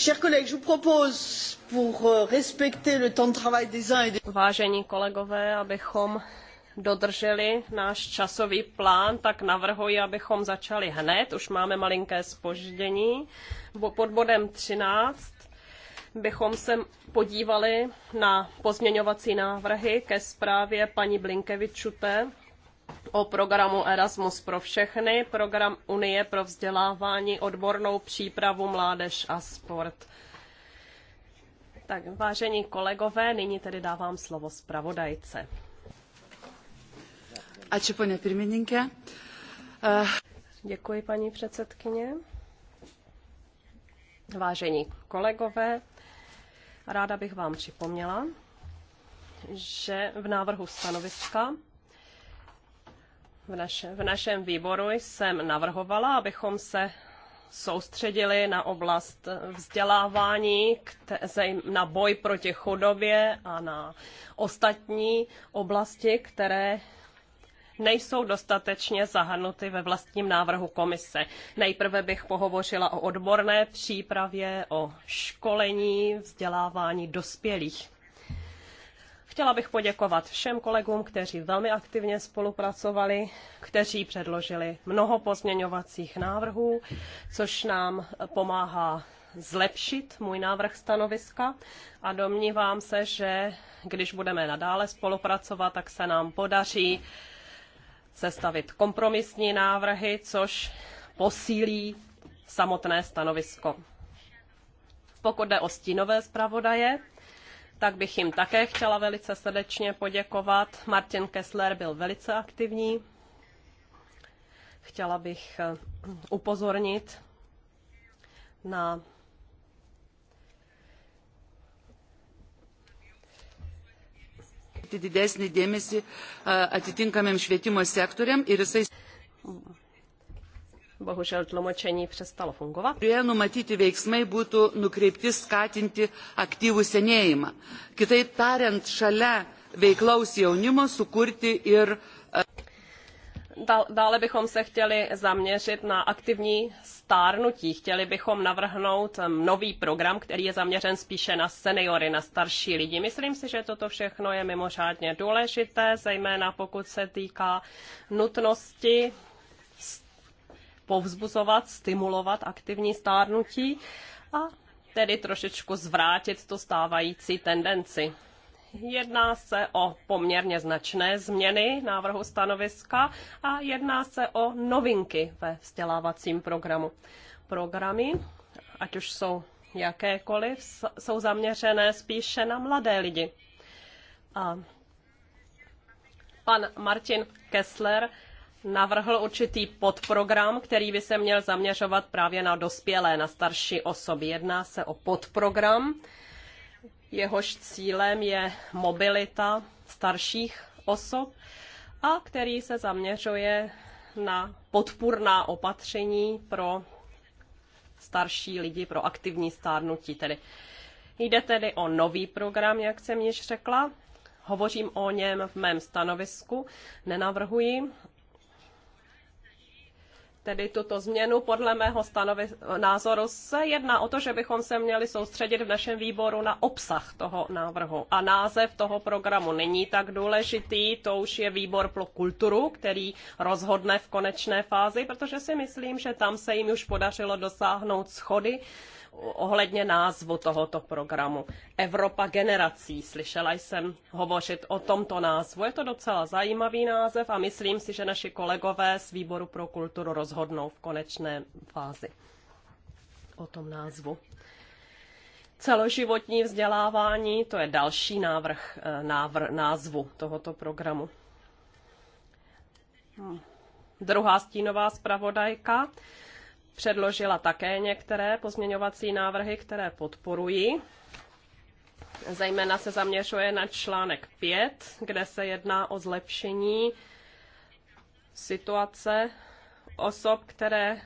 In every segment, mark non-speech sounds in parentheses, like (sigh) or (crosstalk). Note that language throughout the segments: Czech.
Chers collègues, je vous propose, pour euh, respecter le temps de travail des uns et des Vážení kolegové, abychom dodrželi náš časový plán, tak navrhuji, abychom začali hned. Už máme malinké spoždění. Pod bodem 13 bychom se podívali na pozměňovací návrhy ke zprávě paní Blinkevičuté o programu Erasmus pro všechny, program Unie pro vzdělávání, odbornou přípravu, mládež a sport. Tak, vážení kolegové, nyní tedy dávám slovo zpravodajce. co pane pirmininkė. Eh, Děkuji, paní předsedkyně. Vážení kolegové, ráda bych vám připomněla, že v návrhu stanoviska v, naše, v našem výboru jsem navrhovala, abychom se soustředili na oblast vzdělávání, na boj proti chudobě a na ostatní oblasti, které nejsou dostatečně zahrnuty ve vlastním návrhu komise. Nejprve bych pohovořila o odborné přípravě, o školení, vzdělávání dospělých. Chtěla bych poděkovat všem kolegům, kteří velmi aktivně spolupracovali, kteří předložili mnoho pozměňovacích návrhů, což nám pomáhá zlepšit můj návrh stanoviska a domnívám se, že když budeme nadále spolupracovat, tak se nám podaří sestavit kompromisní návrhy, což posílí samotné stanovisko. Pokud jde o stínové zpravodaje, tak bych jim také chtěla velice srdečně poděkovat. Martin Kessler byl velice aktivní. Chtěla bych eh, upozornit na didesnį dėmesį eh, atitinkamiem švietimo sektoriam ir jisai Bohužel tlumočení přestalo fungovat. Numatyti veiksmai būtų nukreipti skatinti aktyvų senėjimą. Kitaip tariant, šalia veiklaus jaunimo sukurti ir e, dále bychom se chtěli zaměřit na aktivní stárnutí. Chtěli bychom navrhnout nový program, který je zaměřen spíše na seniory, na starší lidi. Myslím si, že toto všechno je mimořádně důležité, zejména pokud se týká nutnosti povzbuzovat, stimulovat aktivní stárnutí a tedy trošičku zvrátit tu stávající tendenci. Jedná se o poměrně značné změny návrhu stanoviska a jedná se o novinky ve vzdělávacím programu. Programy, ať už jsou jakékoliv, jsou zaměřené spíše na mladé lidi. A pan Martin Kessler navrhl určitý podprogram, který by se měl zaměřovat právě na dospělé, na starší osoby. Jedná se o podprogram, jehož cílem je mobilita starších osob a který se zaměřuje na podpůrná opatření pro starší lidi, pro aktivní stárnutí. Tedy. Jde tedy o nový program, jak jsem již řekla. Hovořím o něm v mém stanovisku, nenavrhuji tedy tuto změnu. Podle mého stanovi- názoru se jedná o to, že bychom se měli soustředit v našem výboru na obsah toho návrhu. A název toho programu není tak důležitý, to už je výbor pro kulturu, který rozhodne v konečné fázi, protože si myslím, že tam se jim už podařilo dosáhnout schody ohledně názvu tohoto programu. Evropa generací. Slyšela jsem hovořit o tomto názvu. Je to docela zajímavý název a myslím si, že naši kolegové z Výboru pro kulturu rozhodnou v konečné fázi o tom názvu. Celoživotní vzdělávání, to je další návrh, eh, návr, názvu tohoto programu. Hmm. Druhá stínová zpravodajka předložila také některé pozměňovací návrhy, které podporuji. Zejména se zaměřuje na článek 5, kde se jedná o zlepšení situace osob, které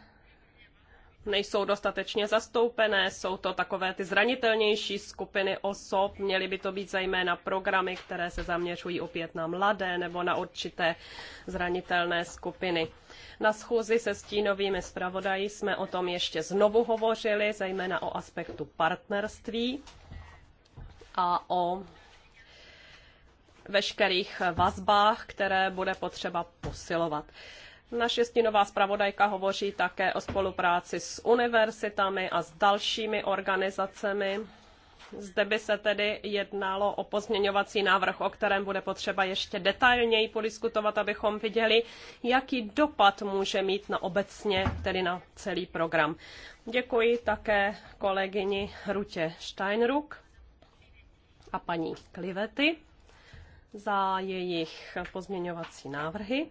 nejsou dostatečně zastoupené, jsou to takové ty zranitelnější skupiny osob, měly by to být zejména programy, které se zaměřují opět na mladé nebo na určité zranitelné skupiny. Na schůzi se stínovými zpravodají jsme o tom ještě znovu hovořili, zejména o aspektu partnerství a o veškerých vazbách, které bude potřeba posilovat. Naše stínová zpravodajka hovoří také o spolupráci s univerzitami a s dalšími organizacemi. Zde by se tedy jednalo o pozměňovací návrh, o kterém bude potřeba ještě detailněji podiskutovat, abychom viděli, jaký dopad může mít na obecně, tedy na celý program. Děkuji také kolegyni Rutě Steinruck a paní Klivety za jejich pozměňovací návrhy.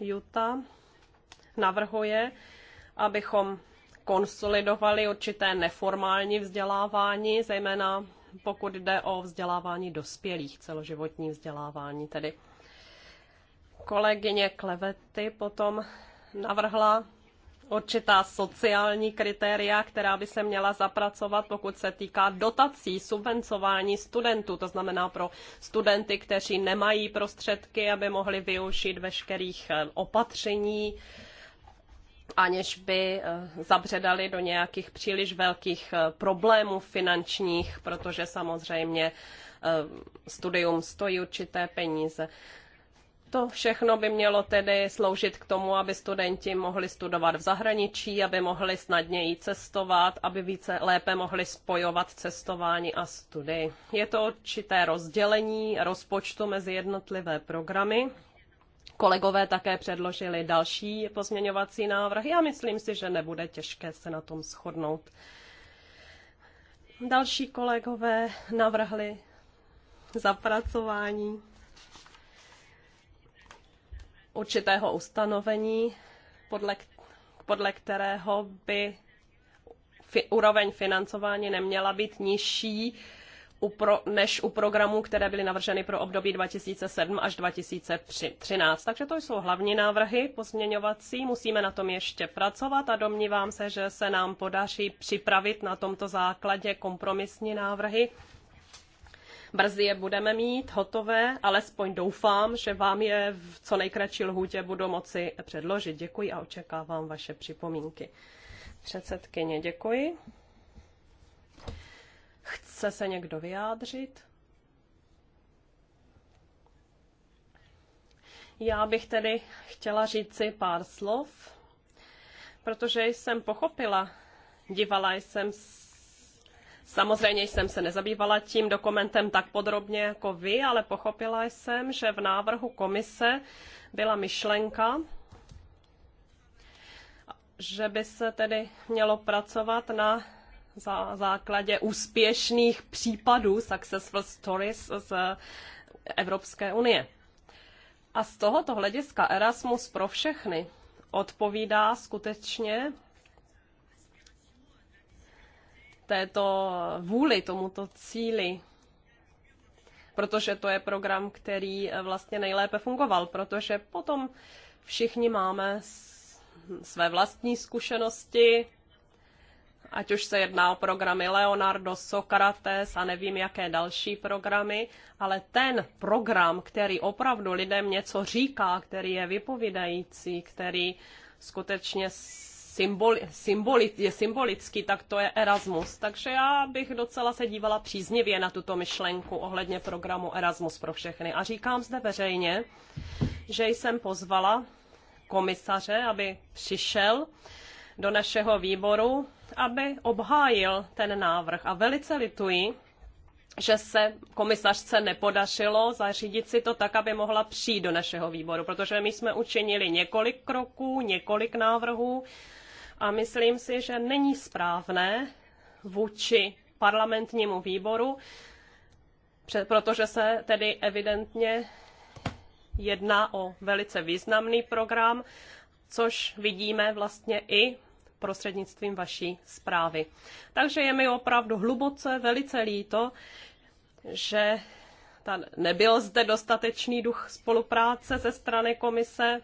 Juta navrhuje, abychom konsolidovali určité neformální vzdělávání, zejména pokud jde o vzdělávání dospělých, celoživotní vzdělávání tedy. Kolegyně Klevety potom navrhla určitá sociální kritéria, která by se měla zapracovat, pokud se týká dotací, subvencování studentů, to znamená pro studenty, kteří nemají prostředky, aby mohli využít veškerých eh, opatření, aniž by eh, zabředali do nějakých příliš velkých eh, problémů finančních, protože samozřejmě studium stojí určité peníze. To všechno by mělo tedy sloužit k tomu, aby studenti mohli studovat v zahraničí, aby mohli snadněji cestovat, aby více lépe mohli spojovat cestování a studii. Je to určité rozdělení rozpočtu mezi jednotlivé programy. Kolegové také předložili další pozměňovací návrhy a myslím si, že nebude těžké se na tom shodnout. Další kolegové navrhli zapracování určitého ustanovení, podle, podle kterého by fi, úroveň financování neměla být nižší u pro, než u programů, které byly navrženy pro období 2007 až 2013. Takže to jsou hlavní návrhy pozměňovací. Musíme na tom ještě pracovat a domnívám se, že se nám podaří připravit na tomto základě kompromisní návrhy Brzy je budeme mít hotové, alespoň doufám, že vám je v co nejkratší lhůtě budu moci předložit. Děkuji a očekávám vaše připomínky. Předsedkyně, děkuji. Chce se někdo vyjádřit? Já bych tedy chtěla říci pár slov, protože jsem pochopila, dívala jsem Samozřejmě jsem se nezabývala tím dokumentem tak podrobně jako vy, ale pochopila jsem, že v návrhu komise byla myšlenka, že by se tedy mělo pracovat na za základě úspěšných případů successful stories z Evropské unie. A z tohoto hlediska Erasmus pro všechny odpovídá skutečně této vůli, tomuto cíli, protože to je program, který eh, vlastně nejlépe fungoval, protože potom všichni máme své vlastní zkušenosti, ať už se jedná o programy Leonardo, Sokrates a nevím jaké další programy, ale ten program, který opravdu lidem něco říká, který je vypovídající, který skutečně symboli, symboli, je symbolický, tak to je Erasmus. Takže já bych docela se dívala příznivě na tuto myšlenku ohledně programu Erasmus pro všechny. A říkám zde veřejně, že jsem pozvala komisaře, aby přišel do našeho výboru, aby obhájil ten návrh. A velice lituji, že se komisařce nepodařilo zařídit si to tak, aby mohla přijít do našeho výboru, protože my jsme učinili několik kroků, několik návrhů a myslím si, že není správné vůči parlamentnímu výboru, protože se tedy evidentně jedná o velice významný program, což vidíme vlastně i prostřednictvím vaší zprávy. Takže je mi opravdu hluboce velice líto, že ta, nebyl zde dostatečný duch spolupráce ze strany komise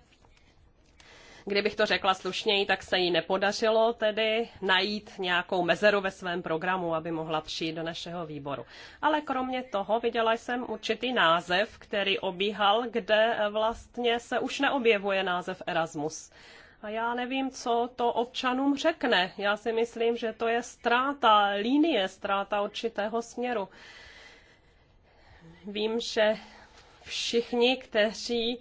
kdybych to řekla slušněji, tak se jí nepodařilo tedy najít nějakou mezeru ve svém programu, aby mohla přijít do našeho výboru. Ale kromě toho viděla jsem určitý název, který obíhal, kde vlastně se už neobjevuje název Erasmus. A já nevím, co to občanům řekne. Já si myslím, že to je ztráta linie, ztráta určitého směru. Vím, že všichni, kteří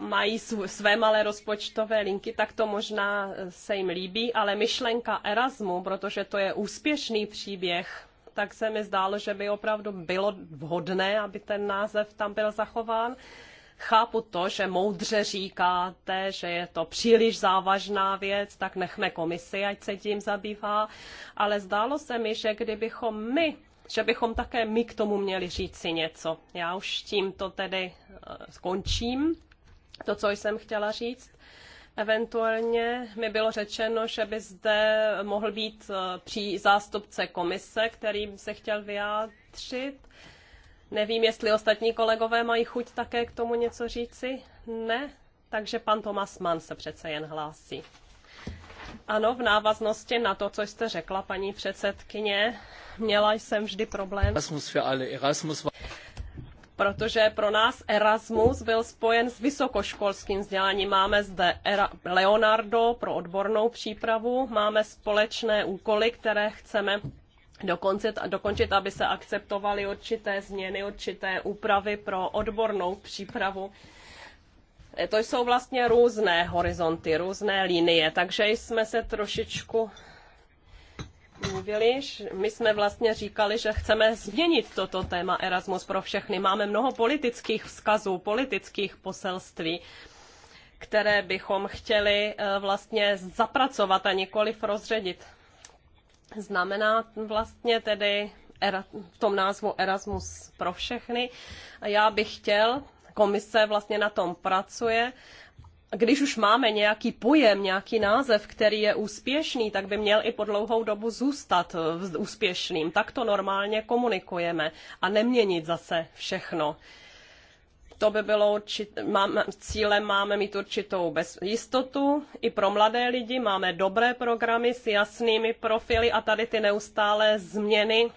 mají své malé rozpočtové linky, tak to možná eh, se jim líbí, ale myšlenka Erasmu, protože to je úspěšný příběh, tak se mi zdálo, že by opravdu bylo vhodné, aby ten název tam byl zachován. Chápu to, že moudře říkáte, že je to příliš závažná věc, tak nechme komisi, ať se tím zabývá, ale zdálo se mi, že kdybychom my že bychom také my k tomu měli říci něco. Já už tímto tedy eh, skončím to, co jsem chtěla říct. Eventuálně mi bylo řečeno, že by zde mohl být eh, při zástupce komise, který se chtěl vyjádřit. Nevím, jestli ostatní kolegové mají chuť také k tomu něco říci. Ne? Takže pan Tomas Mann se přece jen hlásí. Ano, v návaznosti na to, co jste řekla, paní předsedkyně, měla jsem vždy problém. Erasmus für alle. Erasmus protože pro nás Erasmus byl spojen s vysokoškolským vzděláním. Máme zde Leonardo pro odbornou přípravu, máme společné úkoly, které chceme dokončit, dokončit, aby se akceptovaly určité změny, určité úpravy pro odbornou přípravu. To jsou vlastně různé horizonty, různé linie, takže jsme se trošičku mluvili, my jsme vlastně říkali, že chceme změnit toto téma Erasmus pro všechny. Máme mnoho politických vzkazů, politických poselství, které bychom chtěli eh, vlastně zapracovat a nikoliv rozředit. Znamená vlastně tedy v tom názvu Erasmus pro všechny. A já bych chtěl, komise vlastně na tom pracuje, když už máme nějaký pojem, nějaký název, který je úspěšný, tak by měl i po dlouhou dobu zůstat eh, úspěšným. Tak to normálně komunikujeme a neměnit zase všechno. To by bylo určit, mám, cílem máme mít určitou bez, jistotu. I pro mladé lidi máme dobré programy s jasnými profily a tady ty neustálé změny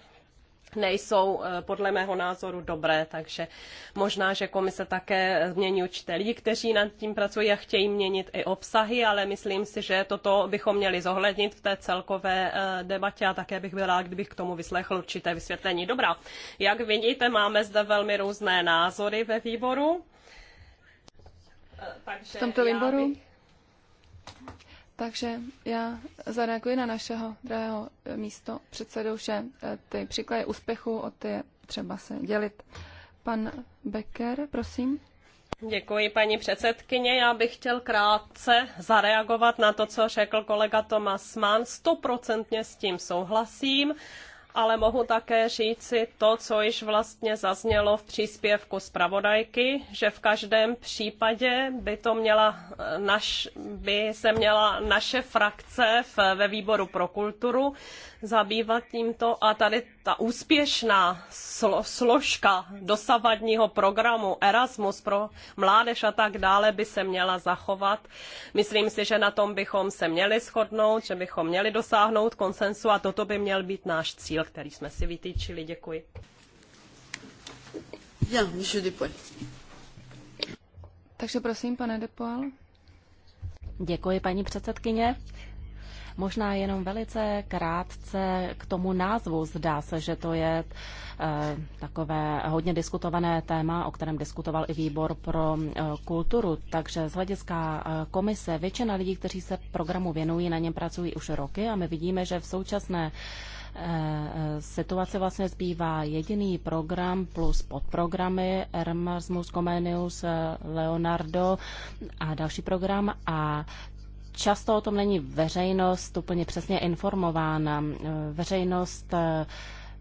nejsou eh, podle mého názoru dobré, takže možná, že komise také změní určité lidi, kteří nad tím pracují a chtějí měnit i obsahy, ale myslím si, že toto bychom měli zohlednit v té celkové eh, debatě a také bych byl rád, kdybych k tomu vyslechl určité vysvětlení. Dobrá, jak vidíte, máme zde velmi různé názory ve výboru. Eh, takže v tomto výboru? Bych... Takže já zareaguji na našeho drahého eh, místo předsedu, že eh, ty příklady úspěchu o ty třeba se dělit. Pan Becker, prosím. Děkuji, paní předsedkyně. Já bych chtěl krátce zareagovat na to, co řekl kolega Tomas Mann. Stoprocentně s tím souhlasím ale mohu také říci to, co již vlastně zaznělo v příspěvku zpravodajky, že v každém případě by, to měla naš, by se měla naše frakce v, ve výboru pro kulturu zabývat tímto a tady ta úspěšná složka dosavadního programu Erasmus pro mládež a tak dále by se měla zachovat. Myslím si, že na tom bychom se měli shodnout, že bychom měli dosáhnout konsensu a toto by měl být náš cíl, který jsme si vytýčili. Děkuji. Bien, monsieur Depoil. Takže prosím, pane Depoil. Děkuji, paní předsedkyně. Možná jenom velice krátce k tomu názvu. Zdá se, že to je eh, takové hodně diskutované téma, o kterém diskutoval i výbor pro eh, kulturu. Takže z hlediska eh, komise většina lidí, kteří se programu věnují, na něm pracují už roky a my vidíme, že v současné situace vlastně zbývá jediný program plus podprogramy Erasmus Comenius Leonardo a další program a Často o tom není veřejnost úplně přesně informována. Veřejnost eh,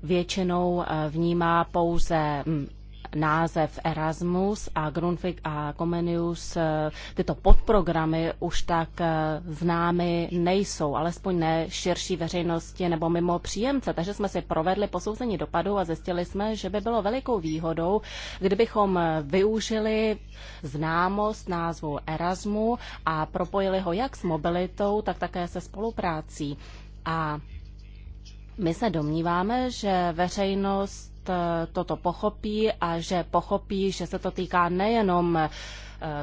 většinou eh, vnímá pouze hm, název Erasmus a Grundvig a Comenius, eh, tyto podprogramy už tak eh, známy nejsou, alespoň ne širší veřejnosti nebo mimo příjemce. Takže jsme si provedli posouzení dopadu a zjistili jsme, že by bylo velikou výhodou, kdybychom eh, využili známost názvu Erasmu a propojili ho jak s mobilitou, tak také se spoluprácí. A my se domníváme, že veřejnost Eh, toto pochopí a že pochopí, že se to týká nejenom eh,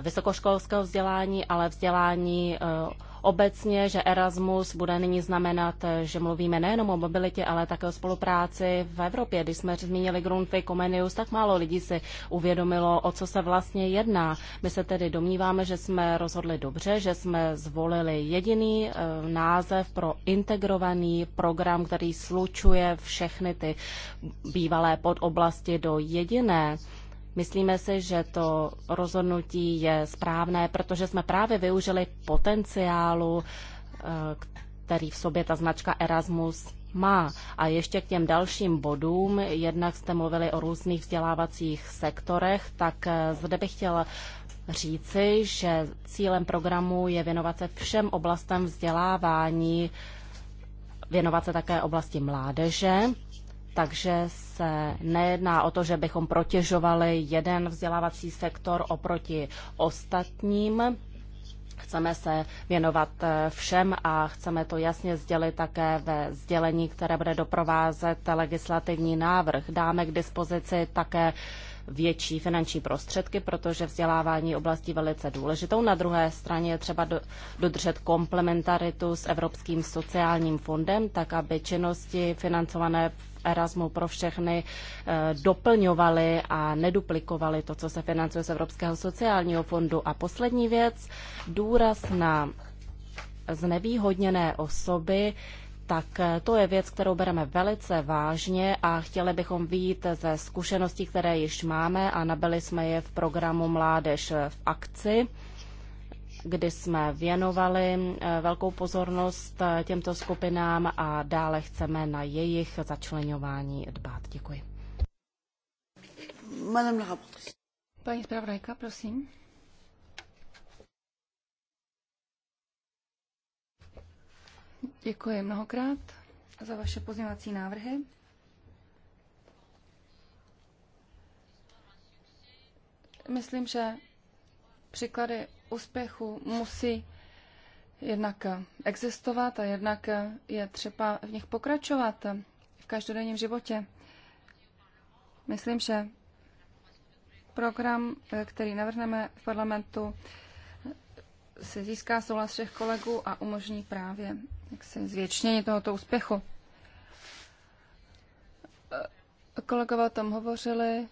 vysokoškolského vzdělání, ale vzdělání eh, obecně, že Erasmus bude nyní znamenat, že mluvíme nejenom o mobilitě, ale také o spolupráci v Evropě. Když jsme zmínili Grundtvig, Comenius, tak málo lidí si uvědomilo, o co se vlastně jedná. My se tedy domníváme, že jsme rozhodli dobře, že jsme zvolili jediný e, název pro integrovaný program, který slučuje všechny ty bývalé podoblasti do jediné Myslíme si, že to rozhodnutí je správné, protože jsme právě využili potenciálu, eh, který v sobě ta značka Erasmus má. A ještě k těm dalším bodům, jednak jste mluvili o různých vzdělávacích sektorech, tak eh, zde bych chtěl říci, že cílem programu je věnovat se všem oblastem vzdělávání, věnovat se také oblasti mládeže takže se nejedná o to, že bychom protěžovali jeden vzdělávací sektor oproti ostatním. Chceme se věnovat eh, všem a chceme to jasně sdělit také ve sdělení, které bude doprovázet legislativní návrh. Dáme k dispozici také větší finanční prostředky, protože vzdělávání oblastí velice důležitou. Na druhé straně je třeba do, dodržet komplementaritu s Evropským sociálním fondem, tak aby činnosti financované Erasmu pro všechny eh, doplňovali a neduplikovali to, co se financuje z Evropského sociálního fondu. A poslední věc, důraz na znevýhodněné osoby, tak eh, to je věc, kterou bereme velice vážně a chtěli bychom vít ze zkušeností, které již máme a nabili jsme je v programu Mládež v akci kdy jsme věnovali eh, velkou pozornost eh, těmto skupinám a dále chceme na jejich začlenování dbát. Děkuji. Paní zpravodajka, prosím. Děkuji mnohokrát za vaše pozměňovací návrhy. Myslím, že příklady úspěchu musí jednak existovat a jednak je třeba v nich pokračovat v každodenním životě. Myslím, že program, který navrhneme v parlamentu, se získá souhlas všech kolegů a umožní právě jak se zvětšnění tohoto úspěchu. Kolegové o tom hovořili,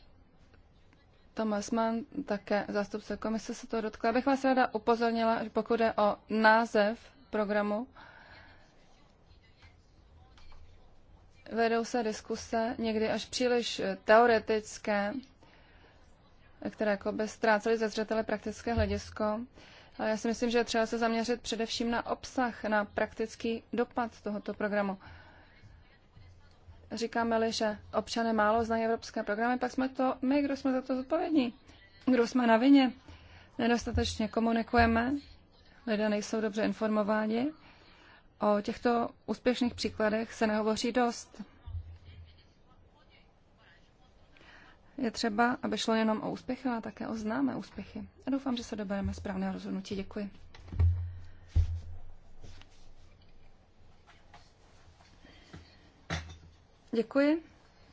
Tomasman, Mann, také zástupce komise, se to dotkla. Bych vás ráda upozornila, že pokud je o název programu, vedou se diskuse, někdy až příliš eh, teoretické, které jako by ztrácely ze zřetele praktické hledisko. Ale já si myslím, že je třeba se zaměřit především na obsah, na praktický dopad tohoto programu. Říkáme-li, že občané málo znají evropské programy, pak jsme to my, kdo jsme za to zodpovědní, kdo jsme na vině. Nedostatečně komunikujeme, lidé nejsou dobře informováni. O těchto úspěšných příkladech se nehovoří dost. Je třeba, aby šlo jenom o úspěchy, ale také o známé úspěchy. A doufám, že se dobereme správného rozhodnutí. Děkuji. Děkuji.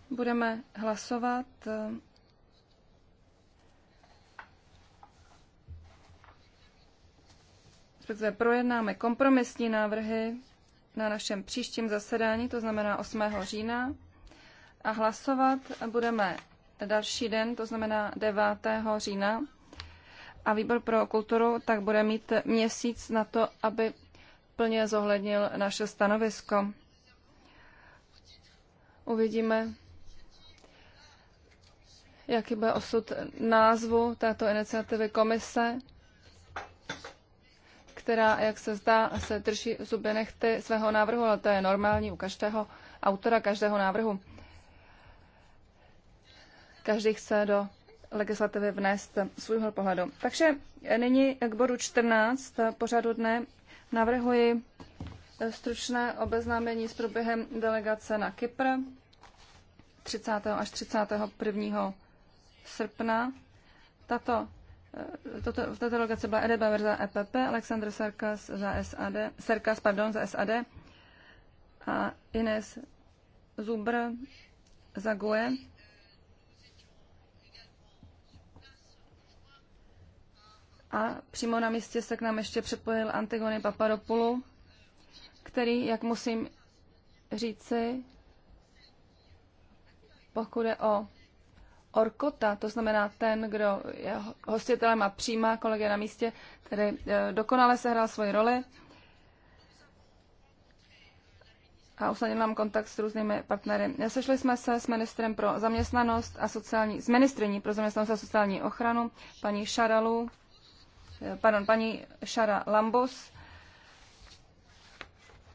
Budeme hlasovat respektive projednáme kompromisní návrhy na našem příštím zasedání, to znamená 8. října. A hlasovat budeme další den, to znamená 9. října. A výbor pro kulturu tak bude mít měsíc na to, aby plně zohlednil naše stanovisko. Uvidíme, jaký bude osud názvu této iniciativy komise, která, jak se zdá, se drží zuby nechty svého návrhu, ale to je normální u každého autora, každého návrhu. Každý chce do legislativy vnést svůj pohledu. Takže nyní k bodu 14 pořadu dne navrhuji stručné obeznámení s proběhem delegace na Kypr 30. až 31. srpna. Tato eh, toto, v této delegaci byla Ede Bauer za EPP, Aleksandr Serkas za SAD, Serkas, pardon, za SAD a Ines Zubr za GUE. A přímo na místě se k nám ještě připojil Antigony Paparopoulou, který, jak musím říci, pokud je o orkota, to znamená ten, kdo je hostitelem a přijímá kolegy na místě, který eh, dokonale sehrál svoji roli a usadil nám kontakt s různými partnery. Sešli jsme se s ministrem pro zaměstnanost a sociální, s ministriní pro zaměstnanost a sociální ochranu, paní Šaralu, eh, pardon, paní Šara Lambos,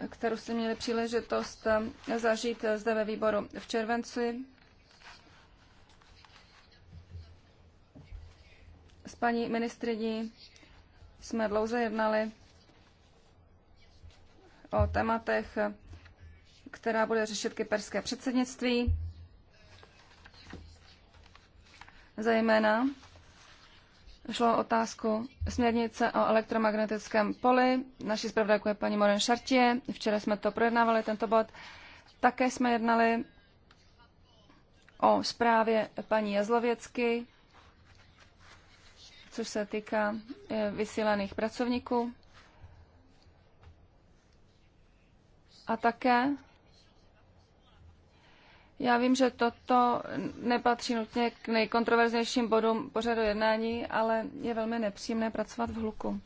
kterou jste měli příležitost eh, zažít eh, zde ve výboru v červenci. S paní ministriní jsme dlouze jednali o tématech, která bude řešit kyperské předsednictví, zejména šlo o otázku směrnice o elektromagnetickém poli. Naší zpravodajku je paní Moren Šartě. Včera jsme to projednávali, tento bod. Také jsme jednali o zprávě paní Jazlověcky, což se týká eh, vysílaných pracovníků. A také já vím, že toto nepatří nutně k nejkontroverznějším bodům pořadu jednání, ale je velmi nepříjemné pracovat v hluku.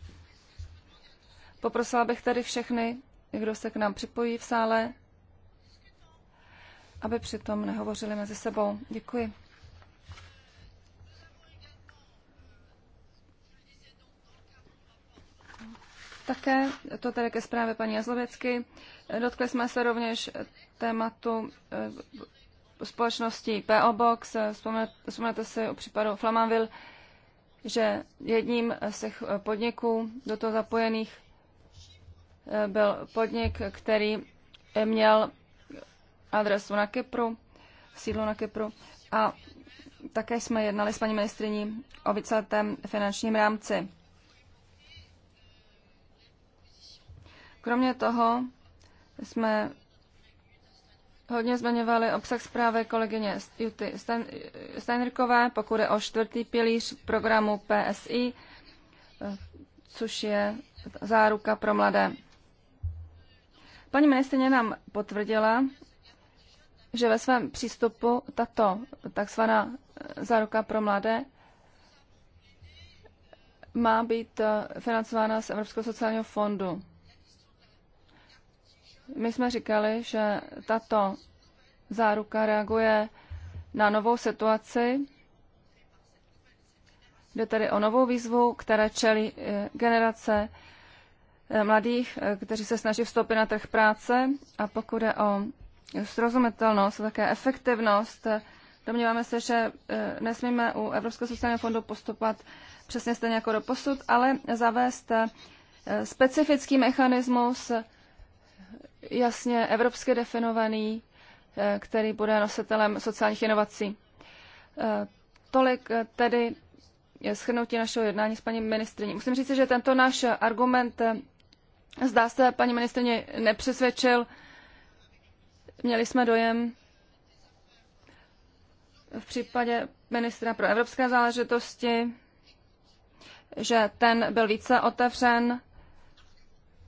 Poprosila bych tady všechny, kdo se k nám připojí v sále, aby přitom nehovořili mezi sebou. Děkuji. Také, to tedy ke zprávě paní Jazlověcky, dotkli jsme se rovněž tématu eh, společnosti PO Box, Vzpomněte si o případu Flamanville, že jedním z těch podniků do toho zapojených eh, byl podnik, který měl adresu na Kypru, sídlo na Kypru a také jsme jednali s paní ministriní o víceletém finančním rámci. Kromě toho jsme hodně zmiňovali obsah zprávy kolegyně Juty Steinrkové, pokud je o čtvrtý pilíř programu PSI, eh, což je záruka pro mladé. Paní ministrině nám potvrdila, že ve svém přístupu tato takzvaná eh, záruka pro mladé má být eh, financována z Evropského sociálního fondu. My jsme říkali, že tato záruka reaguje na novou situaci. Jde tedy o novou výzvu, které čelí eh, generace eh, mladých, eh, kteří se snaží vstoupit na trh práce. A pokud je o srozumitelnost a také efektivnost, domníváme se, že nesmíme u Evropského sociálního fondu postupovat přesně stejně jako do posud, ale zavést specifický mechanismus jasně evropsky definovaný, eh, který bude nositelem sociálních inovací. Eh, tolik eh, tedy schrnutí našeho jednání s paní ministriní. Musím říct, že tento náš argument, zdá se, paní ministrině nepřesvědčil. Měli jsme dojem v případě ministra pro evropské záležitosti, že ten byl více otevřen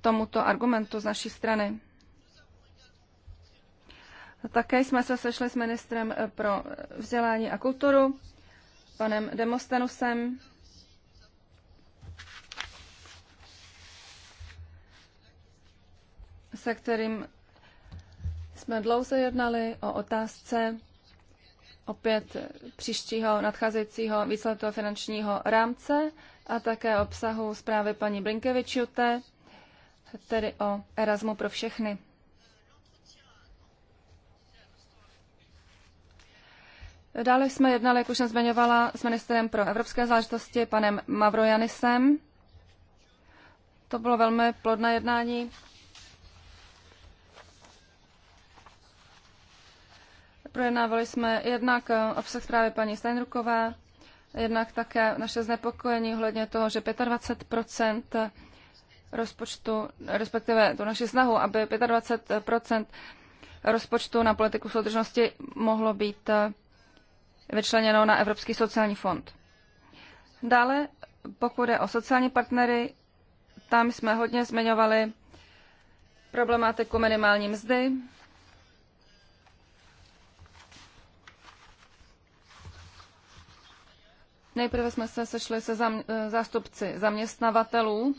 tomuto argumentu z naší strany. Také jsme se sešli s ministrem eh, pro eh, vzdělání a kulturu, panem Demostenusem. se kterým jsme dlouze jednali o otázce opět příštího nadcházejícího výsledku finančního rámce a také obsahu zprávy paní Blinkevičute, tedy o Erasmu pro všechny. Dále jsme jednali, jak už jsem zmiňovala, s ministrem pro evropské záležitosti, panem Mavrojanisem. To bylo velmi plodné jednání. Projednávali jsme jednak eh, obsah zprávy paní Steinrukové, jednak také naše znepokojení ohledně toho, že 25 rozpočtu, respektive tu naši snahu, aby 25 rozpočtu na politiku soudržnosti mohlo být eh, vyčleněno na Evropský sociální fond. Dále, pokud je o sociální partnery, tam jsme hodně zmiňovali problematiku minimální mzdy. Nejprve jsme se sešli se zam, zástupci zaměstnavatelů,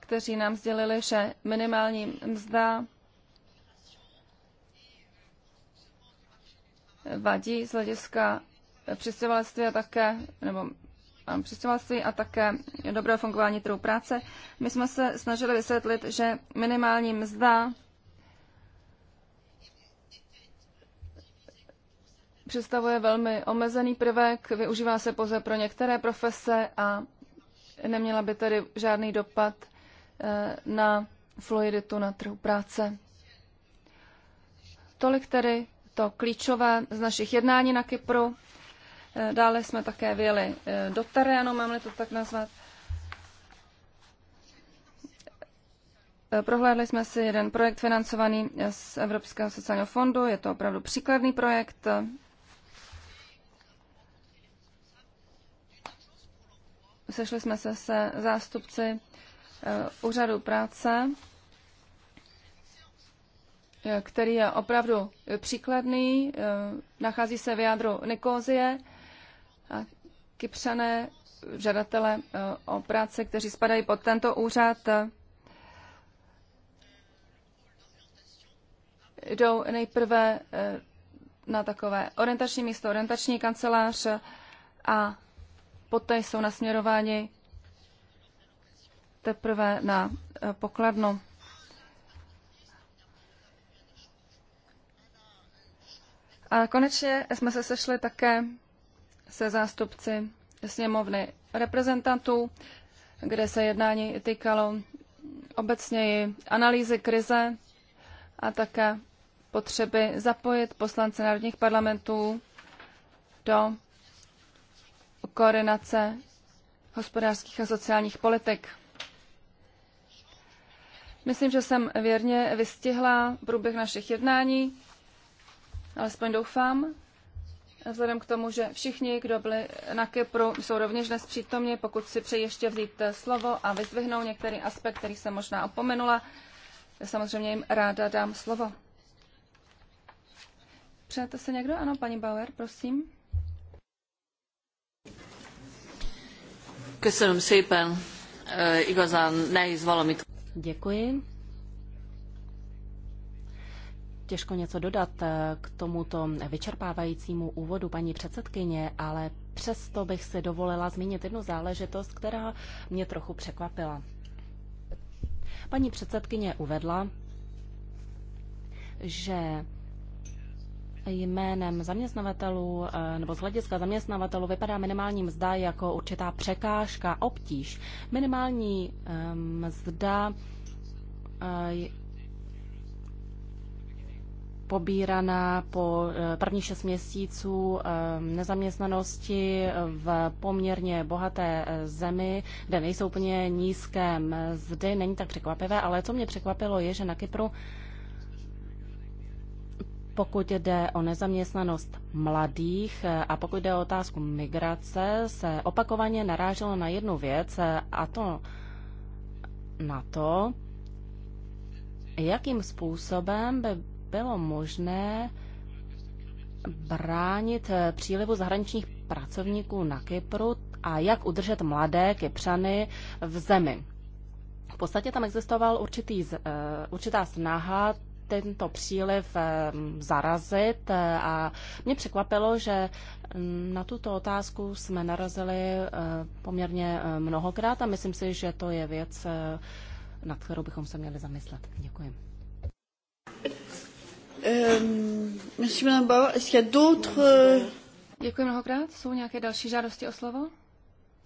kteří nám sdělili, že minimální mzda vadí z hlediska přistěhovalství a také, nebo přistěhovalství a také dobré fungování trhu práce. My jsme se snažili vysvětlit, že minimální mzda představuje velmi omezený prvek, využívá se pouze pro některé profese a neměla by tedy žádný dopad eh, na fluiditu na trhu práce. Tolik tedy to klíčové z našich jednání na Kypru. Dále jsme také vyjeli eh, do terénu, máme to tak nazvat. Eh, prohlédli jsme si jeden projekt financovaný eh, z Evropského sociálního fondu. Je to opravdu příkladný projekt. Sešli jsme se se zástupci úřadu práce, který je opravdu příkladný. Nachází se v jádru Nikózie. Kypřané žadatele eh, o práci, kteří spadají pod tento úřad, eh, jdou nejprve eh, na takové orientační místo, orientační kancelář a poté jsou nasměrováni teprve na pokladnu. A konečně jsme se sešli také se zástupci sněmovny reprezentantů, kde se jednání týkalo obecněji analýzy krize a také potřeby zapojit poslance národních parlamentů do koordinace hospodářských a sociálních politik. Myslím, že jsem věrně vystihla průběh našich jednání, alespoň doufám. Vzhledem k tomu, že všichni, kdo byli na Kypru, jsou rovněž dnes přítomni, pokud si přeji ještě vzít eh, slovo a vyzvihnou některý aspekt, který jsem možná opomenula, samozřejmě jim ráda dám slovo. Přejete se někdo? Ano, paní Bauer, prosím. Eh, Děkuji těžko něco dodat eh, k tomuto vyčerpávajícímu úvodu paní předsedkyně, ale přesto bych si dovolila zmínit jednu záležitost, která mě trochu překvapila. Paní předsedkyně uvedla, že jménem zaměstnavatelů eh, nebo z hlediska zaměstnavatelů vypadá minimální mzda jako určitá překážka, obtíž. Minimální eh, mzda pobíraná po eh, prvních šest měsíců eh, nezaměstnanosti v poměrně bohaté eh, zemi, kde nejsou úplně nízké mzdy, není tak překvapivé, ale co mě překvapilo je, že na Kypru pokud jde o nezaměstnanost mladých a pokud jde o otázku migrace, se opakovaně naráželo na jednu věc a to na to, jakým způsobem by bylo možné bránit eh, přílivu zahraničních pracovníků na Kypru a jak udržet mladé Kypřany v zemi. V podstatě tam existoval určitý, eh, určitá snaha tento příliv eh, zarazit a mě překvapilo, že mm, na tuto otázku jsme narazili poměrně mnohokrát a myslím si, že to je věc, nad kterou bychom se měli zamyslet. Děkuji. Euh, merci, Madame Bauer. Est-ce qu'il y a d'autres... Euh, Děkuji mnohokrát. Jsou nějaké další žádosti o slovo?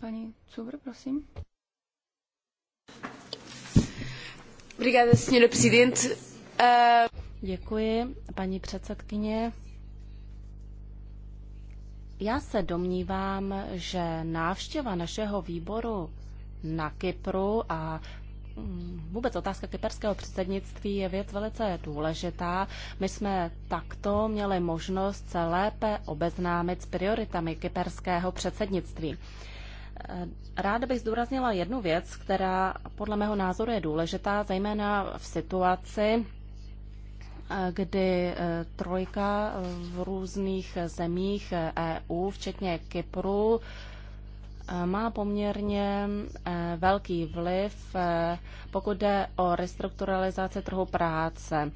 Paní Cubr, prosím. Obrigada, senhora presidente. Uh, Děkuji, paní předsedkyně. Já se domnívám, že návštěva našeho výboru na Kypru a Mm, vůbec otázka kyperského předsednictví je věc velice důležitá. My jsme takto měli možnost se lépe obeznámit s prioritami kyperského předsednictví. Eh, ráda bych zdůraznila jednu věc, která podle mého názoru je důležitá, zejména v situaci, eh, kdy eh, trojka v různých zemích EU, včetně Kypru, má poměrně eh, velký vliv, eh, pokud jde o restrukturalizaci trhu práce.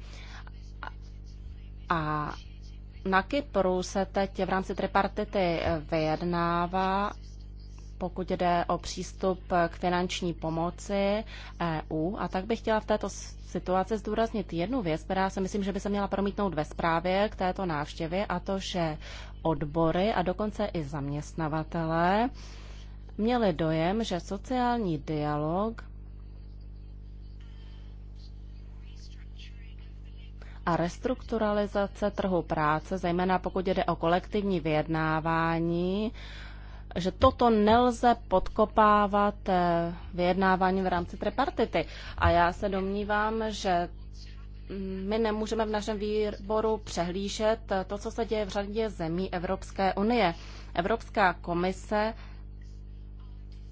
A na Kypru se teď v rámci tripartity eh, vyjednává, pokud jde o přístup k finanční pomoci EU. A tak bych chtěla v této situaci zdůraznit jednu věc, která si myslím, že by se měla promítnout ve zprávě k této návštěvě, a to, že odbory a dokonce i zaměstnavatele měli dojem, že sociální dialog a restrukturalizace trhu práce, zejména pokud jde o kolektivní vyjednávání, že toto nelze podkopávat eh, vyjednávání v rámci tripartity. A já se domnívám, že mm, my nemůžeme v našem výboru přehlížet eh, to, co se děje v řadě zemí Evropské unie. Evropská komise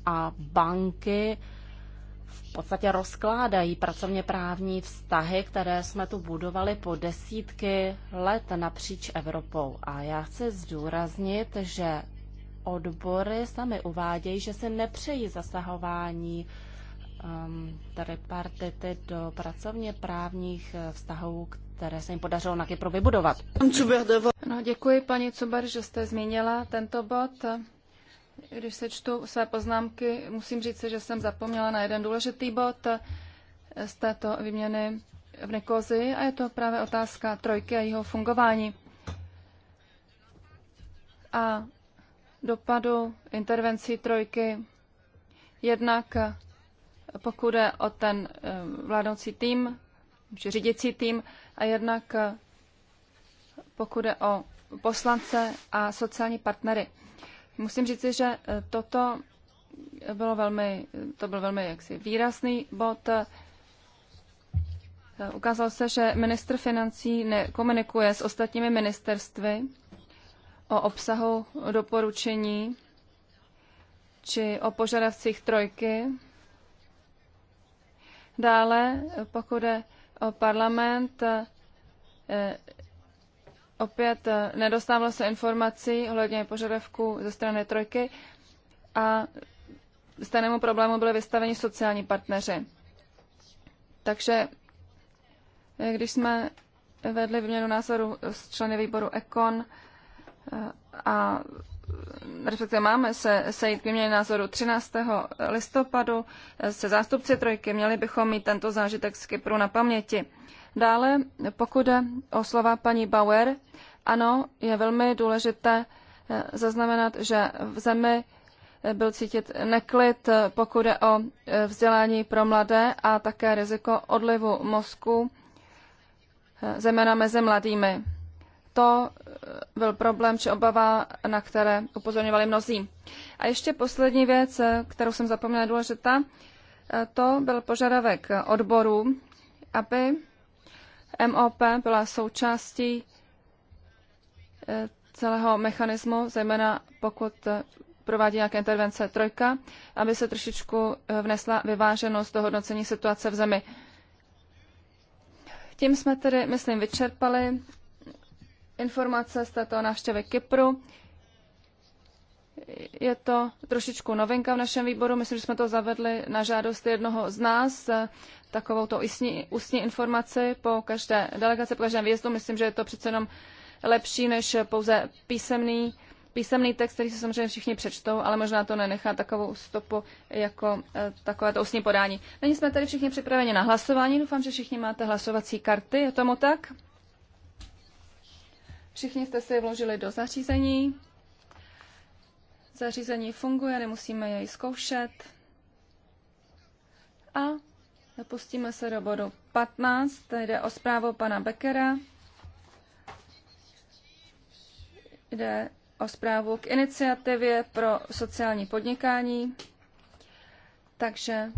a banky v podstatě rozkládají pracovně právní vztahy, které jsme tu budovali po desítky let napříč Evropou. A já chci zdůraznit, že odbory sami uvádějí, že si nepřejí zasahování um, partity do pracovně právních vztahů, které se jim podařilo na Kypru vybudovat. No, děkuji, paní Cuber, že jste zmínila tento bod. Když se čtu své poznámky, musím říct, že jsem zapomněla na jeden důležitý bod z této výměny v Nikozi a je to právě otázka trojky a jeho fungování a dopadu intervencí trojky. Jednak pokud je o ten eh, vládnoucí tým, či řídící tým, a jednak eh, pokud je o poslance a sociální partnery. Musím říci, že eh, toto bylo velmi, to byl velmi jaksi výrazný bod. Eh, ukázalo se, že ministr financí nekomunikuje s ostatními ministerstvy o obsahu doporučení či o požadavcích trojky. Dále, pokud je o parlament, eh, opět eh, nedostávalo se informací ohledně požadavků ze strany trojky a stejnému problému byly vystaveni sociální partneři. Takže eh, když jsme vedli výměnu názoru s členy výboru ECON eh, a respektive máme se sejít k výměně názoru 13. listopadu se zástupci trojky, měli bychom mít tento zážitek z Kypru na paměti. Dále, pokud jde o slova paní Bauer, ano, je velmi důležité eh, zaznamenat, že v zemi eh, byl cítit neklid, eh, pokud je o vzdělání pro mladé a také riziko odlivu mozku, zejména mezi mladými. To byl problém či obava, na které upozorňovali mnozí. A ještě poslední věc, kterou jsem zapomněla důležitá, to byl požadavek odborů, aby MOP byla součástí eh, celého mechanismu, zejména pokud eh, provádí nějaké intervence trojka, aby se trošičku eh, vnesla vyváženost do hodnocení situace v zemi. Tím jsme tedy, myslím, vyčerpali informace z této návštěvy Kypru. Je to trošičku novinka v našem výboru. Myslím, že jsme to zavedli na žádost jednoho z nás, eh, takovou to ústní, ústní informaci po každé delegaci, po každém výjezdu. Myslím, že je to přece jenom lepší než pouze písemný, písemný text, který se samozřejmě všichni přečtou, ale možná to nenechá takovou stopu jako eh, takové to ústní podání. Nyní jsme tady všichni připraveni na hlasování. Doufám, že všichni máte hlasovací karty. Je tomu tak? Všichni jste si je vložili do zařízení zařízení funguje, nemusíme jej zkoušet. A napustíme se do bodu 15, tady jde o zprávu pana Beckera. Jde o zprávu k iniciativě pro sociální podnikání. Takže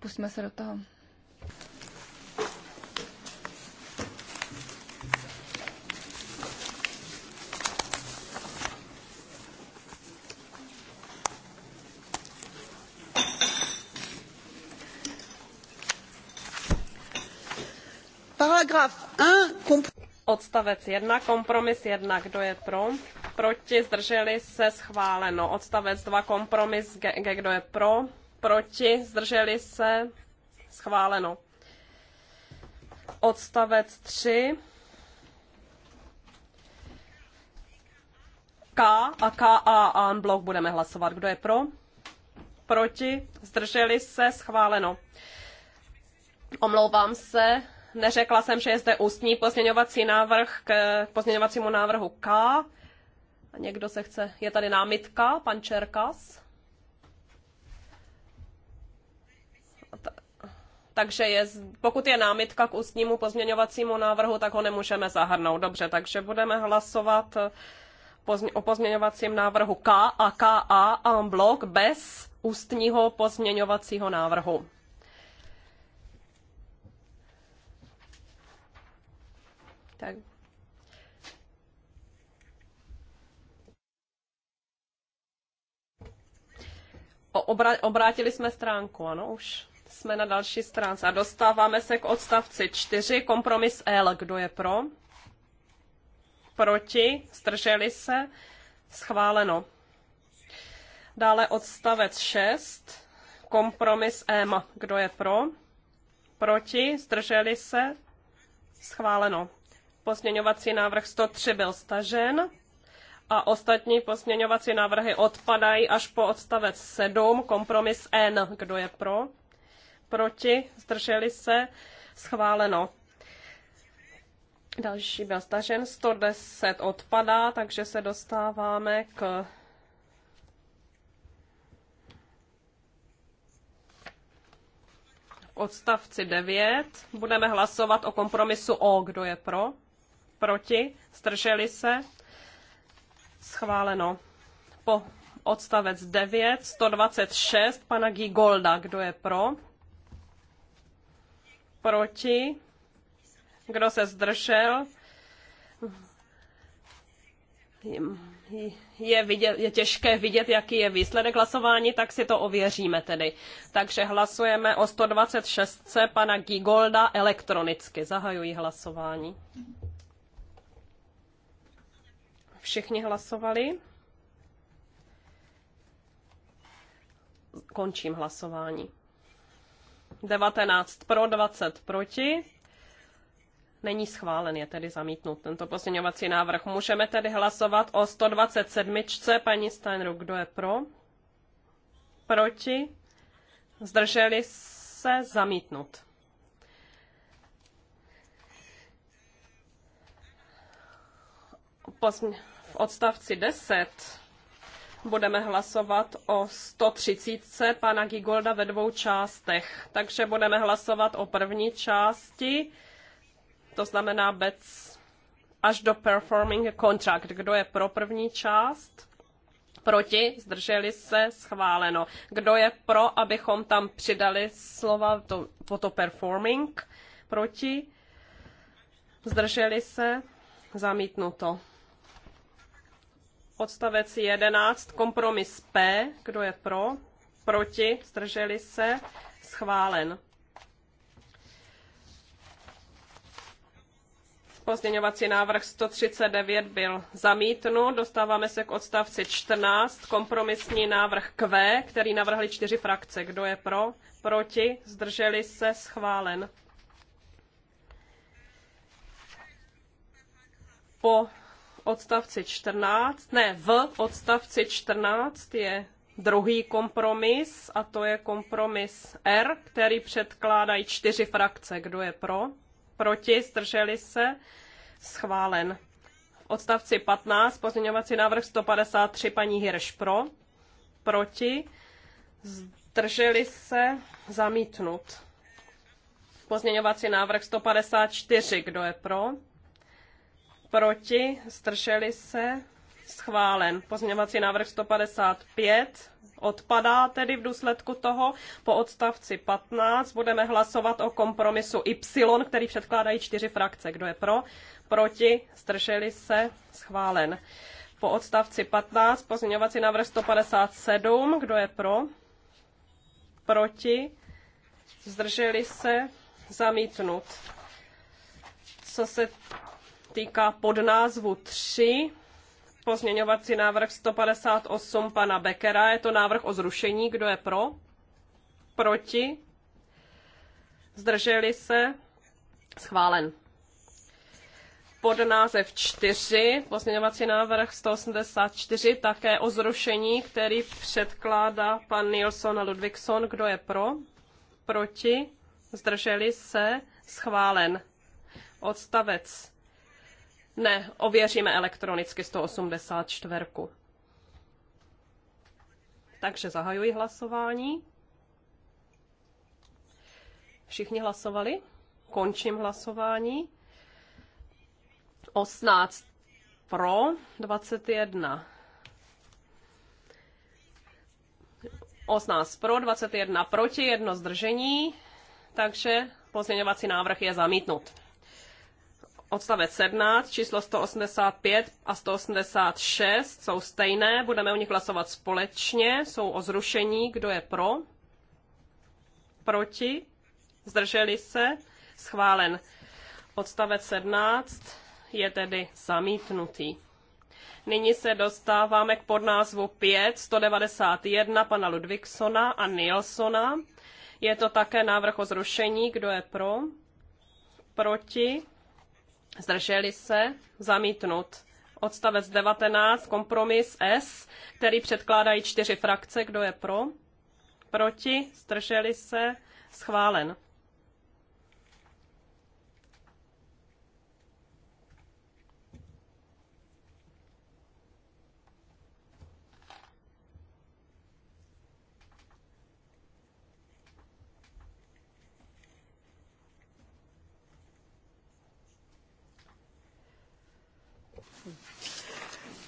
pustíme se do toho. Paragraf 1, kompromis. Odstavec 1, kompromis 1, kdo je pro? Proti, zdrželi se, schváleno. Odstavec 2, kompromis G, G kdo je pro? Proti, zdrželi se, schváleno. Odstavec 3, K a K a an blok budeme hlasovat. Kdo je pro? Proti? Zdrželi se? Schváleno. Omlouvám se neřekla jsem, že je zde ústní pozměňovací návrh k pozměňovacímu návrhu K. A někdo se chce, je tady námitka, pan Čerkas. Takže je, pokud je námitka k ústnímu pozměňovacímu návrhu, tak ho nemůžeme zahrnout. Dobře, takže budeme hlasovat o pozměňovacím návrhu K a KA en blok bez ústního pozměňovacího návrhu. tak obrátili jsme stránku, ano, už jsme na další stránce a dostáváme se k odstavci 4, kompromis L. Kdo je pro? Proti? Strželi se? Schváleno. Dále odstavec 6, kompromis M. Kdo je pro? Proti? strželi se? Schváleno. Pozměňovací návrh 103 byl stažen a ostatní pozměňovací návrhy odpadají až po odstavec 7, kompromis N. Kdo je pro? Proti? Zdrželi se? Schváleno. Další byl stažen, 110 odpadá, takže se dostáváme k odstavci 9. Budeme hlasovat o kompromisu O. Kdo je pro? proti, zdrželi se, schváleno. Po odstavec 9, 126 pana Gigolda, kdo je pro, proti, kdo se zdržel, je, vidět, je těžké vidět, jaký je výsledek hlasování, tak si to ověříme tedy. Takže hlasujeme o 126 pana Gigolda elektronicky. Zahajuji hlasování. Všichni hlasovali. Končím hlasování. 19 pro, 20 proti. Není schválen, je tedy zamítnut tento pozměňovací návrh. Můžeme tedy hlasovat o 127. Paní Steinruck, kdo je pro? Proti? Zdrželi se zamítnut. Pozměňovací v odstavci 10 budeme hlasovat o 130 pana Gigolda ve dvou částech. Takže budeme hlasovat o první části, to znamená bec až do performing contract. Kdo je pro první část? Proti? Zdrželi se? Schváleno. Kdo je pro, abychom tam přidali slova to, po to performing? Proti? Zdrželi se? Zamítnuto. Odstavec 11, kompromis P, kdo je pro, proti, zdrželi se, schválen. Pozměňovací návrh 139 byl zamítnut. Dostáváme se k odstavci 14, kompromisní návrh Q, který navrhli čtyři frakce. Kdo je pro? Proti? Zdrželi se? Schválen. Po odstavci 14, ne, v odstavci 14 je druhý kompromis a to je kompromis R, který předkládají čtyři frakce. Kdo je pro? Proti? Zdrželi se? Schválen. V odstavci 15 pozměňovací návrh 153 paní Hirš pro. Proti? Zdrželi se? Zamítnut. Pozměňovací návrh 154. Kdo je pro? proti, zdrželi se, schválen. Pozměňovací návrh 155 odpadá tedy v důsledku toho. Po odstavci 15 budeme hlasovat o kompromisu Y, který předkládají čtyři frakce. Kdo je pro? Proti? Zdrželi se? Schválen. Po odstavci 15 pozměňovací návrh 157. Kdo je pro? Proti? Zdrželi se? Zamítnut. Co se týká pod názvu 3 pozměňovací návrh 158 pana Beckera. Je to návrh o zrušení. Kdo je pro? Proti? Zdrželi se? Schválen. Pod název 4, pozměňovací návrh 184, také o zrušení, který předkládá pan Nilsson a Ludvíkson. Kdo je pro? Proti? Zdrželi se? Schválen. Odstavec ne, ověříme elektronicky 184. Takže zahajuji hlasování. Všichni hlasovali? Končím hlasování. 18 pro, 21. 18 pro, 21 proti, jedno zdržení, takže pozměňovací návrh je zamítnut odstavec 17, číslo 185 a 186 jsou stejné, budeme o nich hlasovat společně, jsou o zrušení, kdo je pro, proti, zdrželi se, schválen. Odstavec 17 je tedy zamítnutý. Nyní se dostáváme k podnázvu 5, 191 pana Ludvíksona a Nilsona. Je to také návrh o zrušení, kdo je pro, proti, Zdrželi se? Zamítnut. Odstavec 19, kompromis S, který předkládají čtyři frakce. Kdo je pro? Proti? Zdrželi se? Schválen.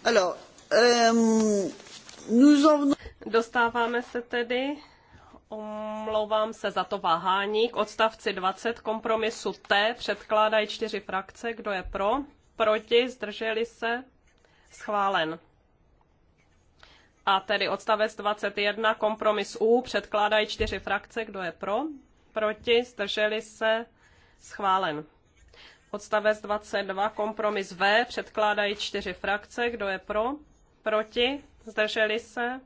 Euh, Dostáváme se tedy Omlouvám se za to váhání. K odstavci 20 kompromisu T předkládají čtyři frakce. Kdo je pro? Proti? Zdrželi se? Schválen. A tedy odstavec 21 kompromis U předkládají čtyři frakce. Kdo je pro? Proti? Zdrželi se? Schválen. Odstavec 22, kompromis V, předkládají čtyři frakce. Kdo je pro? Proti? Zdrželi se?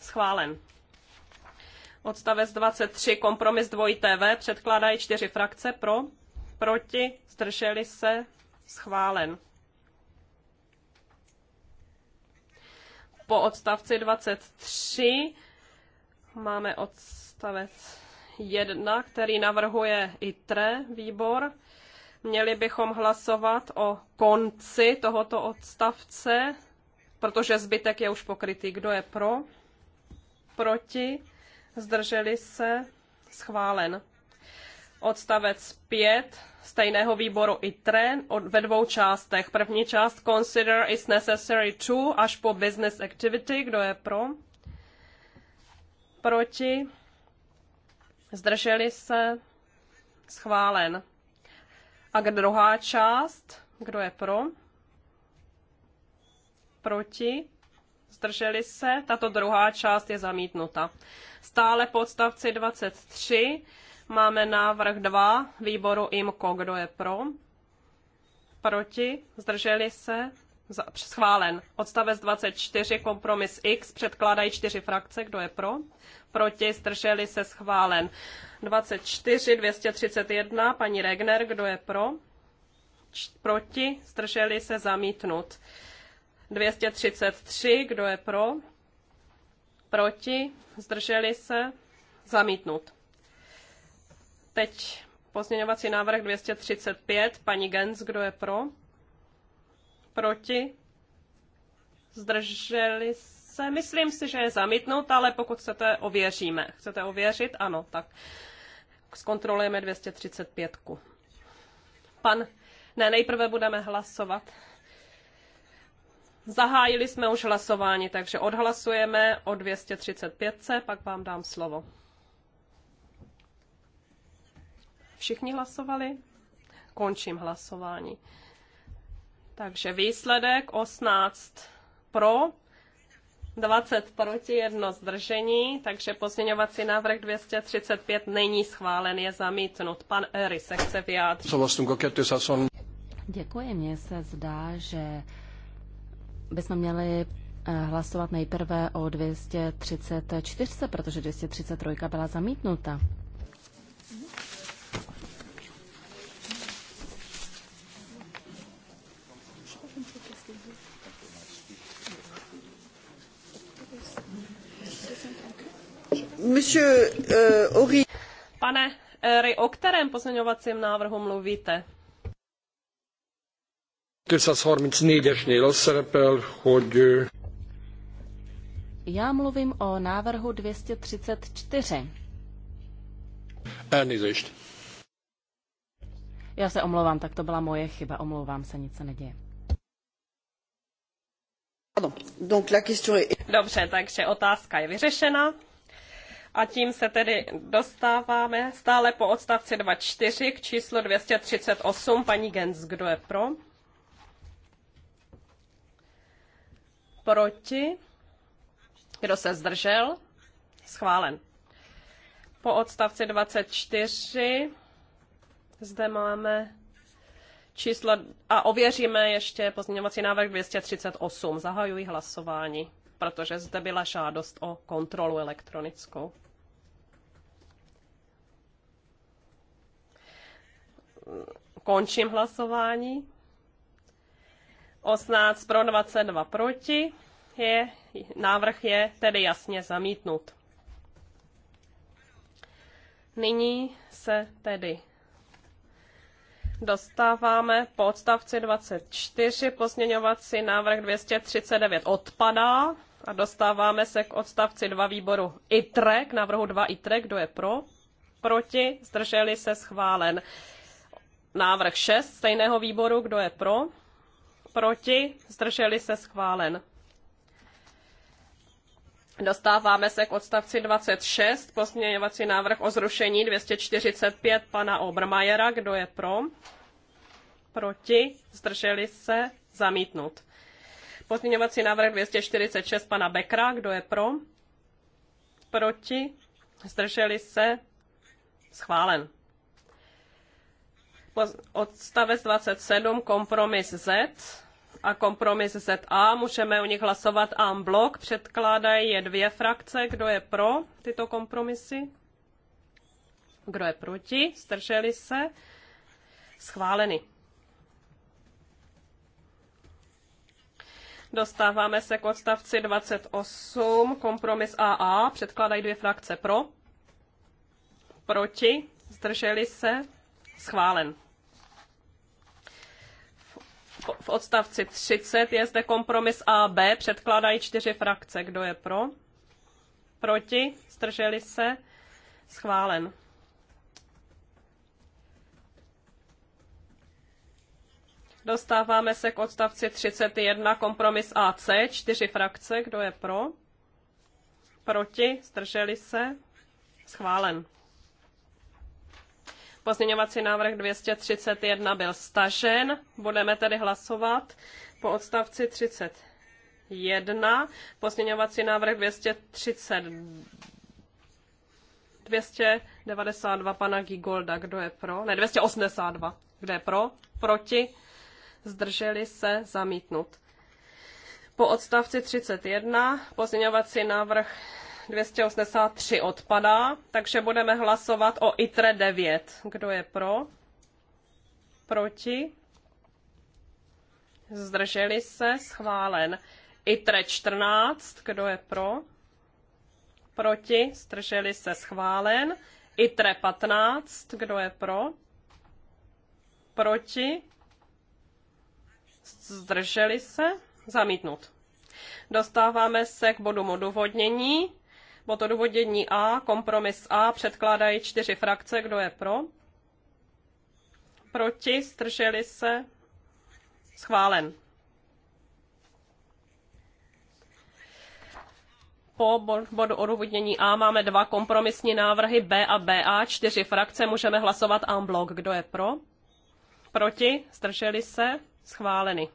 Schválen. Odstavec 23, kompromis dvojité V, předkládají čtyři frakce. Pro? Proti? Zdrželi se? Schválen. Po odstavci 23 máme odstavec 1, který navrhuje ITRE výbor. Měli bychom hlasovat o konci tohoto odstavce, protože zbytek je už pokrytý. Kdo je pro? Proti? Zdrželi se? Schválen. Odstavec 5 stejného výboru tren ve dvou částech. První část Consider is necessary to až po business activity. Kdo je pro? Proti? Zdrželi se? Schválen. A druhá část, kdo je pro? Proti? Zdrželi se? Tato druhá část je zamítnuta. Stále po odstavci 23 máme návrh 2 výboru IMKO. Kdo je pro? Proti? Zdrželi se? schválen. Odstavec 24, kompromis X, předkládají čtyři frakce, kdo je pro? Proti, zdrželi se schválen. 24, 231, paní Regner, kdo je pro? proti, zdrželi se zamítnut. 233, kdo je pro? Proti, zdrželi se zamítnut. Teď pozměňovací návrh 235, paní Gens, kdo je pro? proti, zdrželi se, myslím si, že je zamítnout, ale pokud chcete, ověříme. Chcete ověřit? Ano, tak zkontrolujeme 235. -ku. Pan, ne, nejprve budeme hlasovat. Zahájili jsme už hlasování, takže odhlasujeme o 235, pak vám dám slovo. Všichni hlasovali? Končím hlasování. Takže výsledek 18 pro, 20 proti, jedno zdržení, takže pozměňovací návrh 235 není schválen, je zamítnut. Pan Ery se chce vyjádřit. Vlastně jako Děkuji, mně se zdá, že bychom měli eh, hlasovat nejprve o 234, protože 233 byla zamítnuta. Monsieur, eh, Pane eh, Ry, o kterém pozměňovacím návrhu mluvíte? 234-esnél az szerepel, hogy... Já mluvím o návrhu 234. Elnézést. Já se omlouvám, tak to byla moje chyba. Omlouvám se, nic se neděje. Donc la Dobře, takže otázka je vyřešena. A tím se tedy dostáváme stále po odstavci 2.4 k číslu 238. Paní Gens, kdo je pro? Proti? Kdo se zdržel? Schválen. Po odstavci 24 zde máme číslo a ověříme ještě pozměňovací návrh 238. Zahajuji hlasování, protože zde byla žádost o kontrolu elektronickou. Končím hlasování. 18 pro 22 proti. Je, návrh je tedy jasně zamítnut. Nyní se tedy dostáváme po odstavci 24 pozměňovací návrh 239 odpadá a dostáváme se k odstavci 2 výboru ITREK, návrhu 2 ITREK, kdo je pro, proti, zdrželi se schválen. Návrh 6 stejného výboru, kdo je pro? Proti? Zdrželi se schválen. Dostáváme se k odstavci 26, posměňovací návrh o zrušení 245 pana Obermajera. Kdo je pro? Proti? Zdrželi se? Zamítnut. Pozměňovací návrh 246 pana Bekra. Kdo je pro? Proti? Zdrželi se? Schválen. Odstavec 27, kompromis Z a kompromis ZA. Můžeme o nich hlasovat en blok. Předkládají je dvě frakce. Kdo je pro tyto kompromisy? Kdo je proti? Strželi se? Schváleny. Dostáváme se k odstavci 28, kompromis AA, předkládají dvě frakce pro, proti, zdrželi se, schválen. V odstavci 30 je zde kompromis AB, předkládají čtyři frakce. Kdo je pro? Proti? Strželi se? Schválen. Dostáváme se k odstavci 31, kompromis AC, čtyři frakce. Kdo je pro? Proti? Strželi se? Schválen. Pozměňovací návrh 231 byl stažen. Budeme tedy hlasovat po odstavci 31. Pozměňovací návrh 230, 292 pana Gigolda. Kdo je pro? Ne, 282. Kdo je pro? Proti? Zdrželi se zamítnut. Po odstavci 31 pozměňovací návrh 283 odpadá, takže budeme hlasovat o ITRE 9. Kdo je pro? Proti? Zdrželi se? Schválen. ITRE 14. Kdo je pro? Proti? Zdrželi se? Schválen. ITRE 15. Kdo je pro? Proti? Zdrželi se? Zamítnut. Dostáváme se k bodu odůvodnění. Bod odůvodnění A, kompromis A, předkládají čtyři frakce. Kdo je pro? Proti, strželi se? Schválen. Po bodu odůvodnění A máme dva kompromisní návrhy B a BA, čtyři frakce, můžeme hlasovat en bloc. Kdo je pro? Proti, strželi se? Schváleny.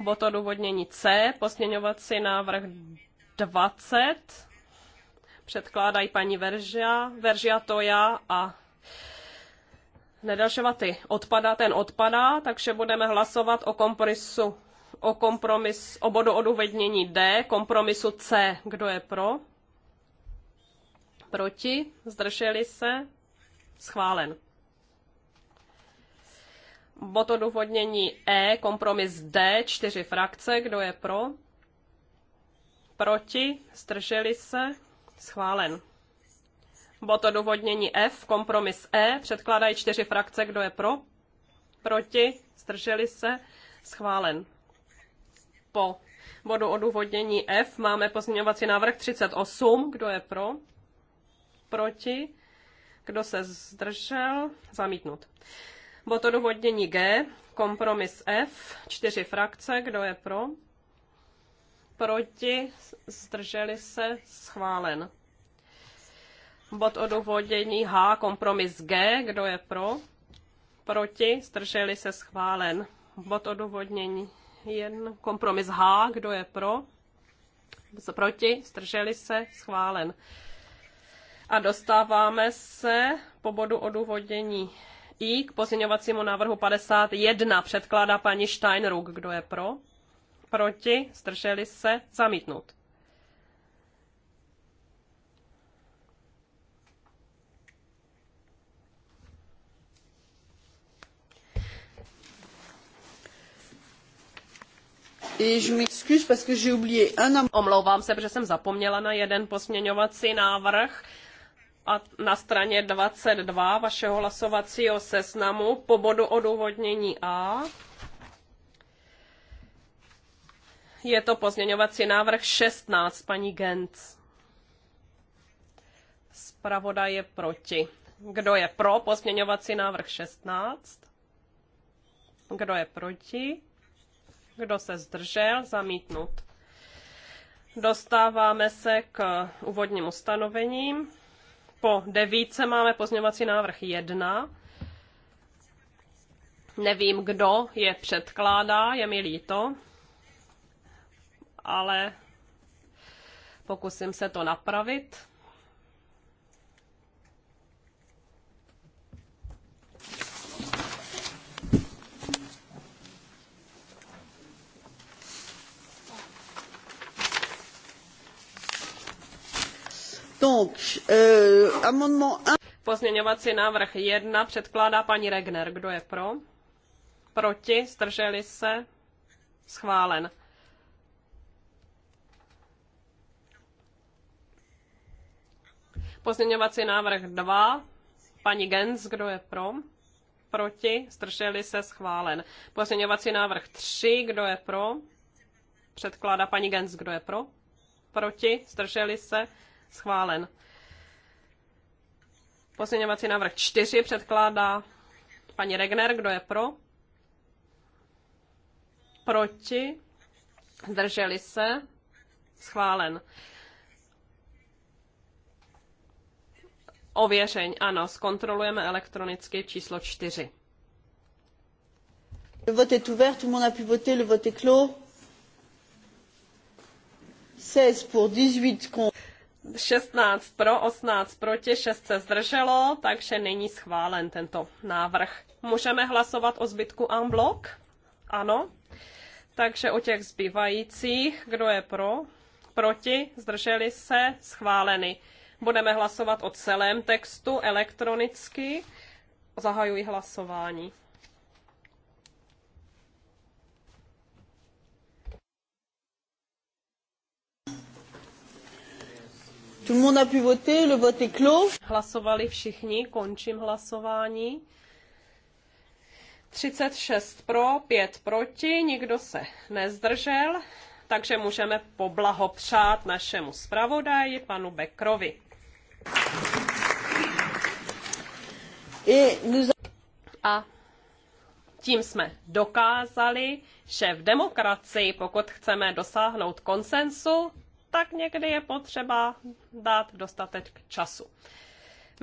Bod odůvodnění C, posměňovací návrh 20 předkládají paní Veržia, Veržia to já a Nedelšova ty odpadá, ten odpadá, takže budeme hlasovat o kompromisu, o kompromis, o bodu odůvodnění D, kompromisu C. Kdo je pro? Proti? Zdrželi se? Schválen. Bod odůvodnění E, kompromis D, čtyři frakce. Kdo je pro? proti, zdrželi se, schválen. Bod odůvodnění F, kompromis E, předkládají čtyři frakce, kdo je pro, proti, zdrželi se, schválen. Po bodu odůvodnění F máme pozměňovací návrh 38, kdo je pro, proti, kdo se zdržel, zamítnut. Bod odůvodnění G, kompromis F, čtyři frakce, kdo je pro, proti, zdrželi se, schválen. Bod odůvodnění H, kompromis G, kdo je pro, proti, zdrželi se, schválen. Bod odůvodnění jen kompromis H, kdo je pro, proti, zdrželi se, schválen. A dostáváme se po bodu odůvodnění I k pozměňovacímu návrhu 51. Předkládá paní Steinruck. Kdo je pro? proti, zdrželi se, zamítnut. Omlouvám se, protože jsem zapomněla na jeden posměňovací návrh a na straně 22 vašeho hlasovacího seznamu po bodu odůvodnění A. Je to pozměňovací návrh 16, paní Genc. Spravodaj je proti. Kdo je pro pozměňovací návrh 16? Kdo je proti? Kdo se zdržel? Zamítnut. Dostáváme se k úvodním ustanovením. Po devíce máme pozměňovací návrh 1. Nevím, kdo je předkládá, je mi líto ale pokusím se to napravit. Euh, Pozměňovací návrh 1 předkládá paní Regner. Kdo je pro? Proti? Strželi se? Schválen. Pozměňovací návrh 2, paní Gens, kdo je pro? Proti, zdrželi se, schválen. Pozměňovací návrh 3, kdo je pro? Předkládá paní Gens, kdo je pro? Proti, zdrželi se, schválen. Pozměňovací návrh 4 předkládá paní Regner, kdo je pro? Proti, zdrželi se, schválen. Ověřeň, ano, zkontrolujeme elektronicky číslo čtyři. Le vote est ouvert, tout le monde a pu voter, le vote est clos. 16 pour 18 contre. 16 pro, 18 proti, 6 se zdrželo, takže není schválen tento návrh. Můžeme hlasovat o zbytku en bloc? Ano. Takže o těch zbývajících, kdo je pro, proti, zdrželi se, schváleny. Budeme hlasovat o celém textu elektronicky. Zahajuji hlasování. Tout le monde a pu voter, le vote est clos. Hlasovali všichni, končím hlasování. 36 pro, 5 proti, nikdo se nezdržel, takže můžeme poblahopřát našemu zpravodaji, panu Bekrovi. A tím jsme dokázali, že v demokracii, pokud chceme dosáhnout konsensu, tak někdy je potřeba dát dostatek času.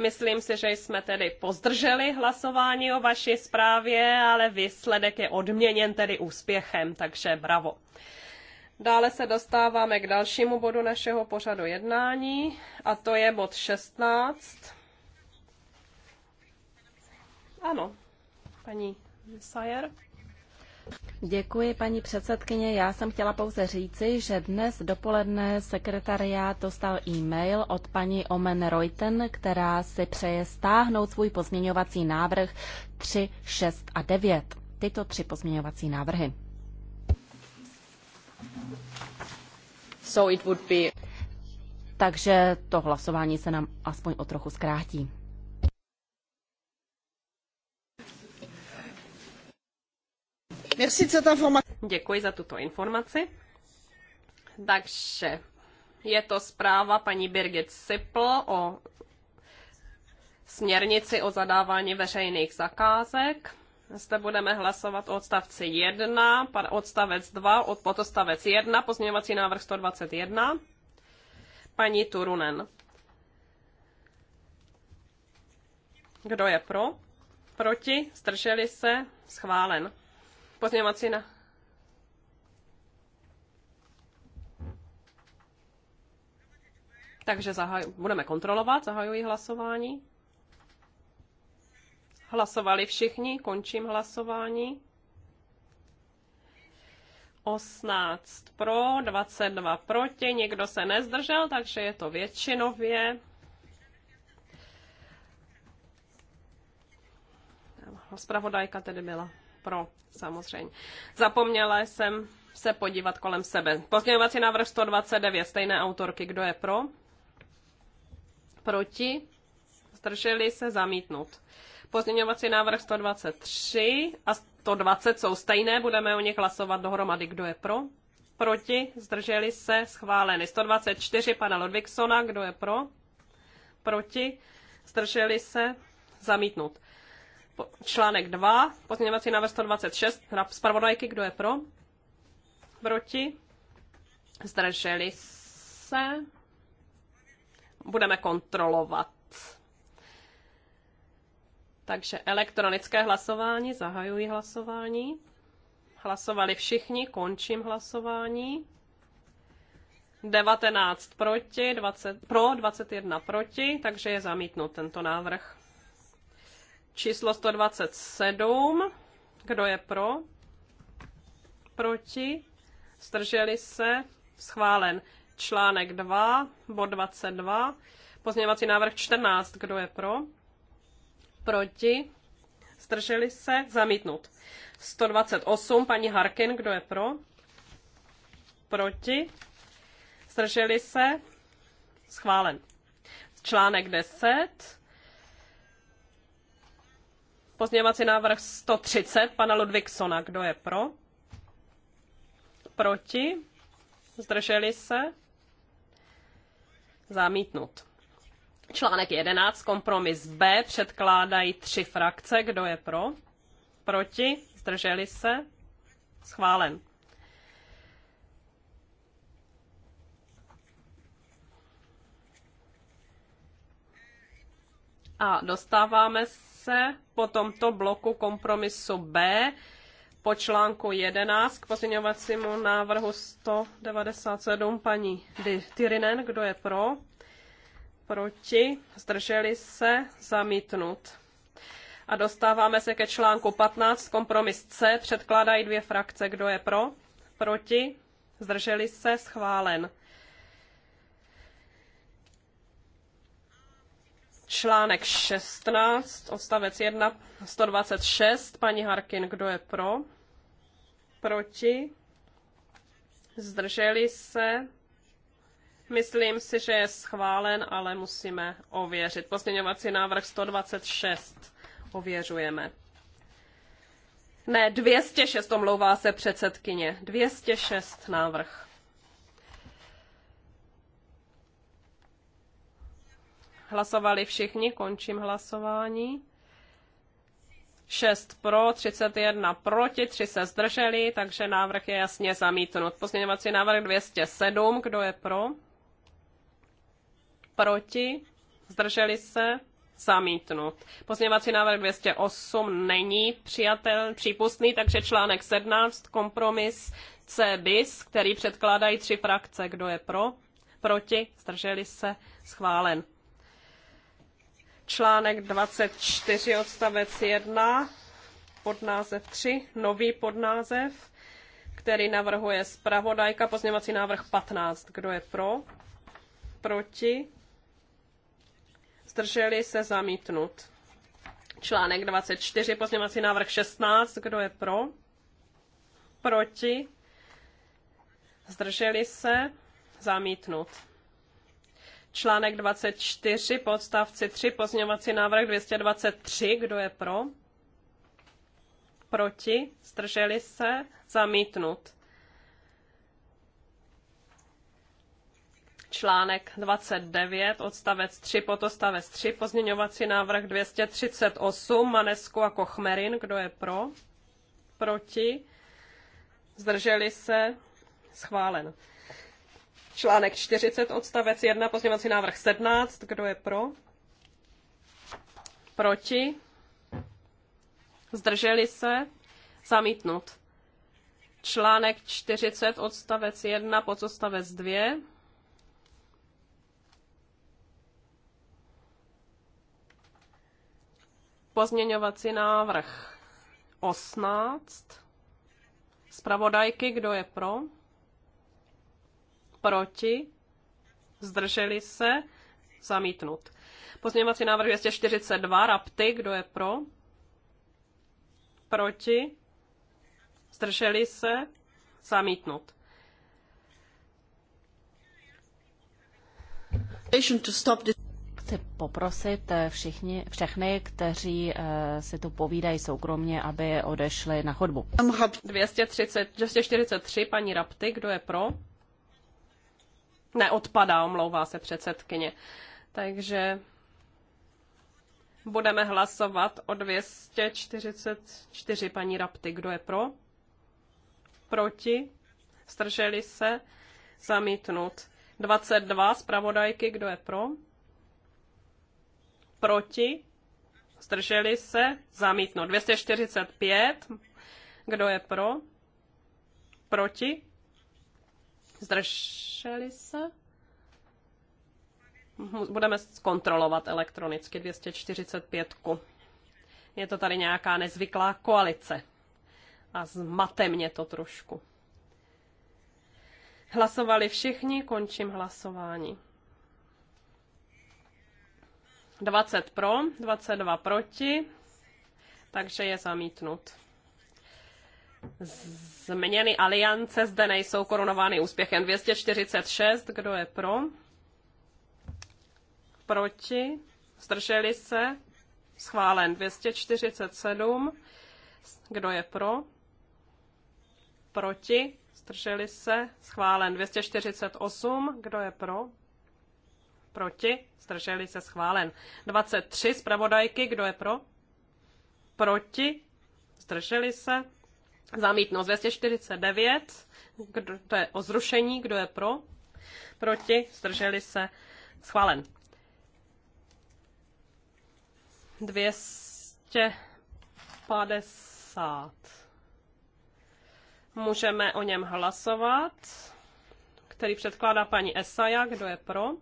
Myslím si, že jsme tedy pozdrželi hlasování o vaší zprávě, ale výsledek je odměněn tedy úspěchem, takže bravo. Dále se dostáváme k dalšímu bodu našeho pořadu jednání a to je bod 16. Ano, paní Sajer. Děkuji, paní předsedkyně. Já jsem chtěla pouze říci, že dnes dopoledne sekretariát dostal e-mail od paní Omen Reuten, která si přeje stáhnout svůj pozměňovací návrh 3, 6 a 9. Tyto tři pozměňovací návrhy. Takže to hlasování se nám aspoň o trochu zkrátí. Děkuji za tuto informaci. Takže je to zpráva paní Birgit Sipl o směrnici o zadávání veřejných zakázek. Zde budeme hlasovat o odstavci 1, odstavec 2, od podstavec 1, pozměňovací návrh 121. Paní Turunen. Kdo je pro? Proti? Zdrželi se? Schválen. Pozměňovací na... Takže zahaj... budeme kontrolovat, zahajuji hlasování. Hlasovali všichni, končím hlasování. 18 pro, 22 proti, někdo se nezdržel, takže je to většinově. Zpravodajka tedy byla pro, samozřejmě. Zapomněla jsem se podívat kolem sebe. Pozměňovací návrh 129, stejné autorky, kdo je pro? Proti? Zdrželi se zamítnout. Pozměňovací návrh 123 a 120 jsou stejné, budeme o nich hlasovat dohromady. Kdo je pro? Proti? Zdrželi se? Schváleny. 124 pana Ludvigsona. Kdo je pro? Proti? Zdrželi se? Zamítnut. Článek 2, pozměňovací návrh 126, zpravodajky, kdo je pro? Proti? Zdrželi se? Budeme kontrolovat. Takže elektronické hlasování, zahajuji hlasování. Hlasovali všichni, končím hlasování. 19 proti, 20, pro, 21 proti, takže je zamítnut tento návrh. Číslo 127, kdo je pro? Proti, strželi se, schválen. Článek 2, bod 22, pozměňovací návrh 14, kdo je pro? proti, zdrželi se, zamítnut. 128, paní Harkin, kdo je pro, proti, zdrželi se, schválen. Článek 10, Pozněvací návrh 130, pana Ludvíksona, kdo je pro, proti, zdrželi se, zamítnut. Článek 11, kompromis B, předkládají tři frakce. Kdo je pro? Proti? Zdrželi se? Schválen. A dostáváme se po tomto bloku kompromisu B po článku 11 k pozměňovacímu návrhu 197 paní Tyrinen. Kdo je pro? proti, zdrželi se, zamítnut. A dostáváme se ke článku 15, kompromis C, předkládají dvě frakce, kdo je pro, proti, zdrželi se, schválen. Článek 16, odstavec 1, 126, paní Harkin, kdo je pro, proti, zdrželi se, Myslím si, že je schválen, ale musíme ověřit. Pozměňovací návrh 126 ověřujeme. Ne, 206, omlouvá se předsedkyně. 206 návrh. Hlasovali všichni, končím hlasování. 6 pro, 31 proti, 3 se zdrželi, takže návrh je jasně zamítnut. Pozměňovací návrh 207, kdo je pro? proti, zdrželi se, zamítnut. Pozněvací návrh 208 není přijatel, přípustný, takže článek 17, kompromis C bis, který předkládají tři frakce. Kdo je pro? Proti? Zdrželi se? Schválen. Článek 24 odstavec 1, podnázev 3, nový podnázev, který navrhuje zpravodajka, Pozněvací návrh 15. Kdo je pro? Proti? zdrželi se zamítnut. Článek 24, pozměvací návrh 16, kdo je pro? Proti? Zdrželi se zamítnut. Článek 24, podstavci 3, pozměvací návrh 223, kdo je pro? Proti? Zdrželi se zamítnut článek 29, odstavec 3, podostavec 3, pozměňovací návrh 238, Manesku a Kochmerin, kdo je pro, proti, zdrželi se, schválen. Článek 40, odstavec 1, pozměňovací návrh 17, kdo je pro, proti, zdrželi se, zamítnut. Článek 40, odstavec 1, podstavec 2, Pozměňovací návrh 18. Spravodajky, kdo je pro? Proti? Zdrželi se? Zamítnut. Pozměňovací návrh 242, Rapty, kdo je pro? Proti? Zdrželi se? Zamítnut. To stop the chci poprosit eh, všichni, všechny, kteří eh, si tu povídají soukromně, aby odešli na chodbu. 230, 243, paní Rapty, kdo je pro? Neodpadá, omlouvá se předsedkyně. Takže budeme hlasovat o 244, paní Rapty, kdo je pro? Proti? Strželi se? Zamítnut. 22 zpravodajky, kdo je pro? proti, zdrželi se, zamítno. 245, kdo je pro, proti, zdrželi se. Hm, budeme zkontrolovat elektronicky 245. -ku. Je to tady nějaká nezvyklá koalice. A zmate mě to trošku. Hlasovali všichni, končím hlasování. 20 pro, 22 proti, takže je zamítnut. Změny aliance zde nejsou korunovány úspěchem. 246, kdo je pro? Proti? Zdrželi se? Schválen. 247, kdo je pro? Proti? Zdrželi se? Schválen. 248, kdo je pro? Proti? Zdrželi se schválen. 23 zpravodajky, kdo je pro? Proti? Zdrželi se? Zamítnout 249, kdo, to je o zrušení, kdo je pro? Proti? Zdrželi se? Schválen. 250. Můžeme o něm hlasovat, který předkládá paní Esaja, kdo je pro?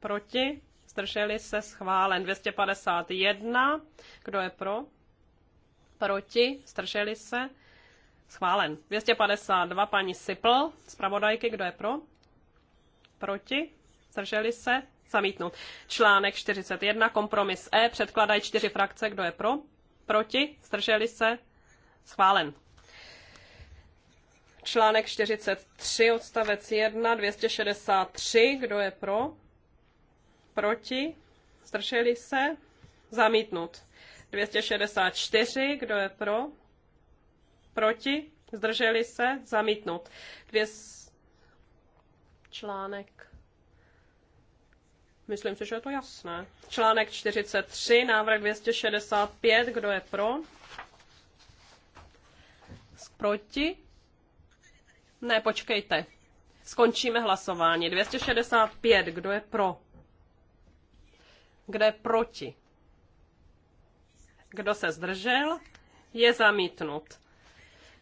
Proti? Zdrželi se schválen. 251. Kdo je pro? Proti? Zdrželi se? Schválen. 252. Paní Sipl. Zpravodajky. Kdo je pro? Proti? Zdrželi se? Zamítnut. Článek 41. Kompromis E. Předkladají čtyři frakce. Kdo je pro? Proti? Zdrželi se? Schválen článek 43, odstavec 1, 263. Kdo je pro? proti, zdrželi se, zamítnut. 264, kdo je pro, proti, zdrželi se, zamítnut. Dvě článek. Myslím si, že je to jasné. Článek 43, návrh 265, kdo je pro? Proti? Ne, počkejte. Skončíme hlasování. 265, kdo je pro? Kdo je proti? Kdo se zdržel? Je zamítnut.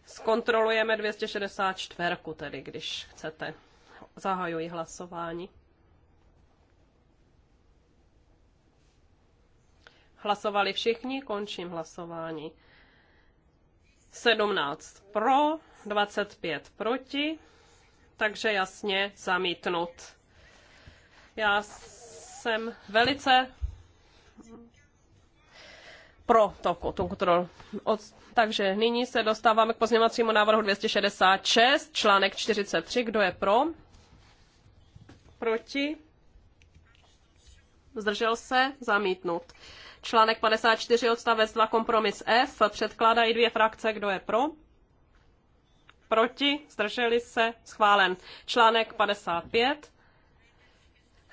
Zkontrolujeme 264 tedy, když chcete. Zahajuji hlasování. Hlasovali všichni, končím hlasování. 17 pro, 25 proti, takže jasně zamítnut. Já jsem velice pro to kontrolu. Od, takže nyní se dostáváme k pozněvacímu návrhu 266, článek 43. Kdo je pro? Proti? Zdržel se? Zamítnut. Článek 54 odstavec 2 kompromis F předkládají dvě frakce. Kdo je pro? Proti? Zdrželi se? Schválen. Článek 55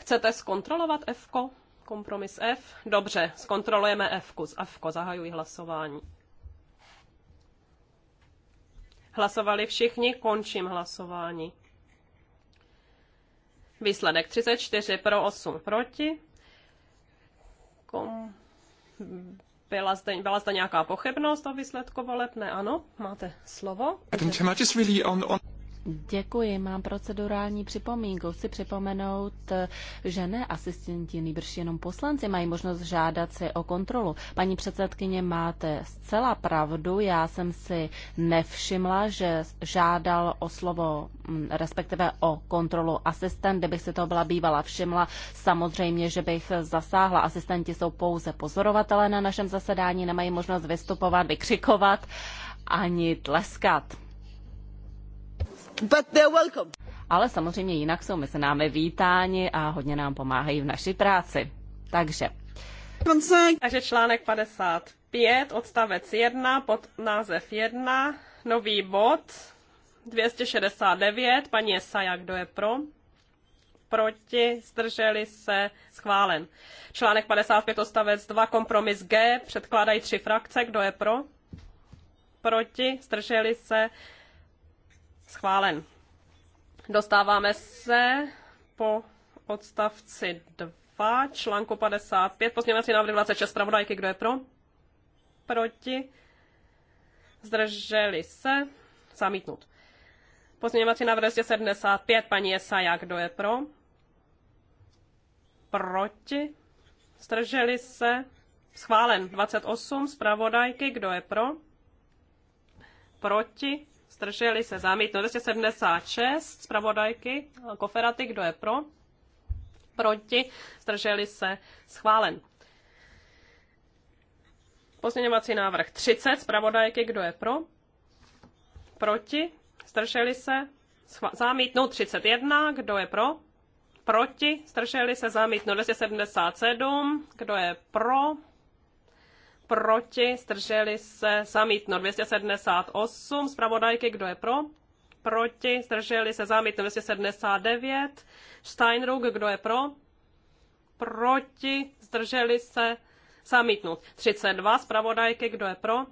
Chcete zkontrolovat F? -ko? Kompromis F? Dobře, zkontrolujeme F. -ku. Z F. -ko. Zahajuji hlasování. Hlasovali všichni, končím hlasování. Výsledek 34 pro 8 proti. Kom... Byla, zde, byla zde nějaká pochybnost o výsledku voleb? Ne, ano, máte slovo. Madam really on, on... Děkuji, mám procedurální připomínku. Chci připomenout, že ne asistenti, nejbrž jenom poslanci mají možnost žádat si o kontrolu. Paní předsedkyně, máte zcela pravdu, já jsem si nevšimla, že žádal o slovo, mm, respektive o kontrolu asistent, kdybych si to byla bývala všimla, samozřejmě, že bych zasáhla. Asistenti jsou pouze pozorovatelé na našem zasedání, nemají možnost vystupovat, vykřikovat ani tleskat. But they're welcome. Ale samozřejmě jinak jsou mezi námi vítáni a hodně nám pomáhají v naší práci. Takže. Takže článek 55, odstavec 1, pod název 1, nový bod, 269, paní Jesaja, kdo je pro? Proti, zdrželi se, schválen. Článek 55, odstavec 2, kompromis G, předkládají tři frakce, kdo je pro? Proti, zdrželi se, Schválen. Dostáváme se po odstavci 2, článku 55, pozměňovací návrh 26, pravodajky, kdo je pro? Proti? Zdrželi se? Zamítnut. Pozměňovací návrh 275, paní Jesaja, kdo je pro? Proti? Zdrželi se? Schválen. 28, zpravodajky, kdo je pro? Proti? Zdrželi se zamítnout. 276 zpravodajky Koferaty, kdo je pro? Proti. Zdrželi se schválen. Pozměňovací návrh 30 zpravodajky, kdo je pro? Proti. Zdrželi se zamítnout 31, kdo je pro? Proti. Zdrželi se zamítnout 277, kdo je pro? proti, zdrželi se, zamítno 278, zpravodajky, kdo je pro, proti, zdrželi se, zamítno 279, Steinruck, kdo je pro, proti, zdrželi se, zamítnut 32, zpravodajky, kdo je pro,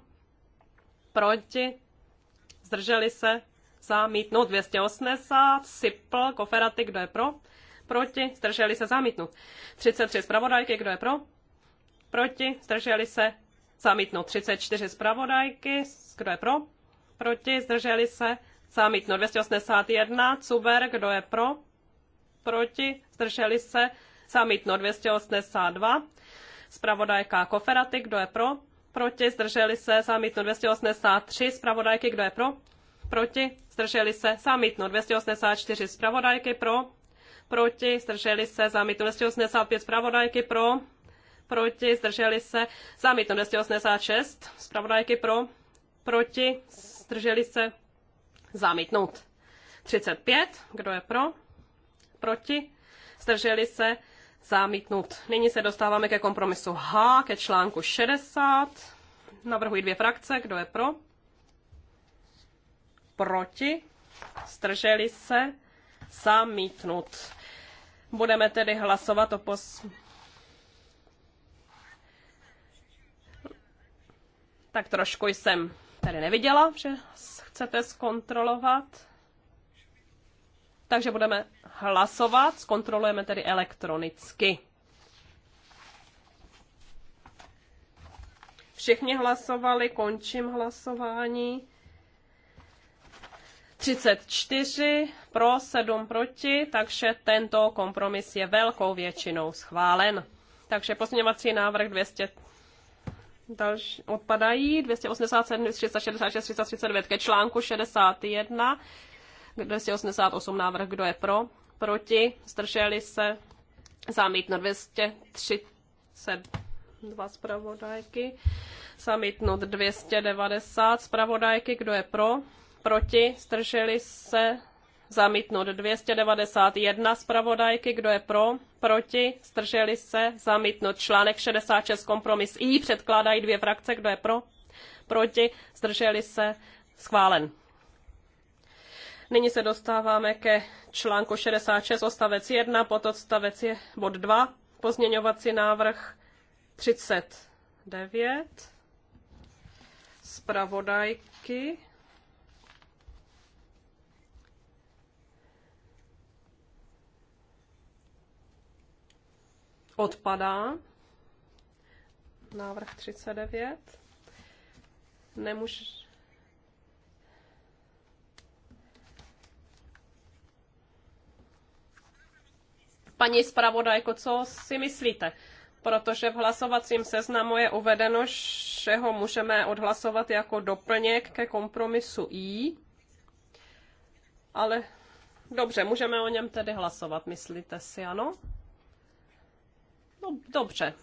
proti, zdrželi se, zamítnout 280, Sipl, Koferaty, kdo je pro, proti, zdrželi se, zamítnut 33, zpravodajky, kdo je pro, proti, zdrželi se, Zamítnout 34 zpravodajky. Kdo je pro? Proti? Zdrželi se? Zamítnout 281. Cuber. Kdo je pro? Proti? Zdrželi se? Zamítnout 282. Zpravodajka Koferaty. Kdo je pro? Proti? Zdrželi se? Zamítnout 283. Zpravodajky. Kdo je pro? Proti? Zdrželi se? Zamítnout 284. Zpravodajky pro? Proti? Zdrželi se? Zamítnout 285. Zpravodajky pro? proti, zdrželi se, zamítnu 286, zpravodajky pro, proti, zdrželi se, zamítnout. 35, kdo je pro, proti, zdrželi se, zamítnout. Nyní se dostáváme ke kompromisu H, ke článku 60. navrhuji dvě frakce, kdo je pro, proti, zdrželi se, zamítnout. Budeme tedy hlasovat o pos Tak trošku jsem tady neviděla, že chcete zkontrolovat. Takže budeme hlasovat, zkontrolujeme tedy elektronicky. Všichni hlasovali, končím hlasování. 34 pro, 7 proti, takže tento kompromis je velkou většinou schválen. Takže pozměňovací návrh 200 další odpadají 287, 366, 339 ke článku 61, 288 návrh, kdo je pro, proti, zdrželi se, zamítno 232 zpravodajky, zamítnut 290 zpravodajky, kdo je pro, proti, zdrželi se, Zamítnout 291 zpravodajky, kdo je pro, proti, strželi se, Zamítnout článek 66 kompromis I, předkládají dvě frakce, kdo je pro, proti, strželi se, schválen. Nyní se dostáváme ke článku 66 odstavec 1, pod odstavec je bod 2, pozměňovací návrh 39, zpravodajky, odpadá. Návrh 39. Nemůž... Paní zpravodajko, co si myslíte? Protože v hlasovacím seznamu je uvedeno, že ho můžeme odhlasovat jako doplněk ke kompromisu I, ale dobře, můžeme o něm tedy hlasovat, myslíte si, ano? No, dobře.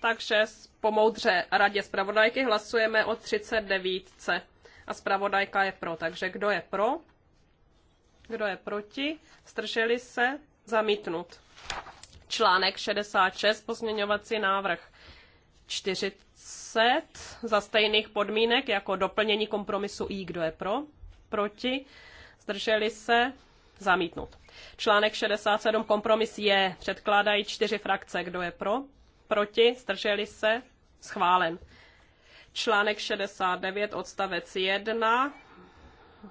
Takže po moudře radě zpravodajky hlasujeme o 39. A zpravodajka je pro. Takže kdo je pro? Kdo je proti? Strželi se? Zamítnut. Článek 66, pozměňovací návrh 40 za stejných podmínek jako doplnění kompromisu I. Kdo je pro? Proti? Zdrželi se? zamítnout. Článek 67 kompromis je. Předkládají čtyři frakce. Kdo je pro? Proti? strželi se? Schválen. Článek 69 odstavec 1.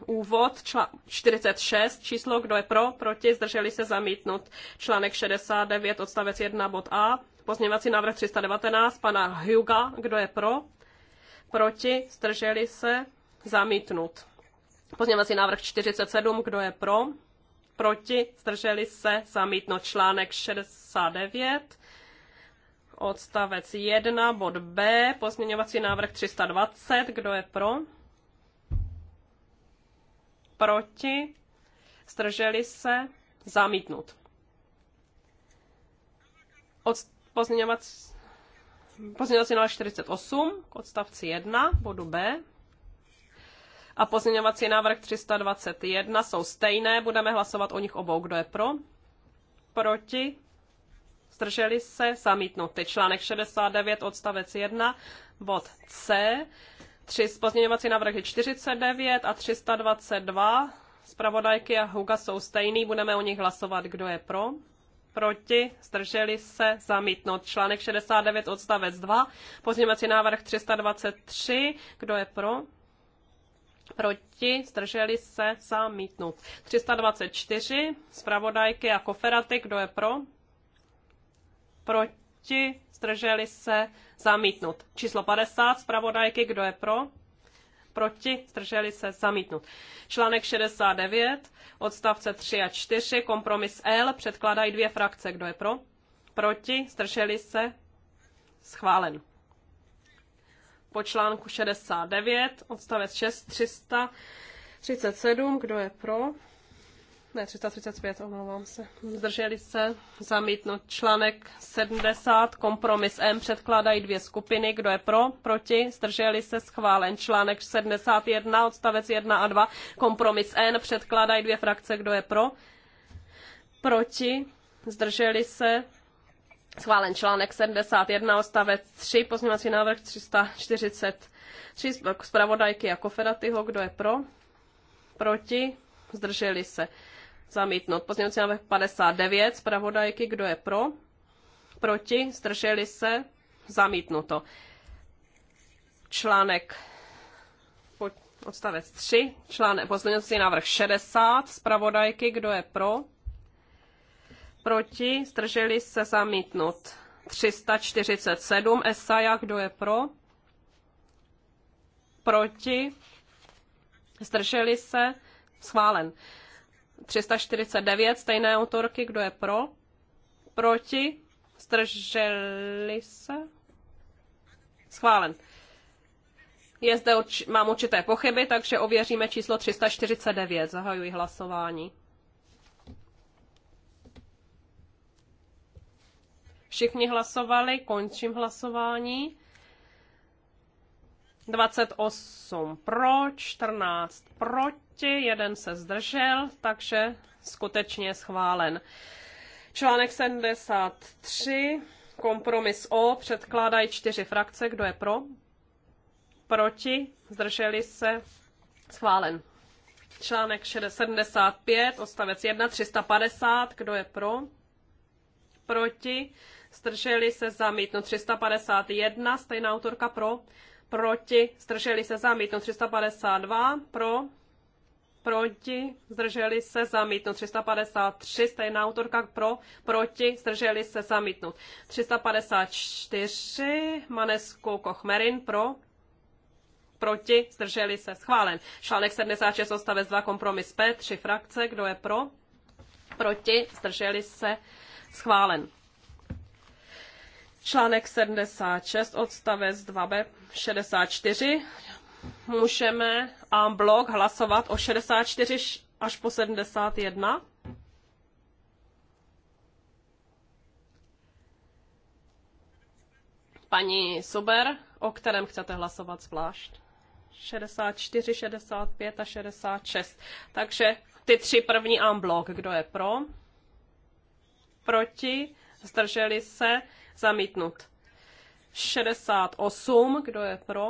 Úvod čla- 46 číslo, kdo je pro, proti, zdrželi se zamítnut. Článek 69 odstavec 1 bod A. Pozměňovací návrh 319 pana Huga, kdo je pro, proti, zdrželi se zamítnut. Pozměňovací návrh 47, kdo je pro, proti, zdrželi se, zamítnout článek 69, odstavec 1, bod B, pozměňovací návrh 320, kdo je pro? Proti, zdrželi se, zamítnut. Od, pozměňovací, pozměňovací návrh 48, odstavci 1, bodu B, a pozměňovací návrh 321 jsou stejné. Budeme hlasovat o nich obou. Kdo je pro? Proti? Zdrželi se? Zamítnuty. Článek 69 odstavec 1 bod C. Tři pozměňovací návrhy 49 a 322 zpravodajky a Huga jsou stejný. Budeme o nich hlasovat. Kdo je pro? proti, zdrželi se, zamítnout. Článek 69 odstavec 2, pozněvací návrh 323, kdo je pro, proti, zdrželi se, zamítnut. 324, zpravodajky a koferaty, kdo je pro? Proti, zdrželi se, zamítnut. Číslo 50, zpravodajky, kdo je pro? Proti, zdrželi se, zamítnut. Článek 69, odstavce 3 a 4, kompromis L, předkládají dvě frakce, kdo je pro? Proti, zdrželi se, schválen po článku 69, odstavec 6, 337, kdo je pro? Ne, 335, omlouvám se. Zdrželi se zamítnout článek 70, kompromis M předkládají dvě skupiny, kdo je pro, proti, zdrželi se schválen článek 71, odstavec 1 a 2, kompromis N předkládají dvě frakce, kdo je pro, proti, zdrželi se schválen článek 71, odstavec 3, pozměňovací návrh 343 zpravodajky jako Feratyho, kdo je pro, proti, zdrželi se. Zamítnout. Pozměňovací návrh 59, zpravodajky, kdo je pro, proti, zdrželi se, zamítnuto. Článek odstavec 3, článek pozměňovací návrh 60, zpravodajky, kdo je pro, proti, zdrželi se zamítnut. 347 Esaja, kdo je pro? Proti, zdrželi se, schválen. 349 stejné autorky, kdo je pro? Proti, zdrželi se, schválen. Je zde, mám určité pochyby, takže ověříme číslo 349. Zahajuji hlasování. Všichni hlasovali, končím hlasování. 28 pro, 14 proti, jeden se zdržel, takže skutečně schválen. Článek 73, kompromis O, předkládají čtyři frakce, kdo je pro? Proti, zdrželi se, schválen. Článek 75, odstavec 1, 350, kdo je pro? Proti, Zdrželi se zamítno 351, stejná autorka pro, proti, zdrželi se zamítno 352, pro, proti, zdrželi se zamítnout 353, stejná autorka pro, proti, zdrželi se zamítnout 354, Manesko Kochmerin pro, proti, zdrželi se, schválen. Článek 76 odstavec 2 kompromis P, tři frakce, kdo je pro, proti, zdrželi se, schválen. Článek 76, odstavec 2b, 64. Můžeme en blok hlasovat o 64 až po 71. Paní Suber, o kterém chcete hlasovat zvlášť? 64, 65 a 66. Takže ty tři první en bloc. Kdo je pro? Proti? Zdrželi se? Zamítnut. 68, kdo je pro?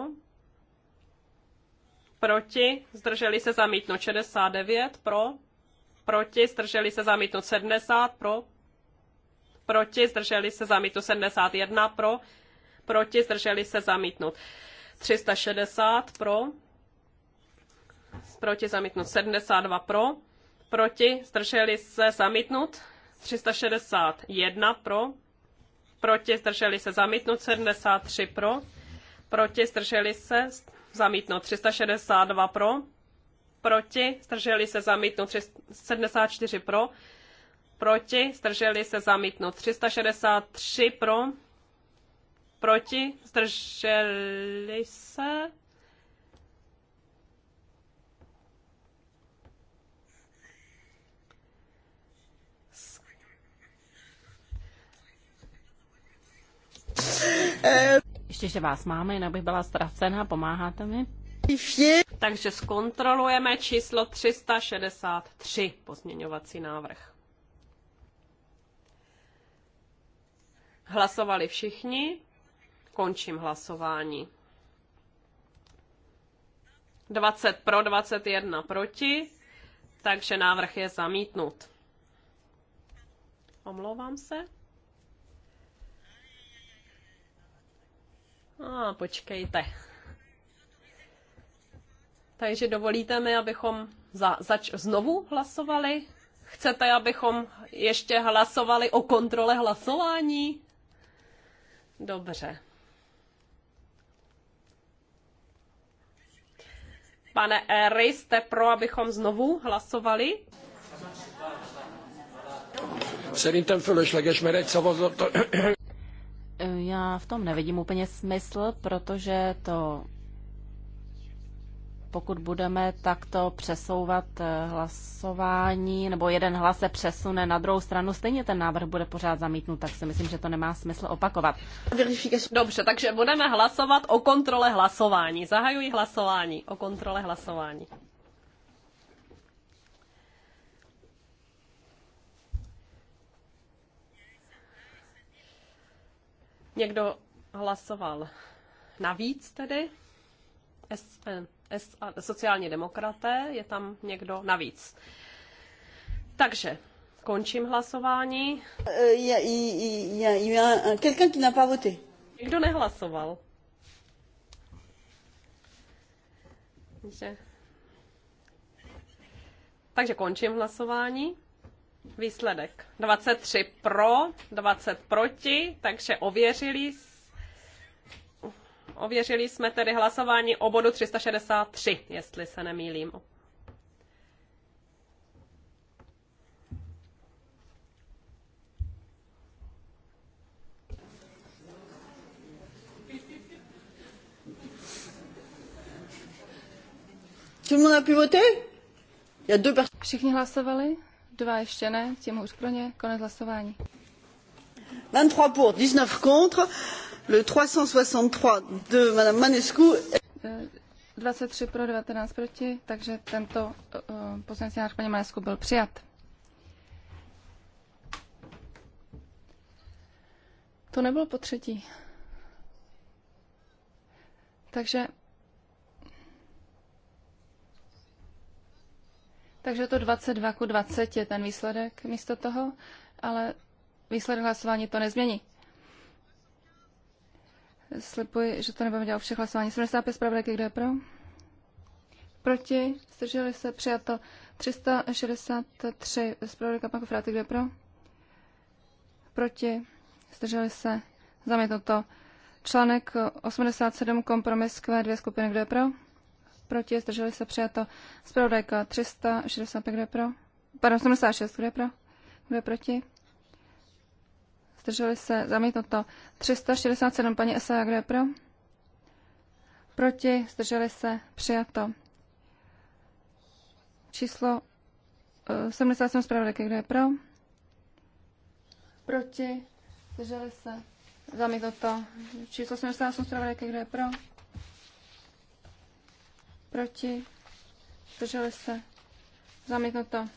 Proti, zdrželi se zamítnout 69, pro? Proti, zdrželi se zamítnout 70, pro? Proti, zdrželi se zamítnout 71, pro? Proti, zdrželi se zamítnout 360, pro? Proti, zamítnout 72, pro? Proti, zdrželi se zamítnout 361, pro? proti, zdrželi se zamítnout 73 pro, proti, zdrželi se zamítnout 362 pro, proti, zdrželi se zamítnout 74 pro, proti, zdrželi se zamítnout 363 pro, proti, zdrželi se Ještě, že vás máme, jinak bych byla ztracená, pomáháte mi? Takže zkontrolujeme číslo 363, pozměňovací návrh. Hlasovali všichni, končím hlasování. 20 pro, 21 proti, takže návrh je zamítnut. Omlouvám se. A no, ah, počkejte. Takže dovolíte mi, abychom za, zač, znovu hlasovali? Chcete, abychom ještě hlasovali o kontrole hlasování? Dobře. Pane Ery, jste pro, abychom znovu hlasovali? Szerintem fölösleges, mert egy szavazat... Já v tom nevidím úplně smysl, protože to pokud budeme takto přesouvat eh, hlasování, nebo jeden hlas se přesune na druhou stranu, stejně ten návrh bude pořád zamítnut, tak si myslím, že to nemá smysl opakovat. Dobře, takže budeme hlasovat o kontrole hlasování. Zahajuji hlasování o kontrole hlasování. Někdo hlasoval navíc tedy? SN, S, eh, sociální demokraté, je tam někdo navíc. Takže končím hlasování. Eh, někdo nehlasoval. Takže, takže končím hlasování. Výsledek 23 pro, 20 proti, takže ověřili, ověřili jsme tedy hlasování o bodu 363, jestli se nemýlím. Všichni hlasovali? Dva ještě ne, tím už pro ně. Konec hlasování. 23 pour, 19 contre. Le 363 de Madame Manescu. 23 eh, pro, 19 proti, takže tento uh, poslanecký návrh paní Manescu byl přijat. To nebylo po třetí. Takže Takže to 22 ku 20 je ten výsledek místo toho, ale výsledek hlasování to nezmění. Slipuji, že to nebudeme dělat všech hlasování. 75 zpravodajky, kdo je pro? Proti? Zdrželi se? Přijato 363 zpravodajka pan Kofráty, kdo je pro? Proti? Zdrželi se? to Článek 87 kompromis q dvě skupiny, kdo je pro? proti, zdrželi se přijato. Zpravodajka 365, kdo je pro? Pardon, 76, kdo je pro? Kdo je proti? Zdrželi se, zamítnuto. 367, paní S.A., kdo je pro? Proti, zdrželi se, přijato. Číslo 77 eh, zpravodajky, kdo je pro? Proti, zdrželi se, zamítnuto. Číslo 78 zpravodajky, kdo je pro? proti, zdrželi se, zamítnuto.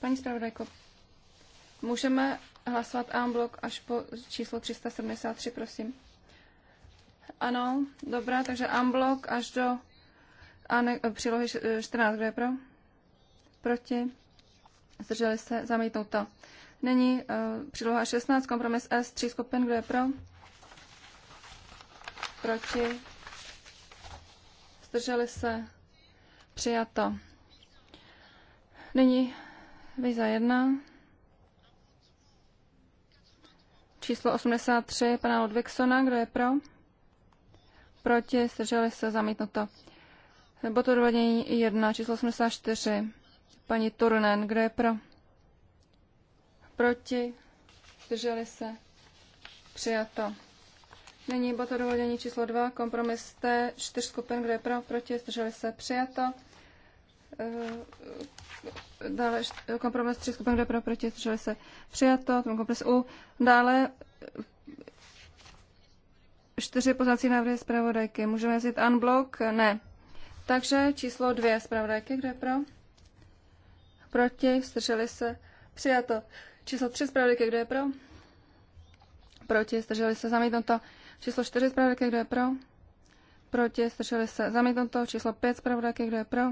Paní zpravodajko, můžeme hlasovat en blok až po číslo 373, prosím. Ano, dobrá, takže en blok až do ane, přílohy 14, kdo je pro? Proti, zdrželi se, zamítnuto. Nyní uh, příloha 16, kompromis S, tří skupin, kdo je pro? Proti, zdrželi se, Přijato. Nyní viza jedna. Číslo 83 pana Ludvíksona, Kdo je pro? Proti. Zdrželi se. Zamítnuto. Nebo to dovolení jedna, Číslo 84. Paní Turunen. Kdo je pro? Proti. Zdrželi se. Přijato. Nyní bod odůvodnění číslo 2, kompromis T, čtyř skupin, kdo je pro, proti, zdrželi se, přijato. Eh, dále kompromis tři skupin, kdo je pro, proti, zdrželi se, přijato. Kompromis U. Dále eh, čtyři pozací návrhy zpravodajky. Můžeme vzít unblock? Ne. Takže číslo 2 zpravodajky, kdo je pro? Proti, zdrželi se, přijato. Číslo 3 zpravodajky, kdo je pro? Proti, zdrželi se, zamítnuto. to. Číslo 4 zpravodajky, kdo je pro? Proti, zdrželi se, zamítnuto. Číslo 5 zpravodajky, kdo je pro?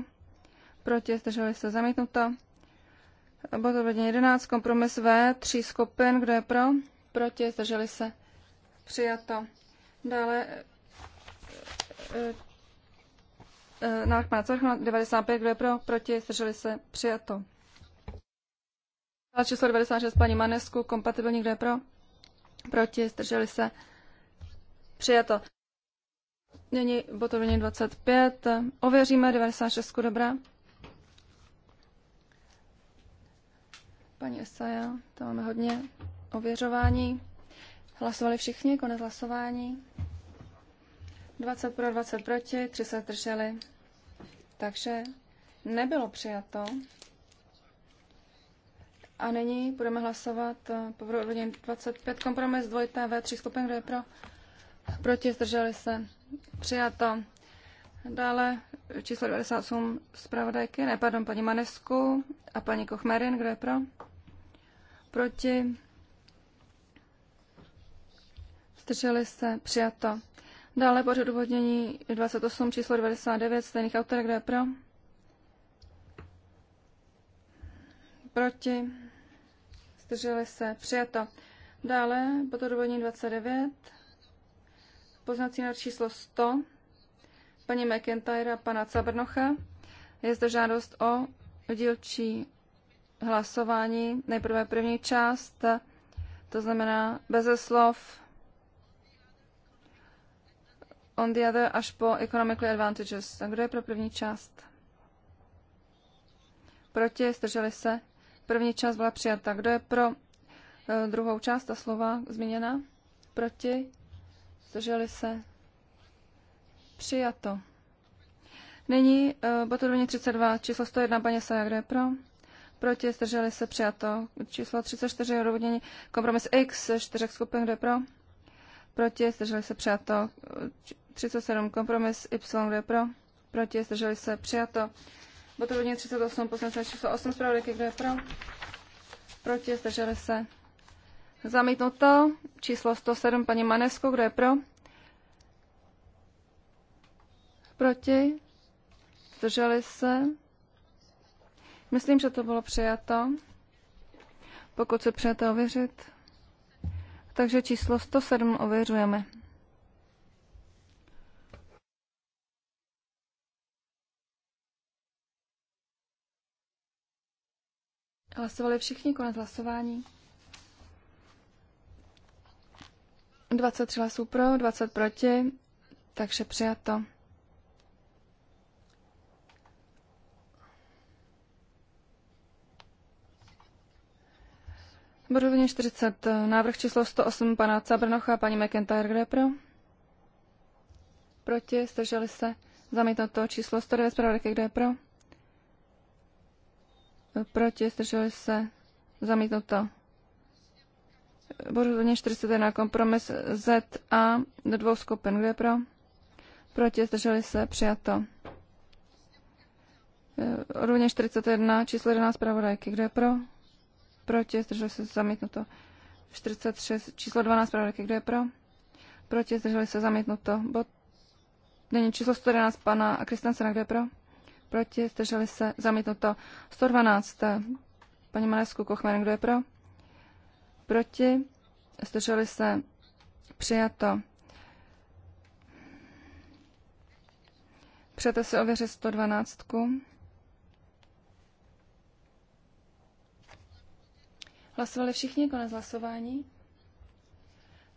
Proti, zdrželi se, zamítnuto. Bod 11, kompromis V, tří skupin, kdo je pro? Proti, zdrželi se, přijato. Dále eh, eh, eh, návrh pana Corchna 95, kdo je pro, proti, zdrželi se, přijato. Číslo 96, paní Manesku, kompatibilní, kdo je pro, proti, zdrželi se, Přijato. Nyní botovně 25. Ověříme 96. Dobrá. Paní Esaja, tam máme hodně ověřování. Hlasovali všichni, konec hlasování. 20 pro, 20 proti, 3 se drželi. Takže nebylo přijato. A nyní budeme hlasovat po 25. Kompromis dvojité V3 skupin, kdo je pro? proti, zdrželi se, přijato. Dále číslo 98 zpravodajky, ne, pardon, paní Manesku a paní Kochmerin, kdo je pro? Proti, zdrželi se, přijato. Dále pořad uvodnění 28 číslo 99 stejných autor, kdo je pro? Proti, zdrželi se, přijato. Dále pořad uvodnění 29 Poznací na číslo 100 paní McIntyre a pana Cabrnocha. Je zde žádost o dílčí hlasování. Nejprve první část, to znamená bez slov on the other až po economically advantages. A kdo je pro první část? Proti, zdrželi se. První část byla přijata. Kdo je pro eh, druhou část, ta slova zmíněna? Proti, zdrželi se, přijato. Nyní uh, bod 32, číslo 101, paní Saja, kdo je pro? Proti, zdrželi se, přijato. Číslo 34, odůvodnění, kompromis X, čtyřech skupin, kdo je pro? Proti, zdrželi se, přijato. 37, kompromis Y, kdo je pro? Proti, zdrželi se, přijato. Bod 38, poslance číslo 8, zpravodajky, kdo je pro? Proti, zdrželi se, Zamítnuto. Číslo 107 paní Manesko, kdo je pro? Proti? Zdrželi se? Myslím, že to bylo přijato. Pokud se přijete ověřit. Takže číslo 107 ověřujeme. Hlasovali všichni konec hlasování. 23 hlasů pro, 20 proti, takže přijato. Bodovně 40. Eh, návrh číslo 108 pana Cabrnocha paní McIntyre. Kde pro? Proti. Zdrželi se. Zamítnuto číslo 109 zpravodajky. Kde je pro? Proti. Zdrželi se. Zamítnuto. Borodně 41 kompromis ZA do dvou skupin. Kdo je pro? Proti zdrželi se přijato. Rovně e, 41 číslo 11 pravodajky. Kdo je pro? Proti zdrželi se zamítnuto. 43 číslo 12 pravodajky. Kdo je pro? Proti zdrželi se zamítnuto. Bod není číslo 111 pana Kristansena. Kdo je pro? Proti zdrželi se zamítnuto. 112 e, paní Malesku Kochmer. Kdo je pro? proti, zdrželi se, přijato. Přete si ověřit 112. Hlasovali všichni, konec hlasování.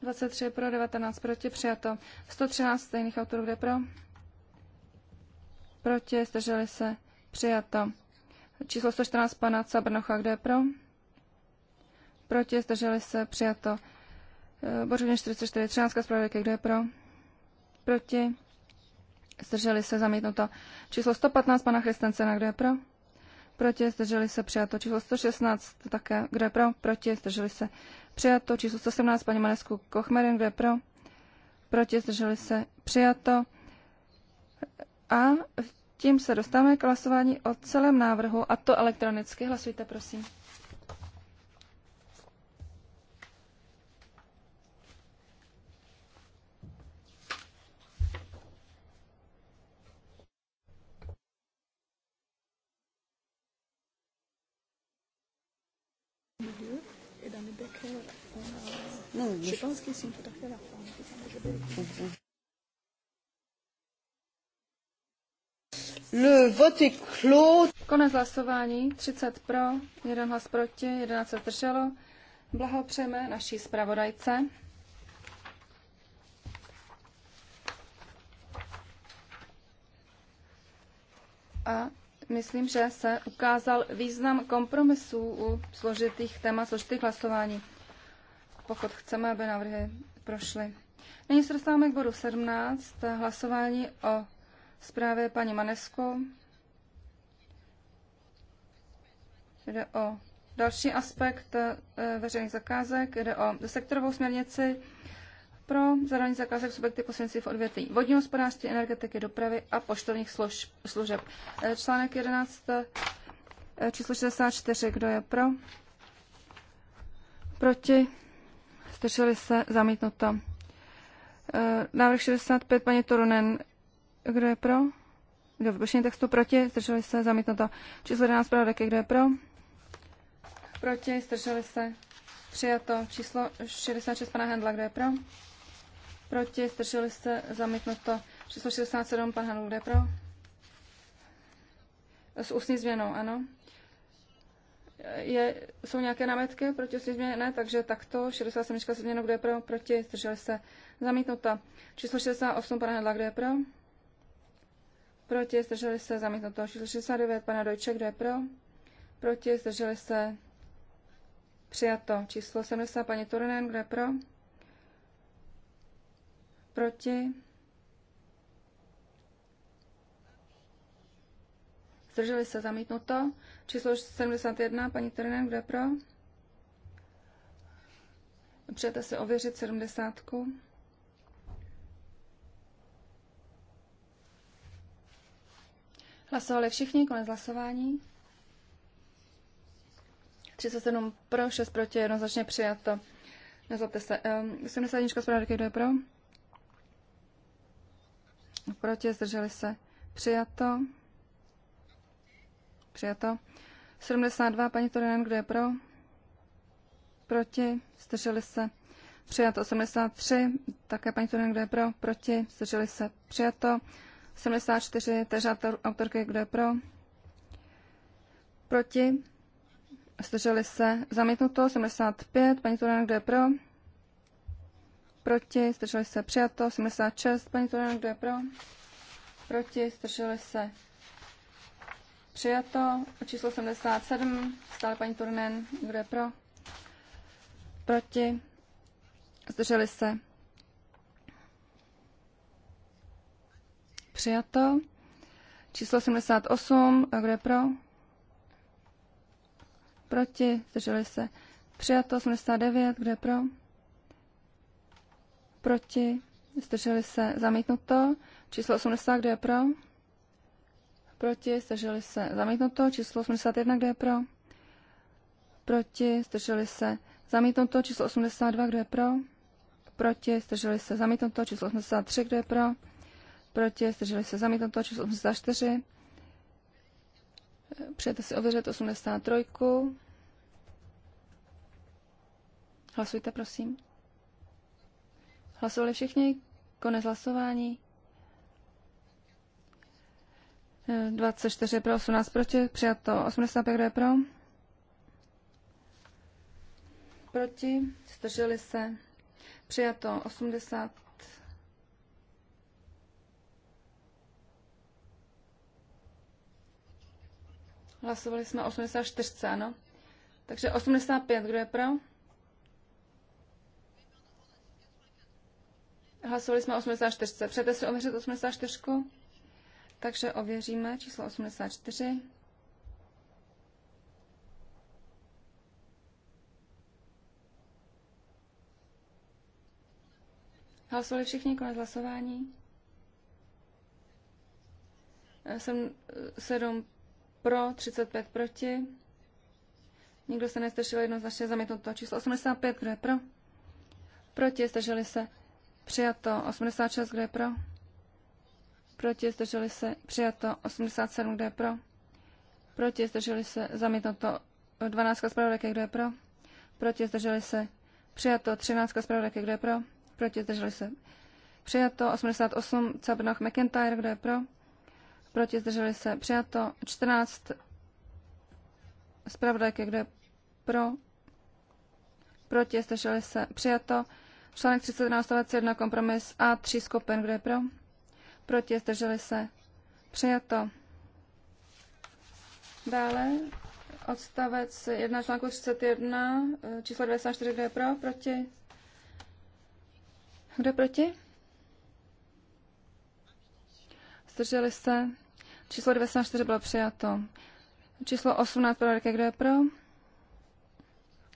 23 pro, 19 proti, přijato. 113 stejných autorů, kde pro? Proti, zdrželi se, přijato. Číslo 114 pana Cabrnocha, kde pro? proti, zdrželi se, přijato. Bořovně 44, 13, zpravodajky, kdo je pro, proti, zdrželi se, zamítnuto. Číslo 115, pana Christensena, kdo je pro, proti, zdrželi se, přijato. Číslo 116, také, kdo je pro, proti, zdrželi se, přijato. Číslo 117, paní Manesku Kochmerin, kdo je pro, proti, zdrželi se, přijato. A tím se dostáváme k hlasování o celém návrhu, a to elektronicky. Hlasujte, prosím. Non, no, je, je pense qu'ils sont tout à fait Le vote est clos. Konec hlasování. 30 pro, 1 hlas proti, 11 se zdrželo. Blahopřejeme naší zpravodajce. A myslím, že se ukázal význam kompromisů u složitých témat, složitých hlasování pokud chceme, aby návrhy prošly. Nyní se dostáváme k bodu 17, hlasování o zprávě paní Manesko. Jde o další aspekt eh, veřejných zakázek, jde o sektorovou směrnici pro zadání zakázek subjekty poslednicí v odvětví vodního hospodářství, energetiky, dopravy a poštovních služeb. Eh, článek 11, eh, číslo 64, kdo je pro? Proti? zdrželi se, zamítnuto. E, návrh 65, paní Turunen, kdo je pro? Kdo vypuštění textu proti, zdrželi se, zamítnuto. Číslo 11, pravodeky, kdo je pro? Proti, zdrželi se, přijato. Číslo 66, pana Hendla, kdo je pro? Proti, zdrželi se, zamítnuto. Číslo 67, pan Hendl, kdo je pro? S ústní změnou, ano. Je, jsou nějaké námitky proti změně? Ne, takže takto 67 se změnou, kdo je pro, proti, zdrželi se zamítnuta. Číslo 68 pana Hedla, kdo je pro? Proti, zdrželi se zamítnuto. Číslo 69 pana Dojče, kdo je pro? Proti, zdrželi se přijato. Číslo 70 paní Turinen, kdo je pro? Proti, Zdrželi se zamítnuto. Číslo 71, paní Turnen, kdo je pro? Přijete si ověřit 70. Hlasovali všichni, konec hlasování. 37 pro, 6 proti, jednoznačně přijato. Nezlobte se. Um, 71 zpravodajky, kdo je pro? Proti, zdrželi se. Přijato. Přijato. 72, paní Torinen, kdo je pro? Proti? Zdrželi se. Přijato 83, také paní Turinen, kdo je pro, proti, zdrželi se, přijato. 74, též autorky, kdo je pro, proti, zdrželi se, zamítnuto. 75, paní Turinen, kdo je pro, proti, zdrželi se, přijato. 76, paní Turinen, kdo je pro, proti, zdrželi se, Přijato číslo 77, stále paní Turnen, kdo je pro? Proti? Zdrželi se? Přijato. Číslo 78, kdo je pro? Proti? Zdrželi se? Přijato 89, kdo je pro? Proti? Zdrželi se? Zamítnuto. Číslo 80, kdo je pro? proti, zdrželi se zamítnuto, číslo 81, kdo je pro, proti, zdrželi se zamítnuto, číslo 82, kdo je pro, proti, zdrželi se zamítnuto, číslo 83, kdo je pro, proti, zdrželi se zamítnuto, číslo 84, Přejete si ověřit 83. Hlasujte, prosím. Hlasovali všichni? Konec hlasování. 24 pro, 18 proti, přijato 85, je pro? Proti, zdrželi se, přijato 80. Hlasovali jsme 84, ano. Takže 85, kdo je pro? Hlasovali jsme 84. Přejete si ověřit 84? Takže ověříme číslo 84. Hlasovali všichni konec hlasování? 7 eh, eh, pro, 35 proti. Nikdo se nestršel jednoznačně zamítnuto. Číslo 85, kdo je pro? Proti, zdrželi se. Přijato 86, kdo je pro? proti zdrželi se přijato 87, kdo je pro, proti zdrželi se zamítnuto 12 zpravodajky, kdo je pro, proti zdrželi se přijato 13 zpravodajky, kdo je pro, proti zdrželi se přijato 88 Cabrnoch McIntyre, kdo je pro, proti zdrželi se přijato 14 zpravodajky, kdo je pro, proti zdrželi se přijato článek 31 odstavec 1 kompromis A3 skupin, kdo je pro, proti, zdrželi se, přijato. Dále odstavec 1 článku 31, eh, číslo 94, kdo je pro, proti, kdo je proti? Zdrželi se. Číslo 94 bylo přijato. Číslo 18 pro Rike, kdo je pro?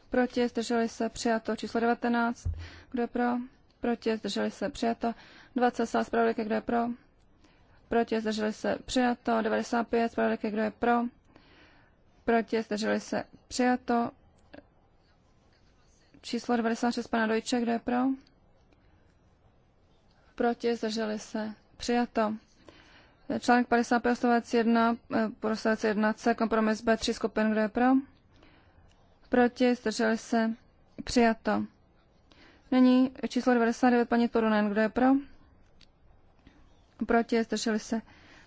Proti, zdrželi se, přijato. Číslo 19, kdo je pro? proti, zdrželi se, přijato. 20 sál zpravodajky, kdo je pro, proti, zdrželi se, přijato. 95 zpravodajky, kdo je pro, proti, zdrželi se, přijato. Číslo 96 pana Dojče, kdo je pro, proti, zdrželi se, přijato. Článek 55, odstavec 1, eh, odstavec 1c, kompromis B3 skupin, kdo je pro? Proti, zdrželi se, přijato. Není číslo 99 paní Turunen. Kdo je pro? Proti, zdrželi se.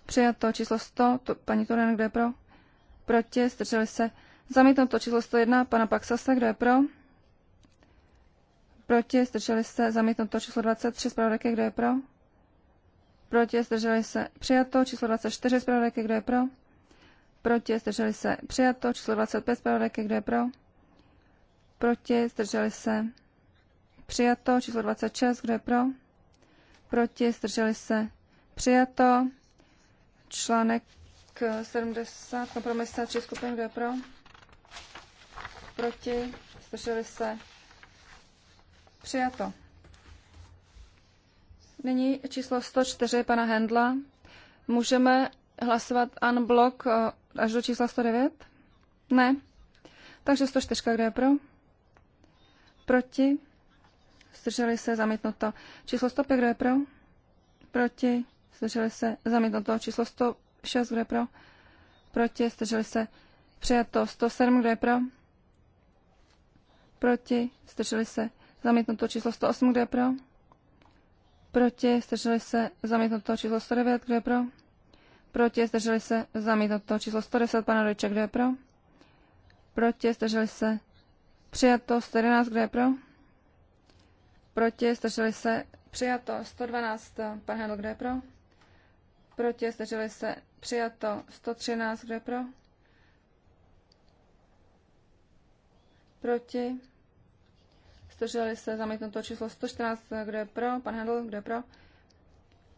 Přijato číslo 100, tu, paní Turunen, kdo je pro? Proti, zdrželi se. Zamítnuto číslo 101, pana Paxase, kdo je pro? Proti, zdrželi se. Zamítnuto číslo 23, zpravodajky, kdo je pro? Proti, zdrželi se. Přijato číslo 24, zpravodajky, kdo je pro? Proti, zdrželi se. Přijato číslo 25, zpravodajky, kdo je pro? Proti, zdrželi se. Přijato. Číslo 26. Kdo je pro? Proti. Zdrželi se. Přijato. Článek 70. Kompromis 3 skupin. Kdo je pro? Proti. Zdrželi se. Přijato. Nyní číslo 104 pana Hendla. Můžeme hlasovat unblock eh, až do čísla 109? Ne. Takže 104, kdo je pro? Proti? zdrželi se, zamítnuto. Číslo 105, kdo je pro? Proti, zdrželi se, zamítnuto. Číslo 106, kdo je pro? Proti, zdrželi se, přijato. 107, kdo je pro? Proti, zdrželi se, zamítnuto. Číslo 108, kdo je pro? Proti, zdrželi se, zamítnuto. Číslo 109, kdo je pro? Proti, zdrželi se, zamítnuto. Číslo 110, pana Rojček, kdo je pro? Proti, zdrželi se, přijato. 111, kdo je pro? Proti, zdrželi se, přijato. 112, pan Hedl, kdo je pro? Proti, zdrželi se, přijato. 113, kdo je pro? Proti, zdrželi se, zamítnuto číslo 114, kdo je pro? Pan Hedl, kdo je pro?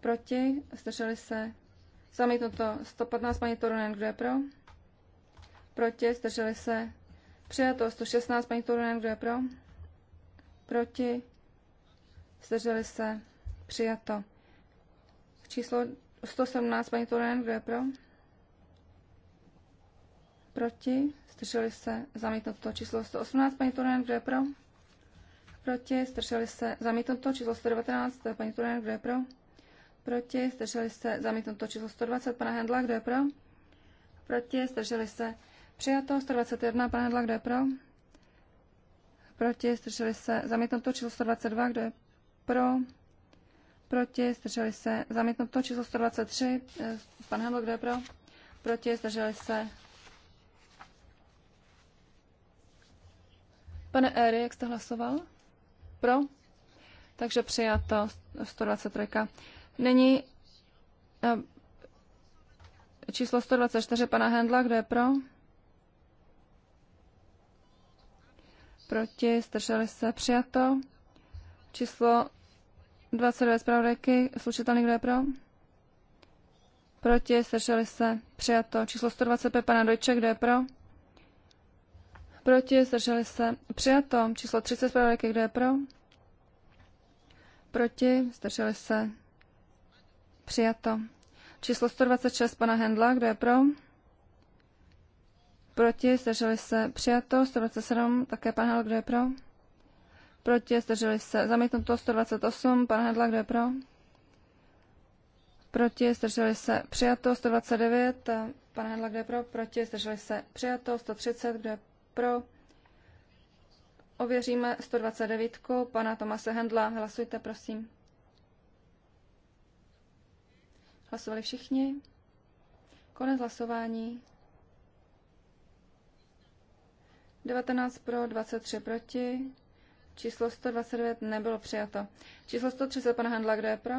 Proti, zdrželi se, zamítnuto 115, paní Torunen, kdo je pro? Proti, zdrželi se, přijato 116, paní Torunen, kdo je pro? Proti, zdrželi se, přijato. Číslo 117, paní Turunen, kdo je pro? Proti, zdrželi se, zamítnuto. Číslo 118, paní Turunen, kdo je pro? Proti, zdrželi se, zamítnuto. Číslo 119, paní Turunen, kdo je pro? Proti, zdrželi se, zamítnuto. Číslo 120, pana Hendla, kdo je pro? Proti, zdrželi se, přijato. 121, pana Hendla, kdo je pro? Proti, zdrželi se, zamítnuto. Číslo 122, kdo je pro, proti, zdrželi se, zamítnuto číslo 123, eh, pan Haml, kdo je pro, proti, zdrželi se. Pane Éry, jak jste hlasoval? Pro? Takže přijato 123. Nyní eh, číslo 124 pana Hendla, kdo je pro? Proti, zdrželi se, přijato. Číslo 22 zpravodajky, slučitelný, kdo je pro? Proti, zdrželi se, přijato. Číslo 125 pana Dojče, kdo je pro? Proti, zdrželi se, přijato. Číslo 30 zpravodajky, kdo je pro? Proti, zdrželi se, přijato. Číslo 126 pana Hendla, kdo je pro? Proti, zdrželi se, přijato. 127 také pan Hendl, kdo je pro? proti, zdrželi se, zamítnuto 128, pan Hedla, kdo je pro? Proti, zdrželi se, přijato 129, pan Hedla, kdo je pro? Proti, zdrželi se, přijato 130, kdo je pro? Ověříme 129, pana Tomase Hendla, hlasujte, prosím. Hlasovali všichni? Konec hlasování. 19 pro, 23 proti. Číslo 129 nebylo přijato. Číslo 130 pan Handla, kdo je pro?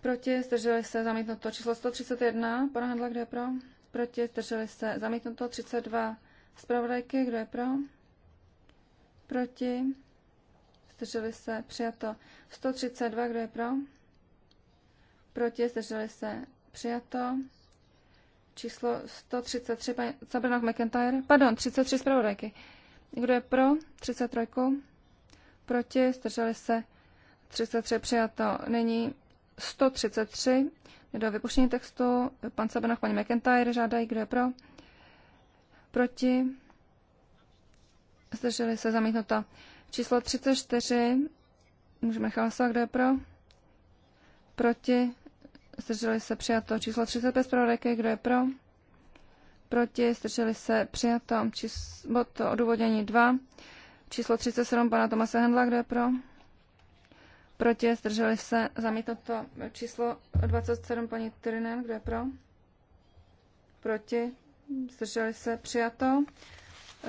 Proti, zdrželi se, zamítnuto. Číslo 131 pan Handla, kdo je pro? Proti, zdrželi se, zamítnuto. 32 zpravodajky, kdo je pro? Proti, zdrželi se, přijato. 132, kdo je pro? Proti, zdrželi se, přijato. Číslo 133, paní Sabrina McIntyre, pardon, 33 zpravodajky. Kdo je pro? 33. Proti? Zdrželi se? 33 přijato. Nyní 133. Do vypuštění textu pan Sabanach, paní McIntyre žádají, kdo je pro. Proti? Zdrželi se zamítnuto. Číslo 34. Můžeme hlasovat, kdo je pro. Proti? Zdrželi se přijato. Číslo 35 zpravodajky, kdo je pro proti, zdrželi se přijato číslo to odůvodnění 2, číslo 37 pana Tomase Hendla, kdo je pro, proti, zdrželi se zamítnuto číslo 27 paní Tyrinen, kdo je pro, proti, zdrželi se přijato,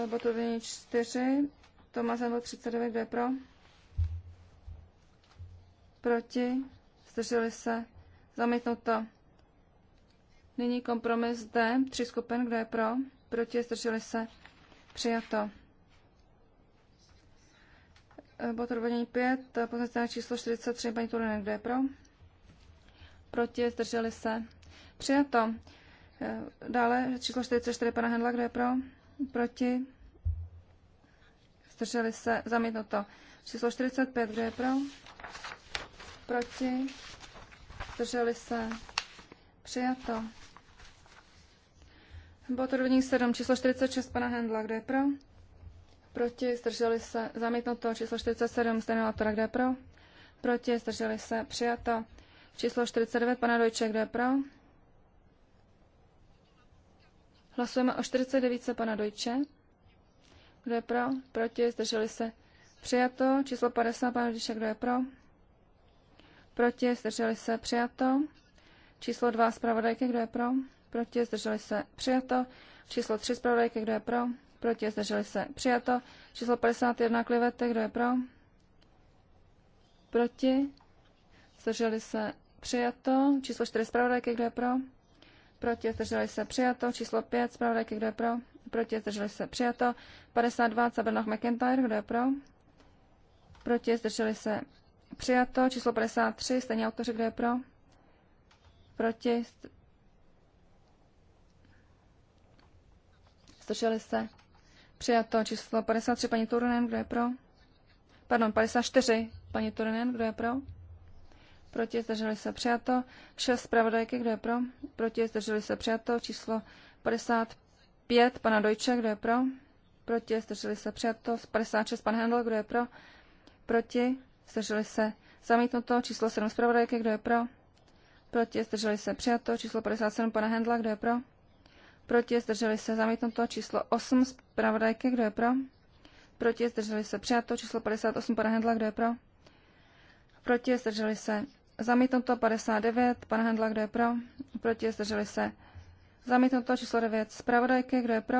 bod odůvodnění 4, Tomase Hendla 39, kdo je pro, proti, zdrželi se zamítnuto Nyní kompromis D, tři skupin, kdo je pro, proti, zdrželi se, přijato. E, bod odvodnění 5, pozice číslo 43, paní Turinen, kdo je pro, proti, zdrželi se, přijato. E, dále číslo 44, pana Hendla, kdo je pro, proti, zdrželi se, zamítnuto. Číslo 45, kdo je pro, proti, zdrželi se, přijato. Bylo to odvodní 7, číslo 46 pana Hendla, kde je pro? Proti, zdrželi se, zamítnuto, číslo 47 stejného autora, kde je pro? Proti, zdrželi se, přijato. Číslo 49 pana Dojče, kde je pro? Hlasujeme o 49 pana Dojče. Kdo je pro? Proti, zdrželi se. Přijato. Číslo 50 pana Dojče, kdo je pro? Proti, zdrželi se. Přijato. Číslo 2 zpravodajky, kdo je pro? proti, zdrželi se, přijato. Číslo 3 zpravodajky, kdo je pro, proti, zdrželi se, přijato. Číslo 51 klivete, kdo je pro, proti, zdrželi se, přijato. Číslo 4 zpravodajky, kdo je pro, proti, zdrželi se, přijato. Číslo 5 zpravodajky, kdo je pro, proti, zdrželi se, přijato. 52 Sabernach McIntyre, kdo je pro, proti, zdrželi se, přijato. Číslo 53 stejně autoři, kdo je pro, proti, zdrželi se. Přijato číslo 53, paní Turunen, kdo je pro? Pardon, 54, paní Turunen, kdo je pro? Proti, zdrželi se. Přijato 6, zpravodajky, kdo je pro? Proti, zdrželi se. Přijato číslo 55, pana Dojče, kdo je pro? Proti, zdrželi se. Přijato 56, pan Handel, kdo je pro? Proti, zdrželi se. Zamítnuto číslo 7, zpravodajky, kdo je pro? Proti, zdrželi se. Přijato číslo 57, pana Hendla, kdo je pro? Proti zdrželi se zamítnuto číslo 8 z pravodajky. kdo je pro? Proti zdrželi se přijato číslo 58 pana Hendla, kdo je pro? Proti zdrželi se zamítnuto 59 pana Hendla, kdo je pro? Proti zdrželi se zamítnuto číslo 9 z pravodajky. kdo je pro?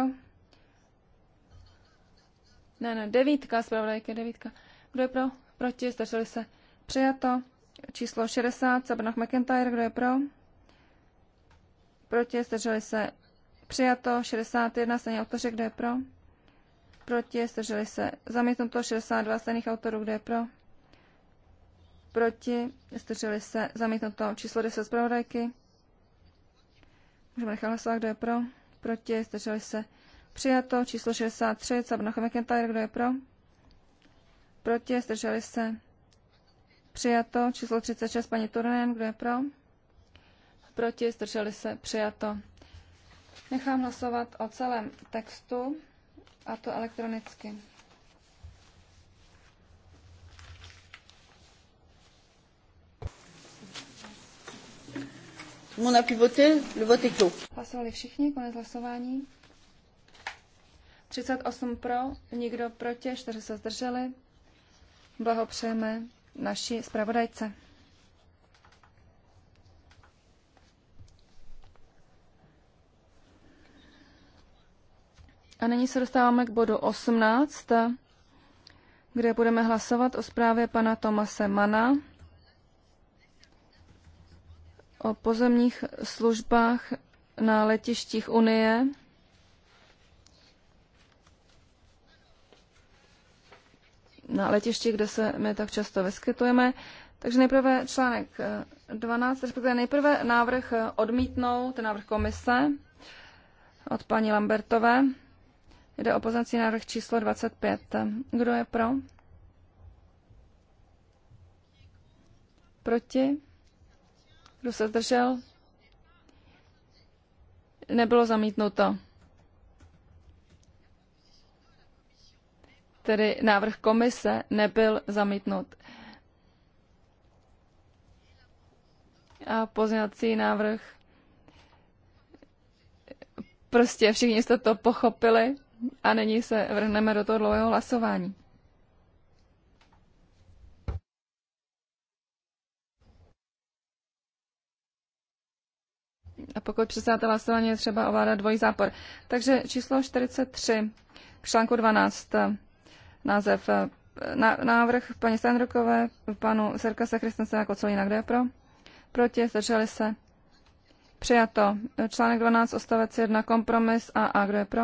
Ne, ne, devítka z pravodajky. devítka. Kdo je pro? Proti zdrželi se přijato číslo 60 Sabrnach McIntyre, kdo je pro? Proti zdrželi se Přijato 61 stejných autořek, kdo je pro? Proti, zdrželi se. Zamítnuto 62 stejných autorů, kdo je pro? Proti, zdrželi se. Zamítnuto číslo 10 zpravodajky. Můžeme nechat hlasovat, kdo je pro? Proti, zdrželi se. Přijato číslo 63, Sabna McIntyre, kdo je pro? Proti, zdrželi se. Přijato číslo 36, paní Turnen, kdo je pro? Proti, zdrželi se. Přijato Nechám hlasovat o celém textu, a to elektronicky. Mon a pu le vote est clos. Hlasovali všichni, konec hlasování. 38 pro, nikdo proti, 4 se zdrželi. Blahopřejeme naší zpravodajce. A nyní se dostáváme k bodu 18, kde budeme hlasovat o zprávě pana Tomase Mana o pozemních službách na letištích Unie. na letišti, kde se my tak často vyskytujeme. Takže nejprve článek 12, eh, respektive nejprve návrh eh, odmítnout, ten návrh komise od paní Lambertové. Jde o poznací návrh číslo 25. Kdo je pro? Proti? Kdo se zdržel? Nebylo zamítnuto. Tedy návrh komise nebyl zamítnut. A pozněvací návrh. Prostě všichni jste to pochopili a nyní se vrhneme do toho dlouhého hlasování. A pokud přesáte hlasování, je třeba ovládat dvojí zápor. Takže číslo 43 k článku 12. Eh, název eh, na, návrh paní Sandrokové, panu Serka se Christensen jako Colína. Kdo je pro? Proti, zdrželi se. Přijato. Článek 12, ostavec 1, kompromis a A. Kdo je pro?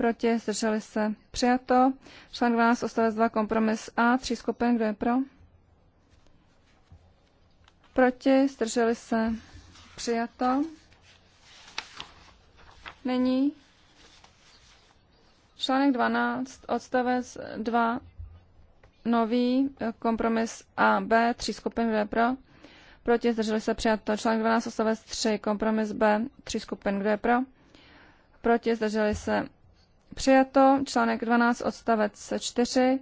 proti, zdrželi se, přijato. Článek 12, odstavec 2, kompromis A, tří skupin, kdo je pro? Proti, zdrželi se, přijato. Není. Článek 12, odstavec 2, nový kompromis A, B, tří skupin, kdo je pro? Proti, zdrželi se, přijato. Článek 12, odstavec 3, kompromis B, tří skupin, kdo je pro? Proti, zdrželi se, Přijato článek 12 odstavec 4.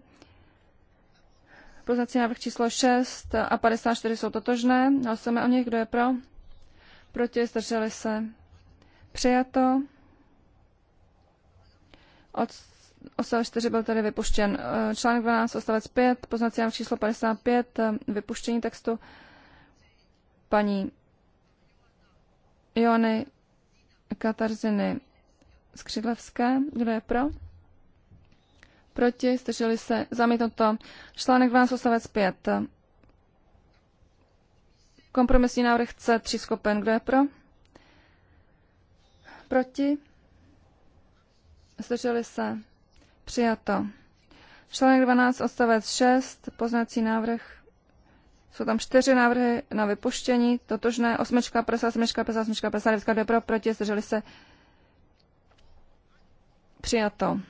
Poznací návrh číslo 6 a 54 jsou totožné. Hlasujeme o nich. Kdo je pro? Proti? Zdrželi se. Přijato. Od odstavec 4 byl tedy vypuštěn. Eh, článek 12, odstavec 5, poznací návrh číslo 55, eh, vypuštění textu paní Jony Katarziny Skřidlevské. Kdo je pro? Proti? Zdrželi se? Zamítnuto. Článek 12 ostavec 5. Kompromisní návrh C, 3 skopen, Kdo je pro? Proti? Zdrželi se? Přijato. Článek 12, ostavec 6, poznací návrh. Jsou tam čtyři návrhy na vypuštění, totožné, osmička, osmička, 57, osmička, 59, osmička, pro, proti, zdrželi se, Přijato.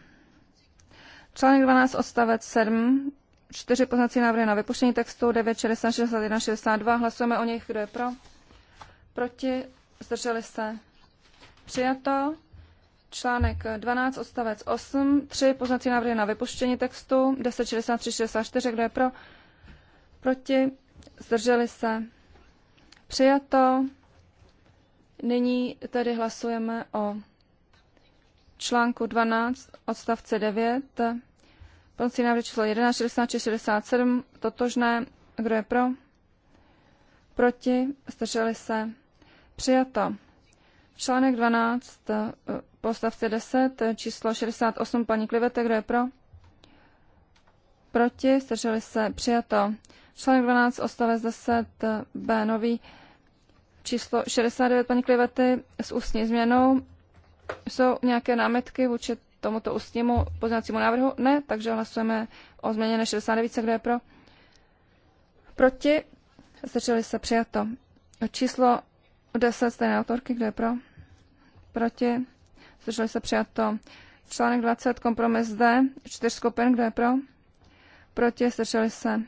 Článek 12 odstavec 7. Čtyři poznací návrhy na vypuštění textu 9, 60, 61, 62. Hlasujeme o nich. Kdo je pro? Proti? Zdrželi se? Přijato. Článek 12, odstavec 8. Tři poznací návrhy na vypuštění textu 10, 63, 64. Kdo je pro? Proti? Zdrželi se? Přijato. Nyní tedy hlasujeme o článku 12 odstavce 9, pozici návrh číslo 11, 66, 67, totožné, kdo je pro, proti, zdrželi se, přijato. Článek 12, postavce 10, číslo 68, paní Klivete, kdo je pro? Proti, zdrželi se, přijato. Článek 12, odstavec 10, eh, B nový, číslo 69, paní Klivety, s ústní změnou, jsou nějaké námetky vůči tomuto ústnímu poznacímu návrhu? Ne, takže hlasujeme o změně 69, kdo je pro? Proti? Zdrželi se přijato. Číslo 10 stejné autorky, kdo je pro? Proti? Zdrželi se přijato. Článek 20, kompromis D, čtyř skupin, kdo je pro? Proti? Zdrželi se.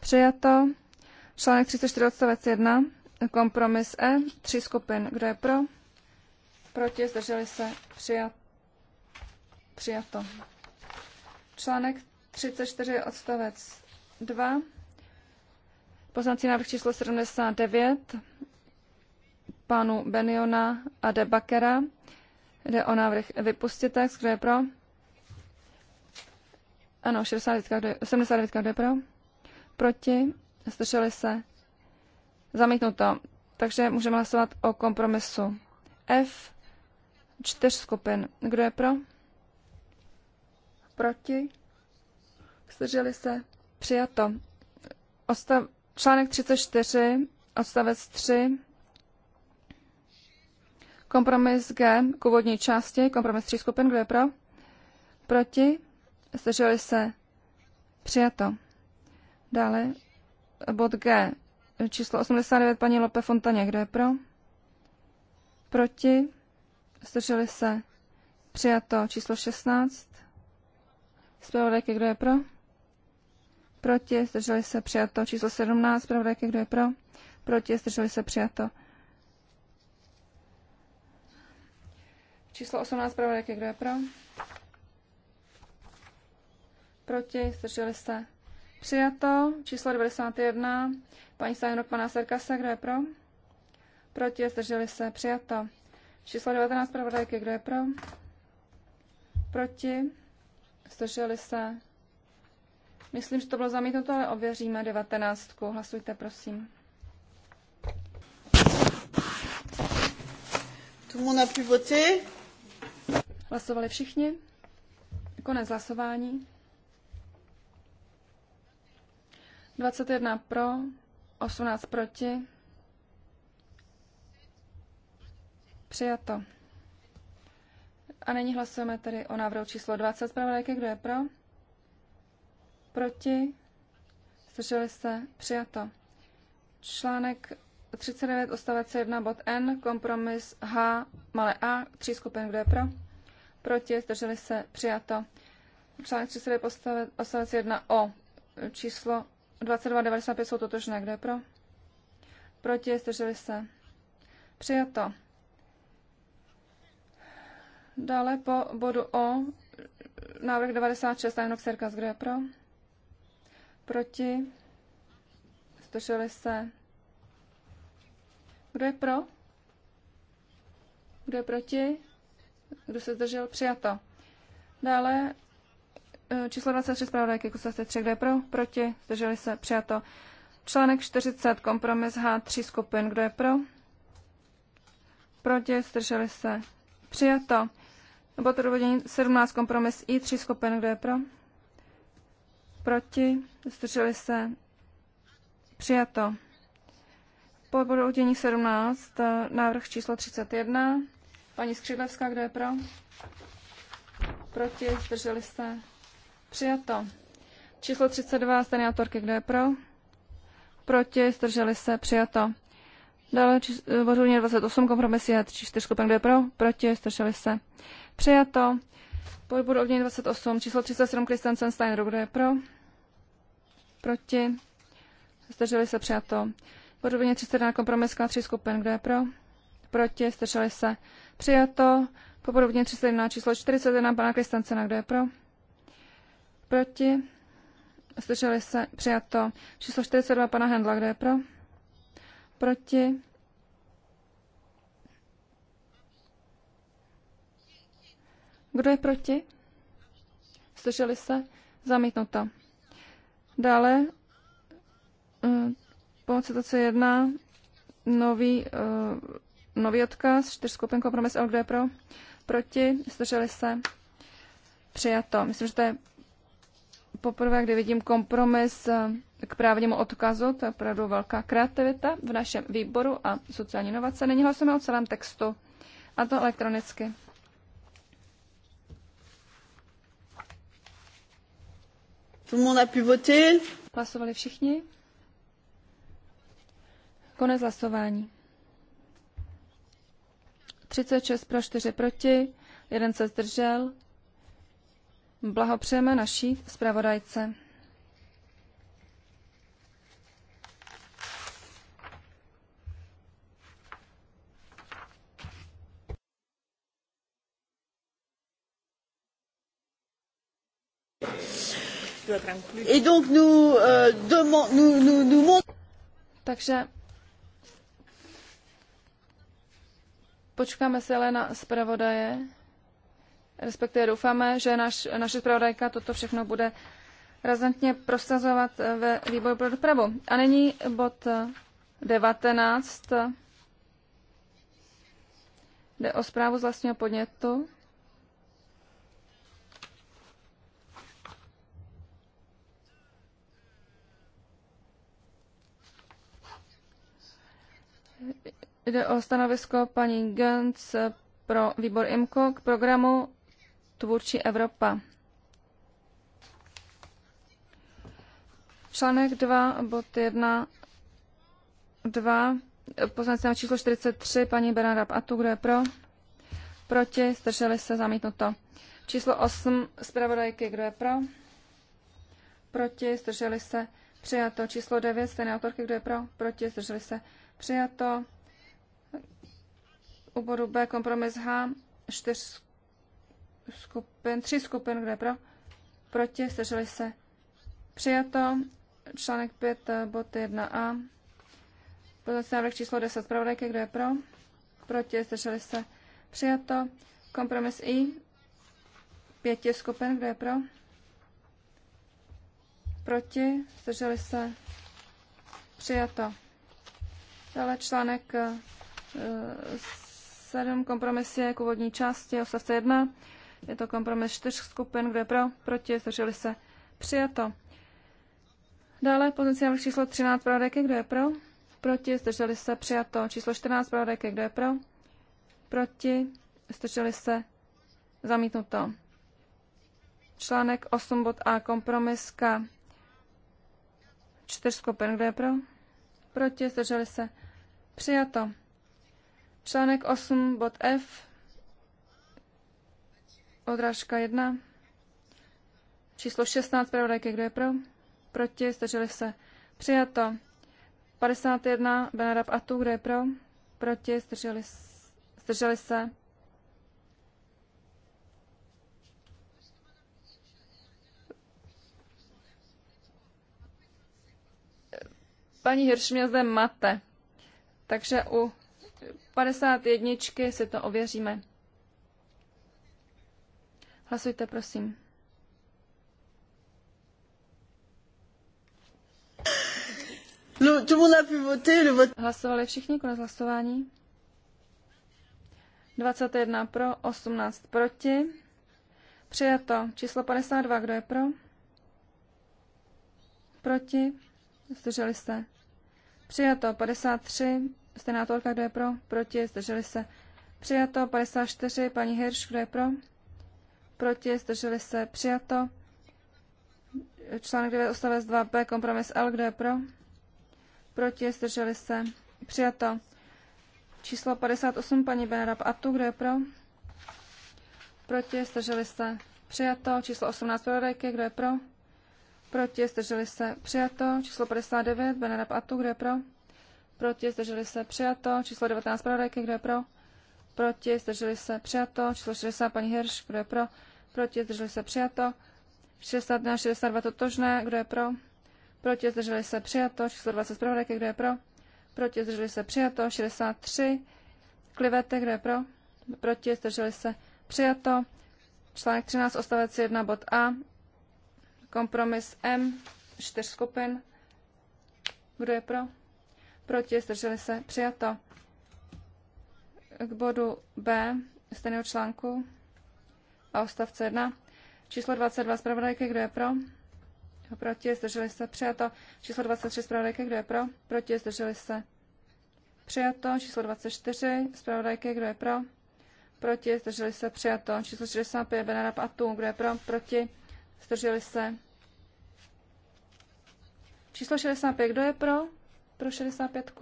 Přijato. Článek 34 odstavec 1, kompromis E, tři skupin, kdo je pro? proti, zdrželi se, přijat, přijato. Článek 34 odstavec 2, poznací návrh číslo 79, pánu Beniona a Debakera. Jde o návrh vypustit text, kdo je pro? Ano, 69, kdo je, 79, kdo je pro? Proti? Zdrželi se? Zamítnuto. Takže můžeme hlasovat o kompromisu F čtyř skupin. Kdo je pro? Proti? Zdrželi se? Přijato. Ostav, článek 34, odstavec 3, kompromis G k úvodní části, kompromis tří skupin, kdo je pro? Proti? Zdrželi se? Přijato. Dále bod G, číslo 89, paní Lope Fontaně, kdo je pro? Proti? Zdrželi se. Přijato číslo 16. Zpravodajky, kdo je pro? Proti, zdrželi se přijato. Číslo 17, zpravodajky, kdo je pro? Proti, zdrželi se přijato. Číslo 18, zpravodajky, kdo je pro? Proti, zdrželi se přijato. Číslo 91, paní Sajnok, pana Serkase, kdo je pro? Proti, zdrželi se přijato. Číslo 19 pravodajky, kdo je pro? Proti? Zdrželi se? Myslím, že to bylo zamítnuto, ale ověříme 19. Hlasujte, prosím. Tout le monde a pu voter. Hlasovali všichni. Konec hlasování. 21 pro, 18 proti. Přijato. A nyní hlasujeme tedy o návrhu číslo 20 zpravodajky. Kdo je pro? Proti? Zdrželi se? Přijato. Článek 39 odstavec 1 bod N, kompromis H, malé a, tří skupin, kdo je pro? Proti? Zdrželi se? Přijato. Článek 39 odstavec 1 O, číslo 2295 jsou totožné, kdo je pro? Proti? Zdrželi se? Přijato. Dále po bodu O, návrh 96, Janok Serkas, kdo je pro? Proti? Zdrželi se? Kdo je pro? Kdo je proti? Kdo se zdržel? Přijato. Dále eh, číslo 23 zpravodajky se tři, kdo je pro? Proti? Zdrželi se? Přijato. Článek 40, kompromis H3 skupin, kdo je pro? Proti? Zdrželi se? Přijato. Nebo to dovodění 17 kompromis i 3 skupen, kdo je pro? Proti? Zdrželi se? Přijato. Po odůvodnění 17, návrh číslo 31. Paní Skřidlevská, kdo je pro? Proti? Zdrželi se? Přijato. Číslo 32, stejné autorky, kdo je pro? Proti? Zdrželi se? Přijato. Dále eh, odůvodnění 28, kompromis je 4 skupin, kdo je pro? Proti? Zdrželi se? Přijato. Po bodu 28, číslo 37, Kristensen Stein, kdo je pro? Proti? Zdrželi se přijato. Podobně 31 kompromis K3 skupin, kdo je pro? Proti? Zdrželi se přijato. Po podobně 31 číslo 41 pana Kristensena, kdo je pro? Proti? Zdrželi se přijato. Číslo 42 pana Hendla, kdo je pro? Proti? Kdo je proti? Slyšeli se? Zamítnuta. Dále eh, po citaci jedna nový, eh, nový odkaz, čtyřskupin kompromis L, kdo je pro? Proti? Slyšeli se? Přijato. Myslím, že to je poprvé, kdy vidím kompromis eh, k právnímu odkazu, to je opravdu velká kreativita v našem výboru a sociální inovace. Není hlasujeme o celém textu, a to elektronicky. Tout le monde a pu voter. Hlasovali všichni? Konec hlasování. 36 pro 4 proti, jeden se zdržel. Blahopřejeme naší zpravodajce. Et donc nous, euh, demand, nous, nous, nous mont... Takže počkáme se ale na zpravodaje, respektive doufáme, že naš, naše zpravodajka toto všechno bude razantně prosazovat ve výboru pro dopravu. A nyní bod 19. Jde o zprávu z vlastního podnětu. Jde o stanovisko paní Gens pro výbor IMCO k programu Tvůrčí Evropa. Článek 2, bod 1, 2, poslanec na číslo 43, paní Bernarda Atu, kdo je pro? Proti, zdrželi se, zamítnuto. Číslo 8, zpravodajky, kdo je pro? Proti, zdrželi se, přijato. Číslo 9, stejné autorky, kdo je pro? Proti, zdrželi se, přijato. U bodu B kompromis H, čtyř skupin, tři skupin, kde pro, proti, zdrželi se. Přijato, článek 5, bod 1a. pozornost návrh číslo 10 zpravodajky, kdo je pro, proti, zdrželi se. Přijato, kompromis I, pěti skupin, kdo je pro, proti, zdrželi se. Přijato. Dále článek eh, 7, kompromis je k úvodní části, odstavce 1. Je to kompromis čtyř skupin, kdo je pro, proti, zdrželi se, přijato. Dále pozici návrh číslo 13 pravodajky, kdo je pro, proti, zdrželi se, přijato. Číslo 14 pravodajky, kdo je pro, proti, zdrželi se, zamítnuto. Článek 8 bod A, kompromis K. Čtyř skupin, kdo je pro, proti, zdrželi se, přijato. Článek 8, bod F, odrážka 1, číslo 16, pravodajky, kdo je pro? Proti, zdrželi se. Přijato. 51, Benarab Atu, kdo je pro? Proti, zdrželi, zdrželi se. Paní Hirš mě zde mate. Takže u 51 si to ověříme. Hlasujte, prosím. Hlasovali všichni, konec hlasování. 21 pro, 18 proti. Přijato číslo 52, kdo je pro? Proti. Zdrželi jste. Přijato 53 senátorka, kdo je pro, proti, zdrželi se. Přijato 54, paní Hirš, kdo je pro, proti, zdrželi se. Přijato článek 9, ostavec 2b, kompromis L, kdo je pro, proti, zdrželi se. Přijato číslo 58, paní Benarab Atu, kdo je pro, proti, zdrželi se. Přijato číslo 18, prodejky, kdo je pro, proti, zdrželi se. Přijato číslo 59, Benarab Atu, kdo je pro, Proti zdrželi se přijato. Číslo 19 prodajky, kdo je pro? Proti zdrželi se přijato. Číslo 60 paní Hirš, kdo je pro? Proti zdrželi se přijato. 61 62 totožné, kdo je pro? Proti zdrželi se přijato. Číslo 20 zpravodajky, kdo je pro? Proti zdrželi se přijato. 63 klivete, kdo je pro? Proti zdrželi se přijato. Článek 13 odstavec 1 bod A. Kompromis M, 4 skupin. Kdo je pro? proti, zdrželi se, přijato. K bodu B stejného článku a ostavce 1. Číslo 22 zpravodajky, kdo je pro? Proti, zdrželi se, přijato. Číslo 23 zpravodajky, kdo je pro? Proti, zdrželi se, přijato. Číslo 24 zpravodajky, kdo je pro? Proti, zdrželi se, přijato. Číslo 65 Benarab Atum, kdo je pro? Proti, zdrželi se. Číslo 65, kdo je pro? pro 65.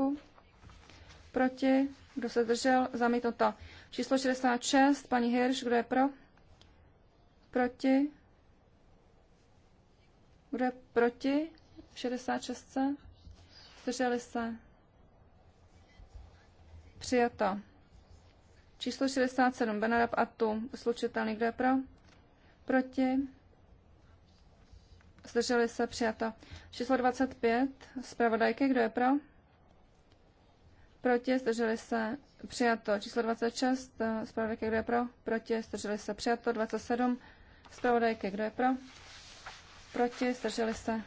Proti. Kdo se zdržel? Zamítnuto. Číslo 66. Paní Hirš, kdo je pro? Proti. Kdo je proti? 66. Zdrželi se. Přijato. Číslo 67. Benarab a tu. Slučitelný. Kdo je pro? Proti. Zdrželi se přijato. Číslo 25. Zpravodajky, kdo je pro? Proti, zdrželi se přijato. Číslo 26. Zpravodajky, kdo je pro? Proti, zdrželi se přijato. 27. Zpravodajky, kdo je pro? Proti, zdrželi se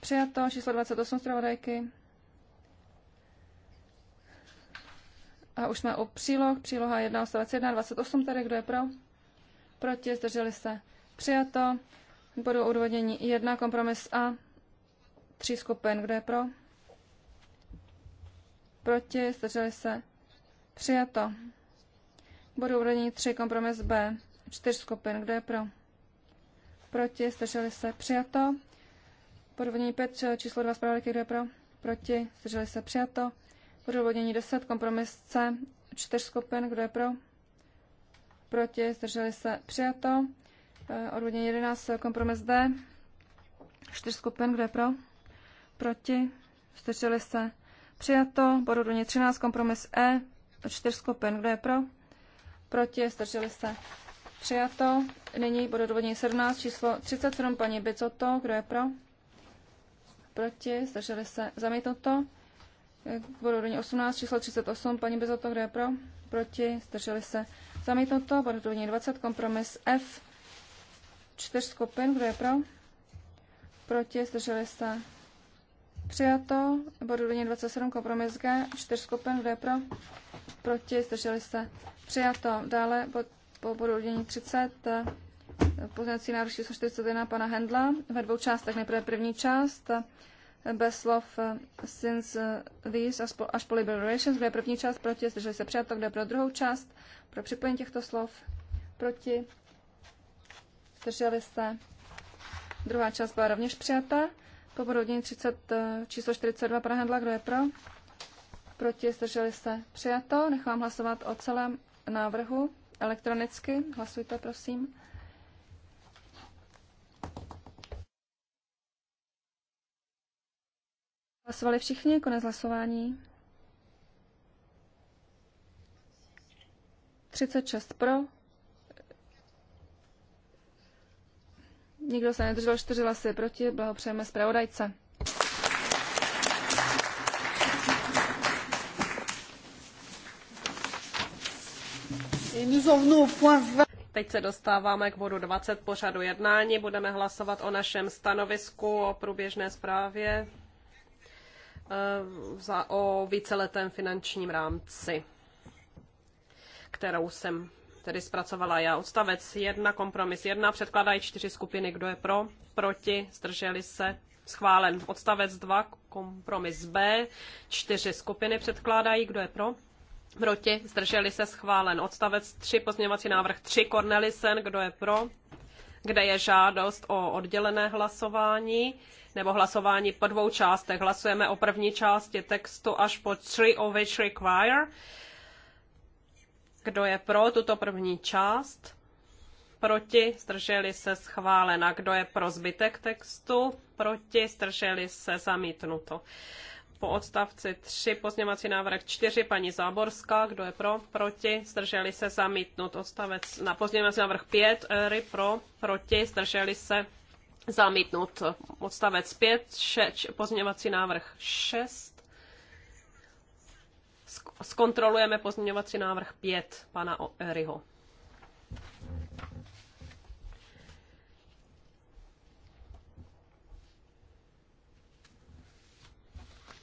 přijato. Číslo 28. Zpravodajky. A už jsme u příloh. Příloha 1, odstavec 1, 28 tady, kdo je pro? Proti, zdrželi se přijato bodu odvodění 1, kompromis A, tři skupin. Kdo je pro? Proti, zdrželi se. Přijato. Bodu odvodění 3, kompromis B, čtyř skupin. Kdo je pro? Proti, zdrželi se. Přijato. odvodění 5, číslo 2 zpravodajky, kdo je pro? Proti, zdrželi se. Přijato. odvodění 10, kompromis C, čtyř skupin. Kdo je pro? Proti, zdrželi se. Přijato. Eh, odvodně 11, eh, kompromis D. 4 skupin, kdo je pro? Proti? Zdrželi se. Přijato. Bod odvodně 13, kompromis E. 4 skupin, kdo je pro? Proti? Zdrželi se. Přijato. Nyní bod odvodně 17, číslo 37, eh, paní Bicoto, kdo je pro? Proti? Zdrželi se. Zamítnuto. Bod odvodně 18, číslo 38, paní Bicoto, kdo je pro? Proti? Zdrželi se. Zamítnuto. Bod odvodně 20, kompromis F čtyř skupin. Kdo je pro? Proti? Zdrželi se? Přijato. Odůvodnění 27. Kompromis G. Čtyř skupin. Kdo je pro? Proti? Zdrželi se? Přijato. Dále bod, po bodu odůvodnění 30. Pozměňovací návrh číslo 41 pana Hendla ve dvou částech. Nejprve první část bez slov since these až po liberations, kde je první část proti, zdrželi se přijato, kde pro druhou část, pro připojení těchto slov proti, Zdrželi se. Druhá část byla rovněž přijata. Po bodu 30 eh, číslo 42 pana Hendla, kdo je pro? Proti zdrželi se přijato. Nechám hlasovat o celém návrhu elektronicky. Hlasujte, prosím. Hlasovali všichni, konec hlasování. 36 pro, Nikdo se nedržel čtyři hlasy proti. Blahopřejeme zpravodajce. Teď se dostáváme k bodu 20 pořadu jednání. Budeme hlasovat o našem stanovisku o průběžné zprávě eh, za, o víceletém finančním rámci, kterou jsem tedy zpracovala já. Odstavec 1, kompromis 1, předkládají čtyři skupiny, kdo je pro, proti, zdrželi se, schválen. Odstavec 2, kompromis B, čtyři skupiny předkládají, kdo je pro, proti, zdrželi se, schválen. Odstavec 3, pozměňovací návrh 3, Cornelisen, kdo je pro, kde je žádost o oddělené hlasování nebo hlasování po dvou částech. Hlasujeme o první části textu až po three of which require kdo je pro tuto první část? Proti, strželi se schválena. Kdo je pro zbytek textu? Proti, strželi se zamítnuto. Po odstavci 3 pozněvací návrh 4 paní Záborská. Kdo je pro? Proti, strželi se zamítnut. Odstavec na pozněvací návrh 5 ry pro, proti, strželi se zamítnut. Odstavec 5, šeč, pozněvací návrh 6 zkontrolujeme pozměňovací návrh 5 pana Ryho.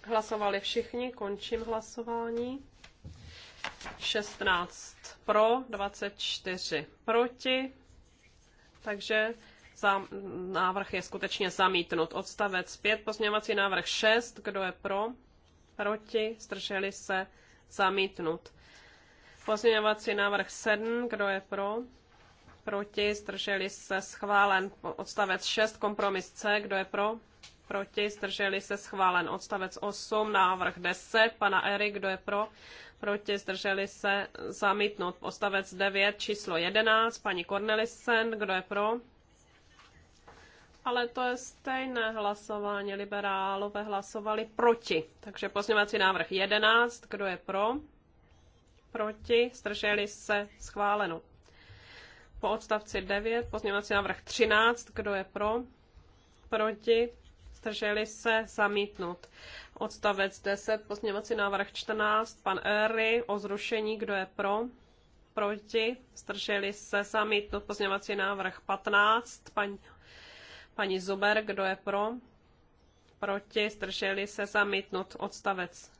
Hlasovali všichni, končím hlasování. 16 pro, 24 proti, takže zám, návrh je skutečně zamítnut. Odstavec 5, pozměňovací návrh 6, kdo je pro, proti, strželi se, Zamítnut. Pozměňovací návrh 7. Kdo je pro? Proti. Zdrželi se. Schválen. Odstavec 6. Kompromis C. Kdo je pro? Proti. Zdrželi se. Schválen. Odstavec 8. Návrh 10. Pana Ery. Kdo je pro? Proti. Zdrželi se. Zamítnut. Odstavec 9. Číslo 11. Paní Cornelissen. Kdo je pro? ale to je stejné hlasování. Liberálové hlasovali proti. Takže pozměňovací návrh 11. Kdo je pro? Proti. Strželi se. Schváleno. Po odstavci 9. Pozměňovací návrh 13. Kdo je pro? Proti. Strželi se. Zamítnut. Odstavec 10. Pozměňovací návrh 14. Pan Ery. O zrušení. Kdo je pro? Proti. Strželi se. Zamítnut. Pozměňovací návrh 15. Pan Paní Zuber, kdo je pro? Proti, zdrželi se zamítnut odstavec.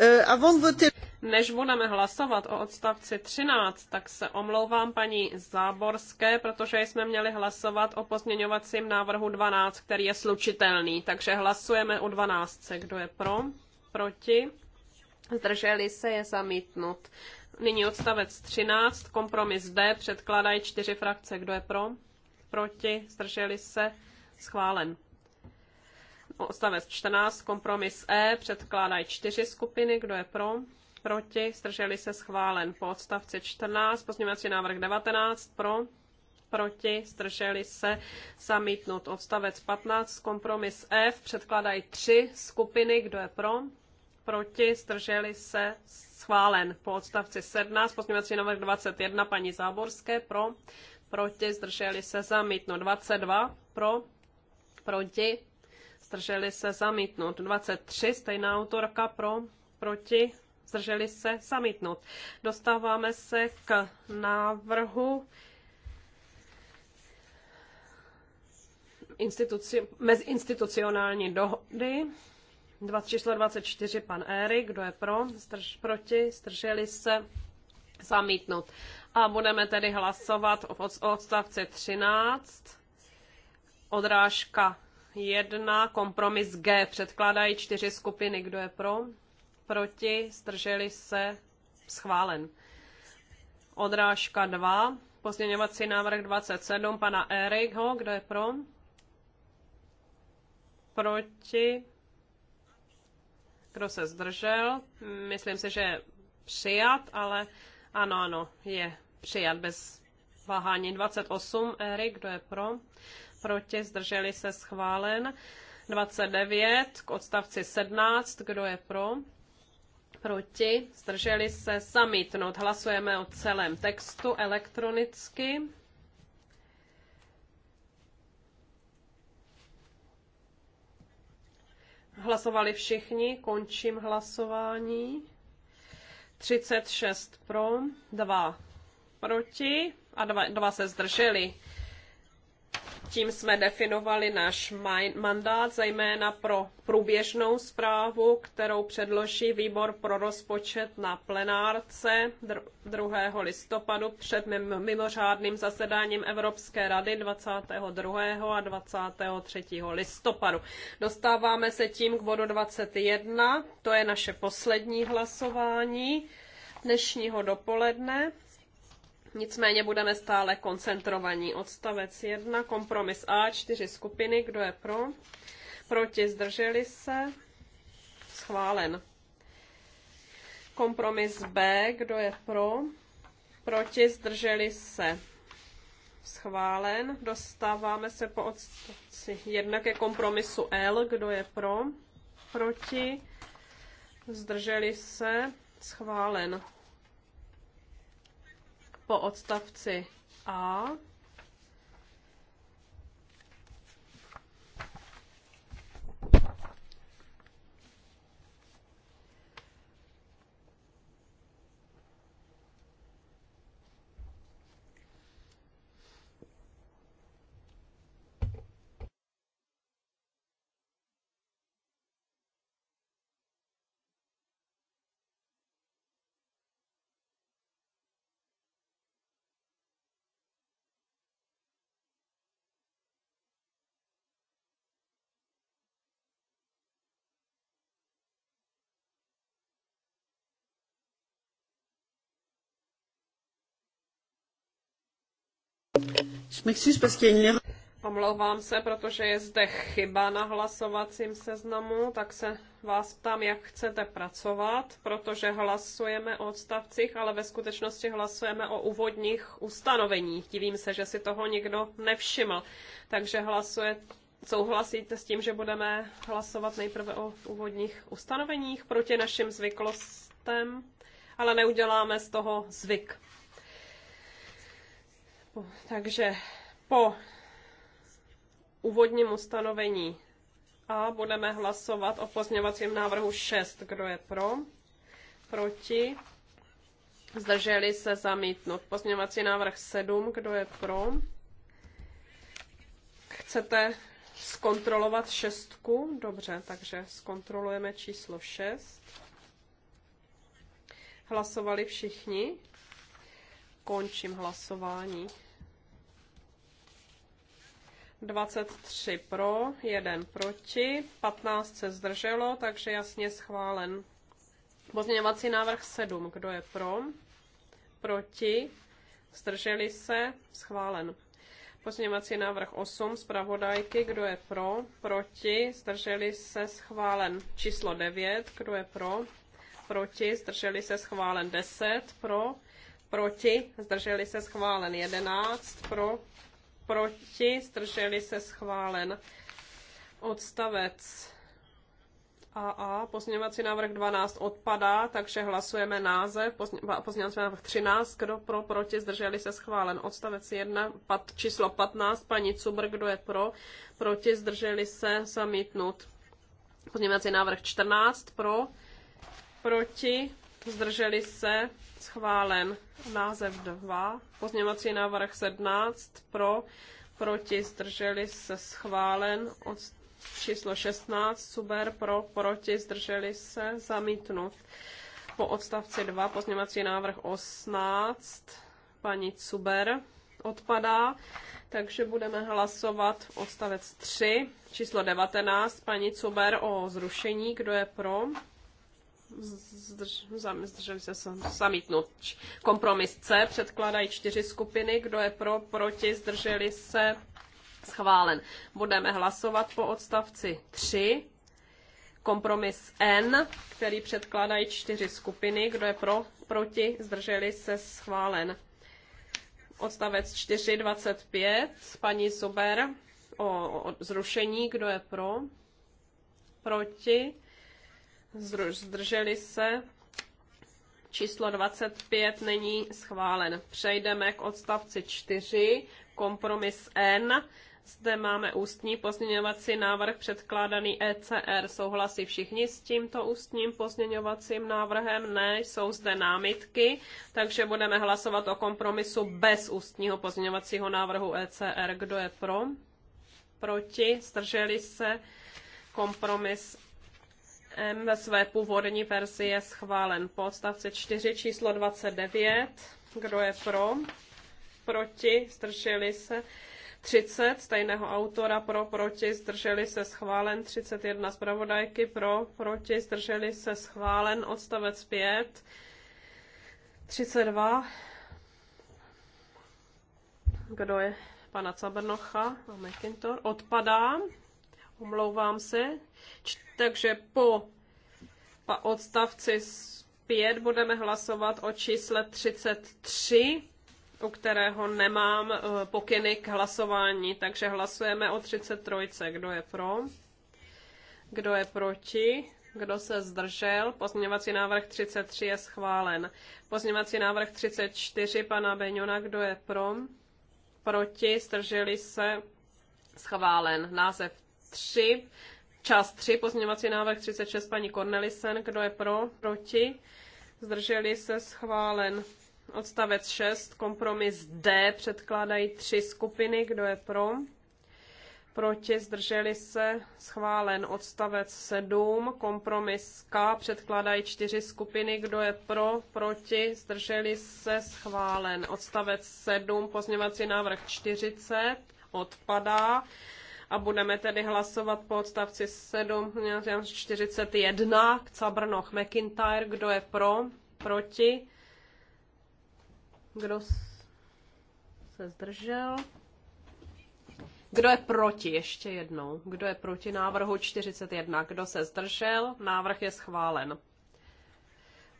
Euh, avant de voter... Než budeme hlasovat o odstavci 13, tak se omlouvám paní Záborské, protože jsme měli hlasovat o pozměňovacím návrhu 12, který je slučitelný. Takže hlasujeme o 12. Kdo je pro? Proti? Zdrželi se je zamítnut. Nyní odstavec 13, kompromis D, předkládají čtyři frakce. Kdo je pro? Proti? Zdrželi se? Schválen. Odstavec 14, kompromis E, předkládají čtyři skupiny. Kdo je pro? proti, zdrželi se schválen. Po odstavci 14, pozměňovací návrh 19, pro, proti, zdrželi se zamítnut. Odstavec 15, kompromis F, předkladají tři skupiny, kdo je pro, proti, zdrželi se schválen. Po odstavci 17, pozměňovací návrh 21, paní Záborské, pro, proti, zdrželi se zamítnout. 22, pro, proti, zdrželi se zamítnout. 23, stejná autorka, pro, proti, zdrželi se zamítnout. Dostáváme se k návrhu instituci, mezinstitucionální dohody. číslo 24, pan Erik, kdo je pro, zdrž, proti, zdrželi se, zamítnout. A budeme tedy hlasovat o odstavci 13, odrážka 1, kompromis G, předkládají čtyři skupiny, kdo je pro, proti, zdrželi se, schválen. Odrážka 2, pozměňovací návrh 27 pana Erikho, kdo je pro? Proti, kdo se zdržel? Myslím si, že je přijat, ale ano, ano, je přijat bez váhání. 28, Erik, kdo je pro? Proti, zdrželi se, schválen. 29 k odstavci 17. Kdo je pro? proti, zdrželi se zamítnout. Hlasujeme o celém textu elektronicky. Hlasovali všichni, končím hlasování. 36 pro, 2 proti a 2, 2 se zdrželi. Tím jsme definovali náš mandát, zejména pro průběžnou zprávu, kterou předloží výbor pro rozpočet na plenárce 2. listopadu před mimořádným zasedáním Evropské rady 22. a 23. listopadu. Dostáváme se tím k bodu 21, to je naše poslední hlasování dnešního dopoledne. Nicméně budeme stále koncentrovaní. Odstavec 1, kompromis A, čtyři skupiny, kdo je pro, proti zdrželi se, schválen. Kompromis B, kdo je pro, proti zdrželi se, schválen. Dostáváme se po odstavci 1 ke kompromisu L, kdo je pro, proti zdrželi se, schválen po odstavci A Omlouvám se, protože je zde chyba na hlasovacím seznamu, tak se vás ptám, jak chcete pracovat, protože hlasujeme o odstavcích, ale ve skutečnosti hlasujeme o úvodních ustanoveních. Divím se, že si toho nikdo nevšiml. Takže hlasuje, souhlasíte s tím, že budeme hlasovat nejprve o úvodních ustanoveních proti našim zvyklostem, ale neuděláme z toho zvyk. Takže po úvodním ustanovení a budeme hlasovat o pozměňovacím návrhu 6. Kdo je pro? Proti? Zdrželi se zamítnout. Pozměňovací návrh 7. Kdo je pro? Chcete zkontrolovat šestku? Dobře, takže zkontrolujeme číslo 6. Hlasovali všichni? Končím hlasování. 23 pro, 1 proti, 15 se zdrželo, takže jasně schválen. Pozměňovací návrh 7. Kdo je pro? Proti? Zdrželi se? Schválen. Pozměňovací návrh 8 zpravodajky, kdo je pro, proti, zdrželi se schválen číslo 9, kdo je pro, proti, zdrželi se schválen 10, pro, proti, zdrželi se schválen 11, pro, proti, zdrželi se schválen. Odstavec AA, pozměňovací návrh 12 odpadá, takže hlasujeme název, pozměňovací návrh 13, kdo pro, proti, zdrželi se schválen. Odstavec 1, pat, číslo 15, paní Cubr, kdo je pro, proti, zdrželi se zamítnut. Pozměňovací návrh 14, pro, proti, zdrželi se schválen název 2, pozměňovací návrh 17 pro, proti zdrželi se schválen od číslo 16, super pro, proti zdrželi se zamítnut. Po odstavci 2 pozměňovací návrh 18 paní Cuber odpadá, takže budeme hlasovat v odstavec 3, číslo 19, paní Cuber o zrušení, kdo je pro, zdrž, zdrželi se zamítnout. Kompromis C předkládají čtyři skupiny, kdo je pro, proti, zdrželi se, schválen. Budeme hlasovat po odstavci 3. Kompromis N, který předkládají čtyři skupiny, kdo je pro, proti, zdrželi se, schválen. Odstavec 4.25, paní Sober o, o zrušení, kdo je pro, proti, zdrželi se. Číslo 25 není schválen. Přejdeme k odstavci 4, kompromis N. Zde máme ústní pozměňovací návrh předkládaný ECR. Souhlasí všichni s tímto ústním pozměňovacím návrhem? Ne, jsou zde námitky, takže budeme hlasovat o kompromisu bez ústního pozměňovacího návrhu ECR. Kdo je pro? Proti? Zdrželi se? Kompromis M ve své původní verzi je schválen po odstavci 4 číslo 29. Kdo je pro? Proti? Zdrželi se? 30 stejného autora pro, proti, zdrželi se schválen, 31 zpravodajky pro, proti, zdrželi se schválen, odstavec 5, 32, kdo je pana Cabernocha a McIntor, odpadá, Omlouvám se. Takže po odstavci 5 budeme hlasovat o čísle 33, u kterého nemám eh, pokyny k hlasování. Takže hlasujeme o 33. Kdo je pro? Kdo je proti? Kdo se zdržel? Pozměňovací návrh 33 je schválen. Pozměňovací návrh 34 pana Beňona. Kdo je pro? Proti? Zdrželi se? Schválen. Název 3, část 3, pozměňovací návrh 36 paní Cornelisen, kdo je pro, proti, zdrželi se schválen odstavec 6, kompromis D, předkládají tři skupiny, kdo je pro, proti, zdrželi se, schválen odstavec 7, kompromis K, předkládají čtyři skupiny, kdo je pro, proti, zdrželi se, schválen odstavec 7, pozměňovací návrh 40, odpadá, a budeme tedy hlasovat po odstavci 7, 41, eh, Cabrnoch McIntyre, kdo je pro, proti, kdo se zdržel. Kdo je proti? Ještě jednou. Kdo je proti návrhu 41? Kdo se zdržel? Návrh je schválen.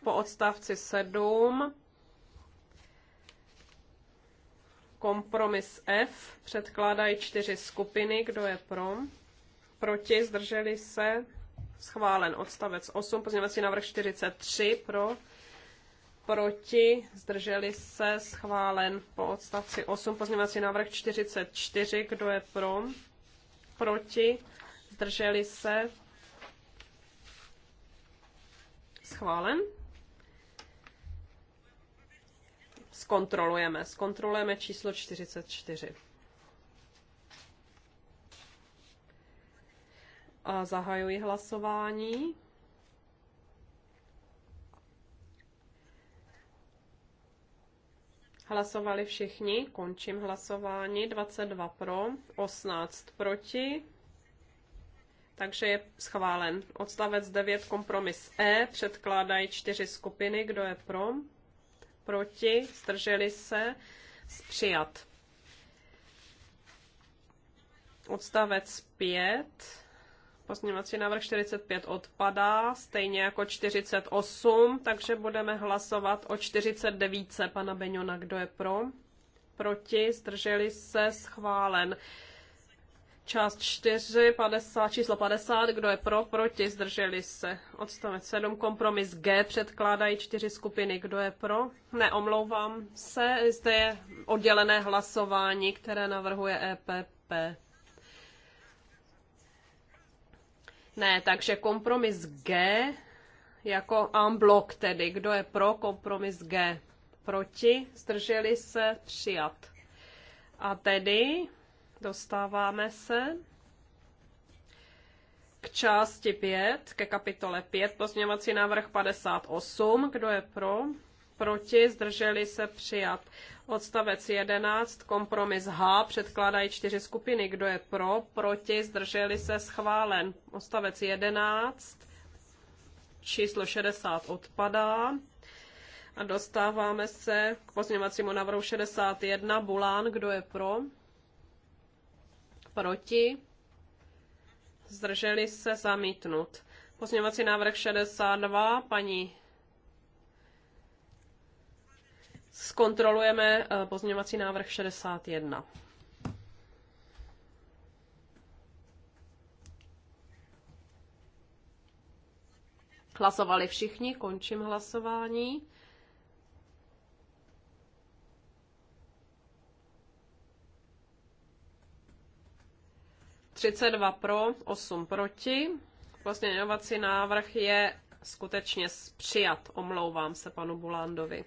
Po odstavci 7 Kompromis F předkládají čtyři skupiny. Kdo je pro? Proti? Zdrželi se? Schválen odstavec 8. Pozměňovací návrh 43 pro. Proti? Zdrželi se? Schválen po odstavci 8. Pozměňovací návrh 44. Kdo je pro? Proti? Zdrželi se? Schválen. zkontrolujeme. Zkontrolujeme číslo 44. A zahajuji hlasování. Hlasovali všichni, končím hlasování. 22 pro, 18 proti. Takže je schválen. Odstavec 9, kompromis E, předkládají čtyři skupiny. Kdo je pro? proti, zdrželi se, přijat. Odstavec 5, pozměňovací návrh 45 odpadá, stejně jako 48, takže budeme hlasovat o 49 pana Beňona, kdo je pro, proti, zdrželi se, schválen. Část 4, 50, číslo 50, kdo je pro, proti, zdrželi se. Odstavec 7, kompromis G, předkládají čtyři skupiny, kdo je pro. Neomlouvám se, zde je oddělené hlasování, které navrhuje EPP. Ne, takže kompromis G jako unblock tedy. Kdo je pro kompromis G? Proti? Zdrželi se? Přijat. A tedy Dostáváme se k části 5, ke kapitole 5, pozměňovací návrh 58. Kdo je pro? Proti? Zdrželi se přijat. Odstavec 11, kompromis H, předkládají čtyři skupiny. Kdo je pro? Proti? Zdrželi se schválen. Odstavec 11, číslo 60 odpadá. A dostáváme se k pozměňovacímu návrhu 61. Bulán, kdo je pro? proti, zdrželi se zamítnut. Pozměňovací návrh 62, paní. Zkontrolujeme eh, pozměňovací návrh 61. Hlasovali všichni, končím hlasování. 32 pro, 8 proti. Pozměňovací návrh je skutečně přijat. Omlouvám se panu Bulandovi.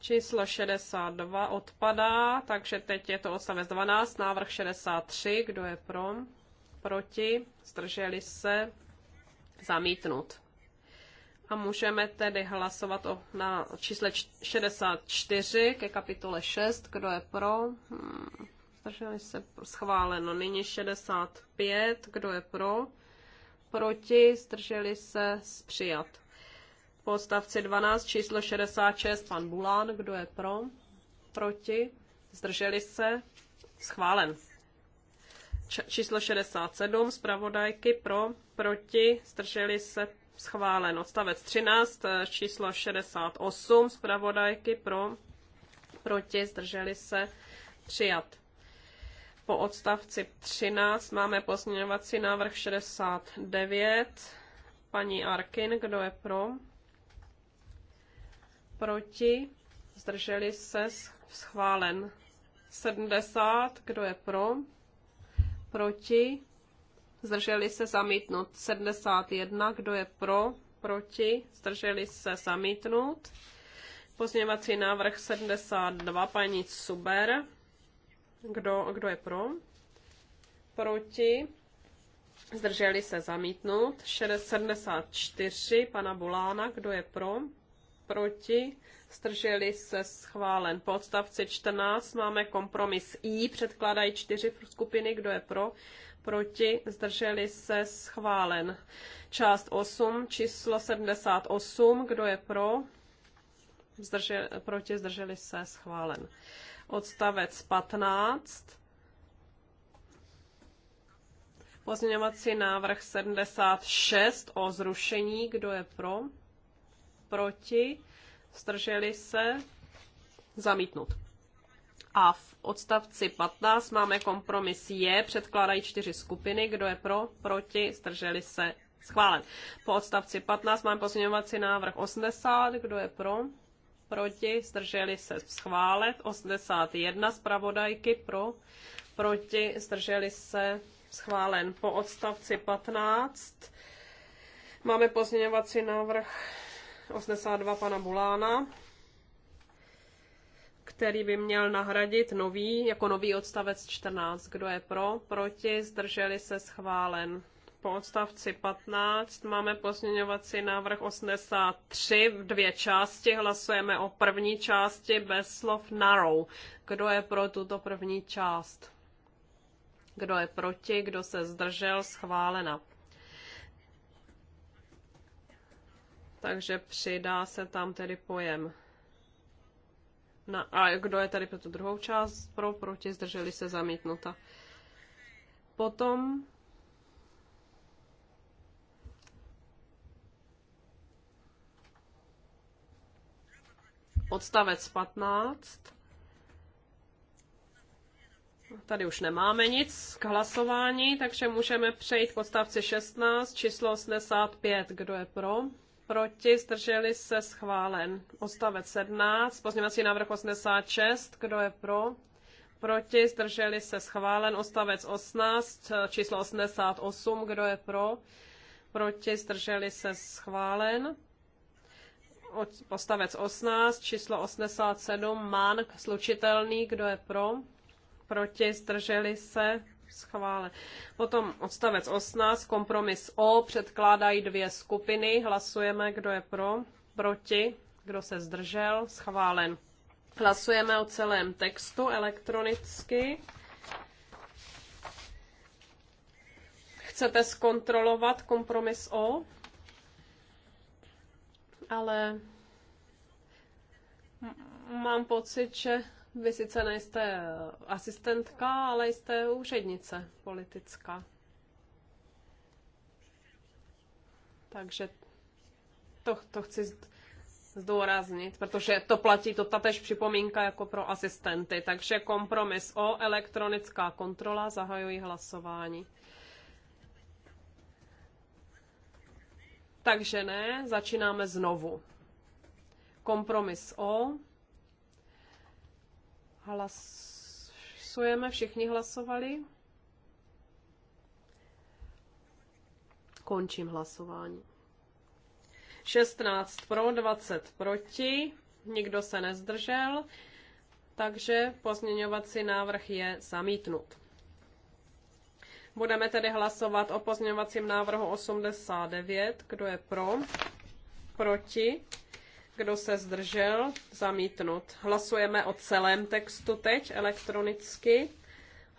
Číslo 62 odpadá, takže teď je to odstavec 12, návrh 63. Kdo je pro? Proti? Zdrželi se? Zamítnut. A můžeme tedy hlasovat o, na čísle 64 ke kapitole 6. Kdo je pro? Hmm zdrželi se, schváleno. Nyní 65, kdo je pro, proti, zdrželi se, přijat. Po odstavci 12 číslo 66, pan Bulán, kdo je pro, proti, zdrželi se, schválen. Č- číslo 67, zpravodajky pro, proti, zdrželi se, schválen. Odstavec 13, eh, číslo 68, zpravodajky pro, proti, zdrželi se, přijat. Po odstavci 13 máme pozměňovací návrh 69. Paní Arkin, kdo je pro? Proti? Zdrželi se? Schválen. 70. Kdo je pro? Proti? Zdrželi se zamítnout. 71. Kdo je pro? Proti? Zdrželi se zamítnout. Pozměňovací návrh 72. Paní Suber. Kdo, kdo je pro? Proti? Zdrželi se zamítnout. 74 pana Bulána. Kdo je pro? Proti? Zdrželi se schválen. Po odstavci 14 máme kompromis I. Předkládají čtyři skupiny. Kdo je pro? Proti? Zdrželi se schválen. Část 8, číslo 78. Kdo je pro? Zdrže, proti? Zdrželi se schválen odstavec 15, pozměňovací návrh 76 o zrušení, kdo je pro, proti, Strželi se, zamítnut. A v odstavci 15 máme kompromis je, předkládají čtyři skupiny, kdo je pro, proti, Strželi se, schválen. Po odstavci 15 máme pozměňovací návrh 80, kdo je pro, proti, zdrželi se schválit, 81 zpravodajky pro, proti, zdrželi se schválen. Po odstavci 15 máme pozměňovací návrh 82 pana Bulána, který by měl nahradit nový, jako nový odstavec 14. Kdo je pro, proti, zdrželi se schválen po odstavci 15 máme pozměňovací návrh 83 v dvě části. Hlasujeme o první části bez slov narrow. Kdo je pro tuto první část? Kdo je proti? Kdo se zdržel? Schválena. Takže přidá se tam tedy pojem. Na, a kdo je tady pro tu druhou část? Pro, proti, zdrželi se zamítnuta. Potom Odstavec 15. Tady už nemáme nic k hlasování, takže můžeme přejít k odstavci 16, číslo 85. Kdo je pro? Proti, zdrželi se, schválen. Odstavec 17, pozměňovací návrh 86. Kdo je pro? Proti, zdrželi se, schválen. Odstavec 18, číslo 88. Kdo je pro? Proti, zdrželi se, schválen odstavec 18, číslo 87, man, slučitelný, kdo je pro, proti, zdrželi se, schvále. Potom odstavec 18, kompromis O, předkládají dvě skupiny, hlasujeme, kdo je pro, proti, kdo se zdržel, schválen. Hlasujeme o celém textu elektronicky. Chcete zkontrolovat kompromis O? ale mám pocit, že vy sice nejste asistentka, ale jste úřednice politická. Takže to, to chci zdůraznit, protože to platí to tatež připomínka jako pro asistenty. Takže kompromis o elektronická kontrola, zahajují hlasování. Takže ne, začínáme znovu. Kompromis O. Hlasujeme, všichni hlasovali. Končím hlasování. 16 pro, 20 proti, nikdo se nezdržel, takže pozměňovací návrh je zamítnut. Budeme tedy hlasovat o pozměňovacím návrhu 89. Kdo je pro? Proti? Kdo se zdržel? Zamítnut. Hlasujeme o celém textu teď elektronicky.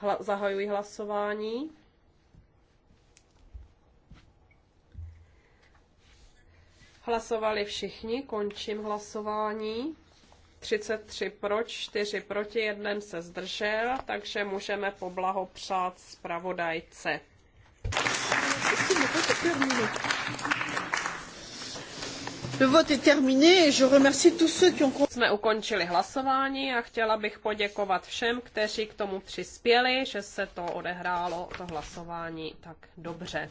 Hla- zahajuji hlasování. Hlasovali všichni, končím hlasování. 33 pro, 4 proti, 1 se zdržel, takže můžeme poblahopřát zpravodajce. Le vote est terminé et je remercie tous ceux qui ont... Jsme ukončili hlasování a chtěla bych poděkovat všem, kteří k tomu přispěli, že se to odehrálo, to hlasování tak dobře.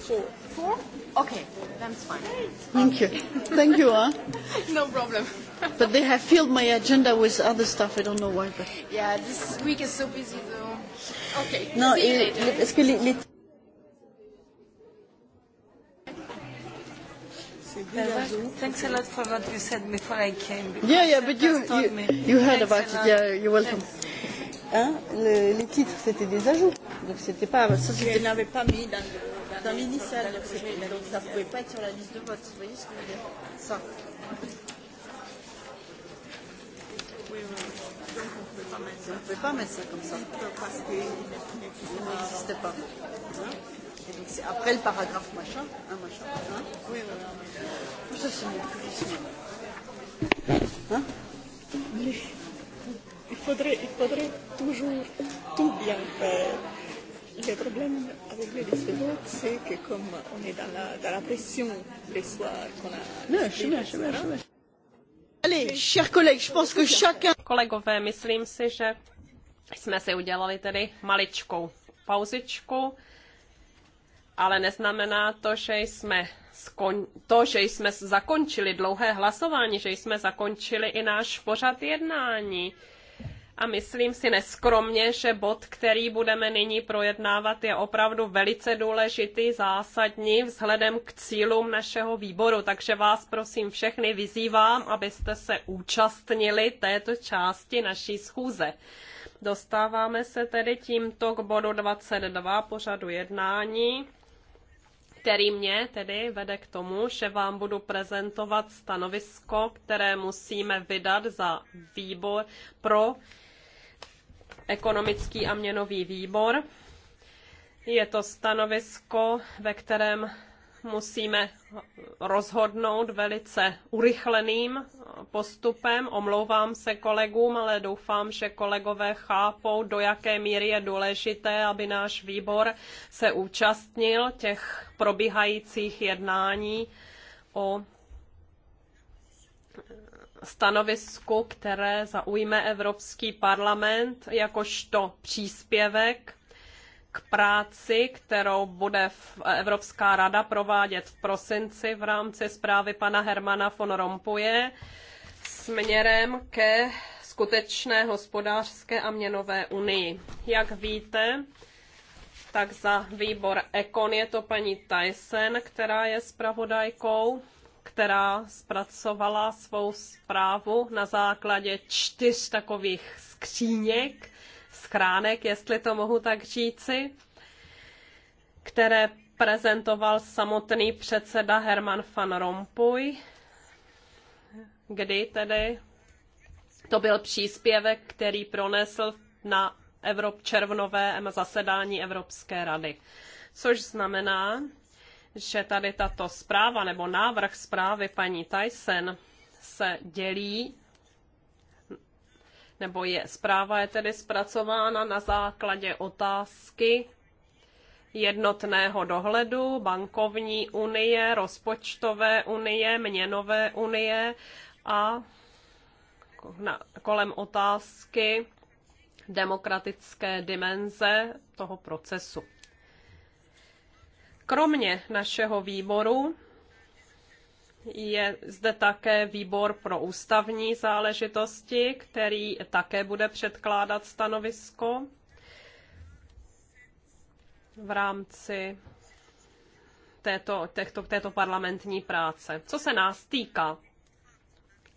So four? Okay, that's fine. Thank you. Thank you. Huh? (laughs) no problem. but they have filled my agenda with other stuff. I don't know why. But yeah, this week is so busy though. Okay. No, see you later. que les, les... Thanks a lot for what you said before I came. Yeah, yeah, but you, you, you heard Thanks about it. Yeah, you're welcome. Thanks. Hein, le, les titres, c'était des ajouts. Donc c'était pas. Ça, je n'avais pas mis dans le dans l'initial, donc, donc ça ne pouvait pas être sur la liste de vote. Vous voyez ce que je veux dire Ça. Oui, Donc on ne peut pas mettre ça. pouvait pas mettre ça comme ça. Il n'existe pas. Et donc c'est après le paragraphe machin, hein, machin. Hein oui, oui. Ça c'est mon plus Hein il faudrait, il faudrait toujours tout bien faire. Le problème avec les listes c'est que comme on est dans la, dans la pression les soirs qu'on a... Non, je suis bien, je suis bien. Allez, chers collègues, je pense que chacun... Kolegové, myslím si, že jsme si udělali tedy maličkou pauzičku, ale neznamená to, že jsme skon... to, že jsme zakončili dlouhé hlasování, že jsme zakončili i náš pořad jednání a myslím si neskromně, že bod, který budeme nyní projednávat, je opravdu velice důležitý, zásadní vzhledem k cílům našeho výboru. Takže vás prosím všechny vyzývám, abyste se účastnili této části naší schůze. Dostáváme se tedy tímto k bodu 22 pořadu jednání který mě tedy vede k tomu, že vám budu prezentovat stanovisko, které musíme vydat za výbor pro ekonomický a měnový výbor. Je to stanovisko, ve kterém musíme rozhodnout velice urychleným postupem. Omlouvám se kolegům, ale doufám, že kolegové chápou, do jaké míry je důležité, aby náš výbor se účastnil těch probíhajících jednání o stanovisku, které zaujme Evropský parlament jakožto příspěvek k práci, kterou bude Evropská rada provádět v prosinci v rámci zprávy pana Hermana von Rompuje směrem ke skutečné hospodářské a měnové unii. Jak víte, tak za výbor Ekon je to paní Tyson, která je zpravodajkou která zpracovala svou zprávu na základě čtyř takových skříněk, schránek, jestli to mohu tak říci, které prezentoval samotný předseda Herman van Rompuy, kdy tedy to byl příspěvek, který pronesl na Evrop červnové zasedání Evropské rady. Což znamená, že tady tato zpráva nebo návrh zprávy paní Tyson se dělí, nebo je zpráva je tedy zpracována na základě otázky jednotného dohledu, bankovní unie, rozpočtové unie, měnové unie a kolem otázky demokratické dimenze toho procesu. Kromě našeho výboru je zde také výbor pro ústavní záležitosti, který také bude předkládat stanovisko v rámci této, této, této parlamentní práce. Co se nás týká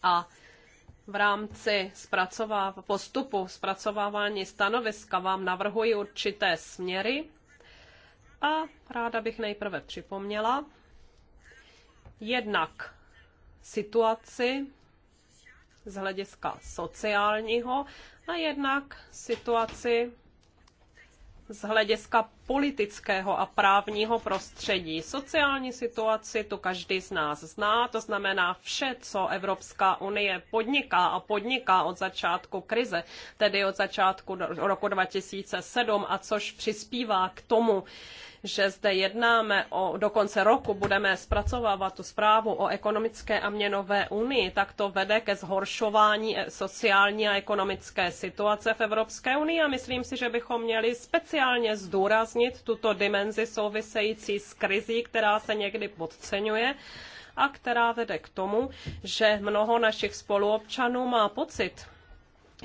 a v rámci postupu zpracovávání stanoviska vám navrhuji určité směry, a ráda bych nejprve připomněla jednak situaci z hlediska sociálního a jednak situaci z hlediska politického a právního prostředí. Sociální situaci tu každý z nás zná, to znamená vše, co Evropská unie podniká a podniká od začátku krize, tedy od začátku roku 2007 a což přispívá k tomu, že zde jednáme o, do konce roku budeme zpracovávat tu zprávu o ekonomické a měnové unii, tak to vede ke zhoršování eh, sociální a ekonomické situace v Evropské unii a myslím si, že bychom měli speciálně zdůraznit, zdůraznit tuto dimenzi související s krizí, která se někdy podceňuje a která vede k tomu, že mnoho našich spoluobčanů má pocit,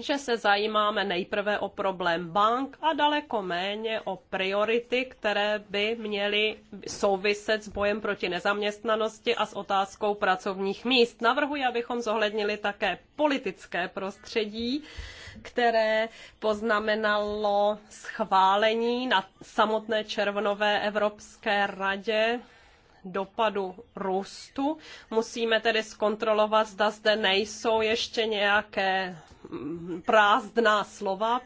že se zajímáme nejprve o problém bank a daleko méně o priority, které by měly souviset s bojem proti nezaměstnanosti a s otázkou pracovních míst. Navrhuji, abychom zohlednili také politické prostředí, které poznamenalo schválení na samotné červnové Evropské radě dopadu růstu. Musíme tedy zkontrolovat, zda zde nejsou ještě nějaké mm, prázdná slova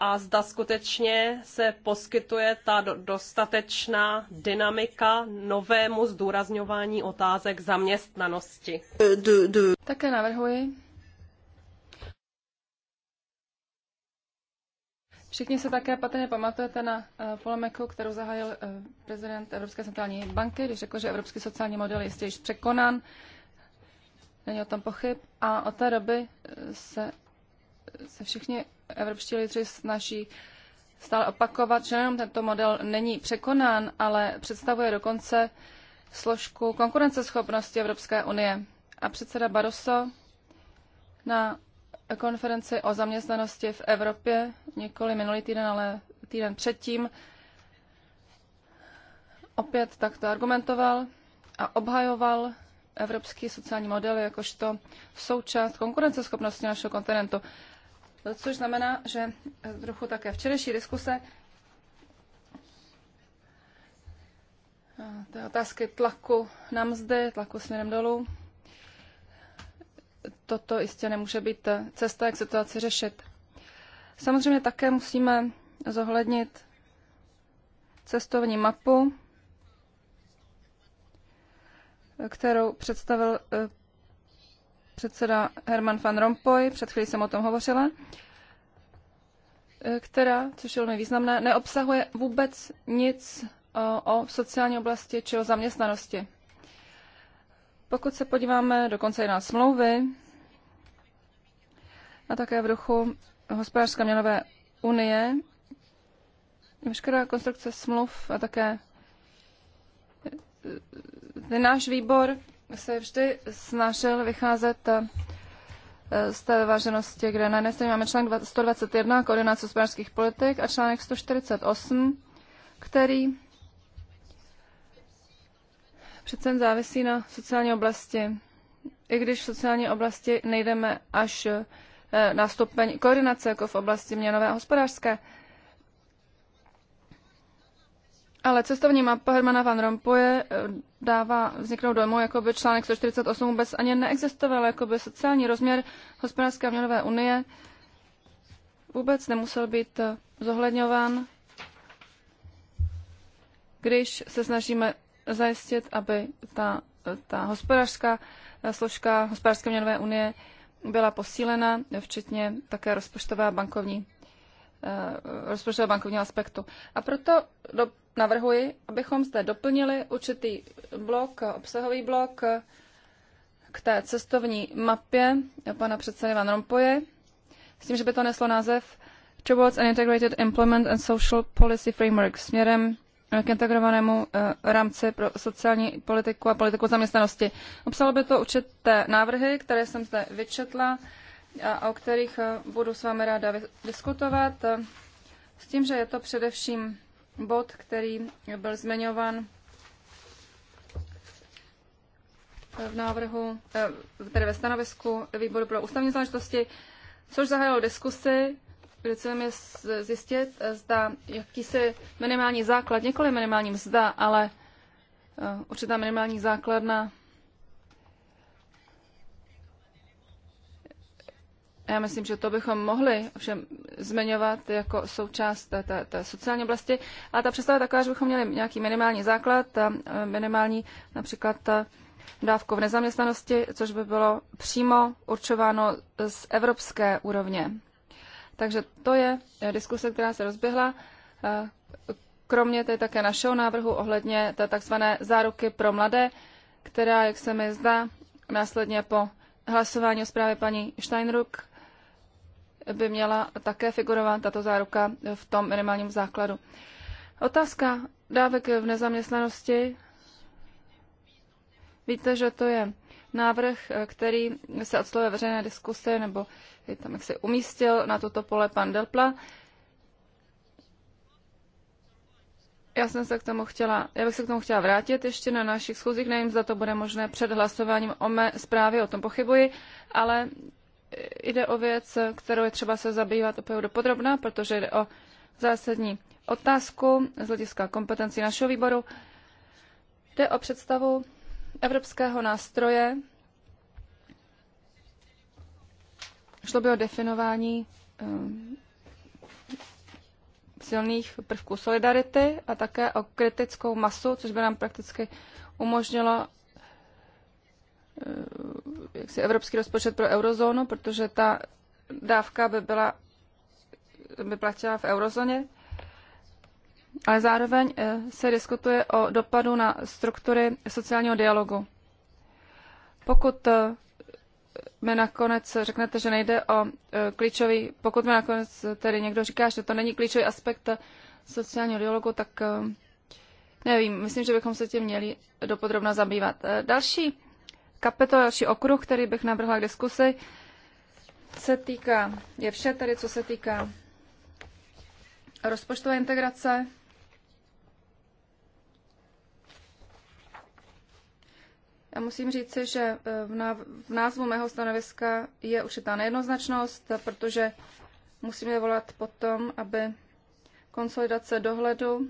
a zda skutečně se poskytuje ta dostatečná dynamika novému zdůrazňování otázek zaměstnanosti. Také navrhuji, Všichni se také patrně pamatujete na eh, polemiku, kterou zahájil eh, prezident Evropské centrální banky, když řekl, že evropský sociální model je jistě již překonan. Není o tom pochyb. A od té doby eh, se, se všichni evropští lidři snaží stále opakovat, že nejenom tento model není překonán, ale představuje dokonce složku konkurenceschopnosti Evropské unie. A předseda Barroso na konferenci o zaměstnanosti v Evropě, nikoli minulý týden, ale týden předtím, opět takto argumentoval a obhajoval evropský sociální model jakožto součást konkurenceschopnosti našeho kontinentu. Což znamená, že trochu také včerejší diskuse té otázky tlaku na mzdy, tlaku směrem dolů, toto jistě nemůže být cesta, jak situaci řešit. Samozřejmě také musíme zohlednit cestovní mapu, kterou představil eh, předseda Herman van Rompuy, před chvílí jsem o tom hovořila, eh, která, což je velmi významné, neobsahuje vůbec nic o, eh, o sociální oblasti či o zaměstnanosti. Pokud se podíváme dokonce i na smlouvy, a také v duchu hospodářské měnové unie, veškerá konstrukce smluv a také ten e, náš výbor se vždy snažil vycházet e, z té váženosti, kde na jedné straně máme článek 121 koordinace hospodářských politik a článek 148, který přece závisí na sociální oblasti. I když v sociální oblasti nejdeme až eh, na stupeň koordinace, jako v oblasti měnové a hospodářské. Ale cestovní mapa Hermana van Rompuje eh, dává vzniknout dojmu, jako by článek 148 vůbec ani neexistoval, jako by sociální rozměr hospodářské a měnové unie vůbec nemusel být eh, zohledňován, když se snažíme zajistit, aby ta, ta hospodářská složka hospodářské měnové unie byla posílena, včetně také rozpočtové a bankovní eh, rozpočtového bankovního aspektu. A proto do, navrhuji, abychom zde doplnili určitý blok, obsahový blok eh, k té cestovní mapě pana předsedy Van Rompoye. s tím, že by to neslo název Towards an Integrated Employment and Social Policy Framework směrem Eh, k integrovanému eh, rámci pro sociální politiku a politiku zaměstnanosti. Obsalo by to určité návrhy, které jsem zde vyčetla a o kterých eh, budu s vámi ráda diskutovat, s tím, že je to především bod, který byl zmiňovan v návrhu, tedy ve stanovisku výboru pro ústavní záležitosti, což zahájilo diskusy, kde cílem je zjistit, zda jakýsi minimální základ, nikoli minimální mzda, ale eh, určitá minimální základna. Já myslím, že to bychom mohli všem zmiňovat jako součást té, té, té sociální oblasti, a ta představa je taková, že bychom měli nějaký minimální základ, eh, minimální například eh, dávku v nezaměstnanosti, což by bylo přímo určováno z evropské úrovně. Takže to je eh, diskuse, která se rozběhla. Eh, kromě té také našeho návrhu ohledně té takzvané záruky pro mladé, která, jak se mi zdá, následně po hlasování o zprávě paní Steinruck by měla také figurovat tato záruka v tom minimálním základu. Otázka dávek v nezaměstnanosti. Víte, že to je návrh, eh, který se odslovuje veřejné diskuse, nebo je tam, jak se umístil na toto pole pan Delpla. Já jsem se k tomu chtěla, já bych se k tomu chtěla vrátit ještě na našich schůzích, nevím, zda to bude možné před hlasováním o mé zprávě, o tom pochybuji, ale eh, jde o věc, kterou je třeba se zabývat opravdu podrobná, protože jde o zásadní otázku z hlediska kompetencí našeho výboru. Jde o představu evropského nástroje šlo by o definování eh, silných prvků solidarity a také o kritickou masu, což by nám prakticky umožnilo eh, jaksi evropský rozpočet pro eurozónu, protože ta dávka by byla by platila v eurozóně ale zároveň eh, se diskutuje o dopadu na struktury sociálního dialogu. Pokud eh, mi nakonec řeknete, že nejde o eh, klíčový, pokud mi nakonec tedy někdo říká, že to není klíčový aspekt sociálního dialogu, tak nevím, myslím, že bychom se tím měli dopodrobna zabývat. Další kapitola, další okruh, který bych navrhla k diskusi, se týká, je vše tady, co se týká rozpočtové integrace, Já musím říct, že eh, v názvu mého stanoviska je určitá nejednoznačnost, protože musíme volat potom, aby konsolidace dohledu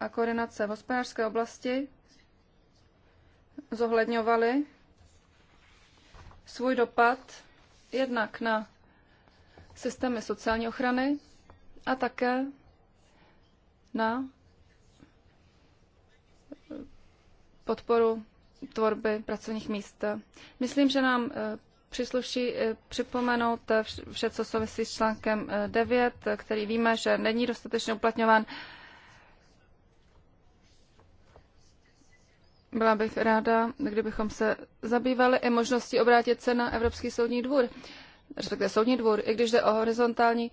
a koordinace v hospodářské oblasti zohledňovaly svůj dopad jednak na systémy sociální ochrany a také na podporu tvorby pracovních míst. Myslím, že nám eh, přísluší eh, připomenout eh, vše, co souvisí s článkem 9, který víme, že není dostatečně uplatňován. Byla bych ráda, kdybychom se zabývali i možností obrátit se na Evropský soudní dvůr, respektive soudní dvůr, i když jde o horizontální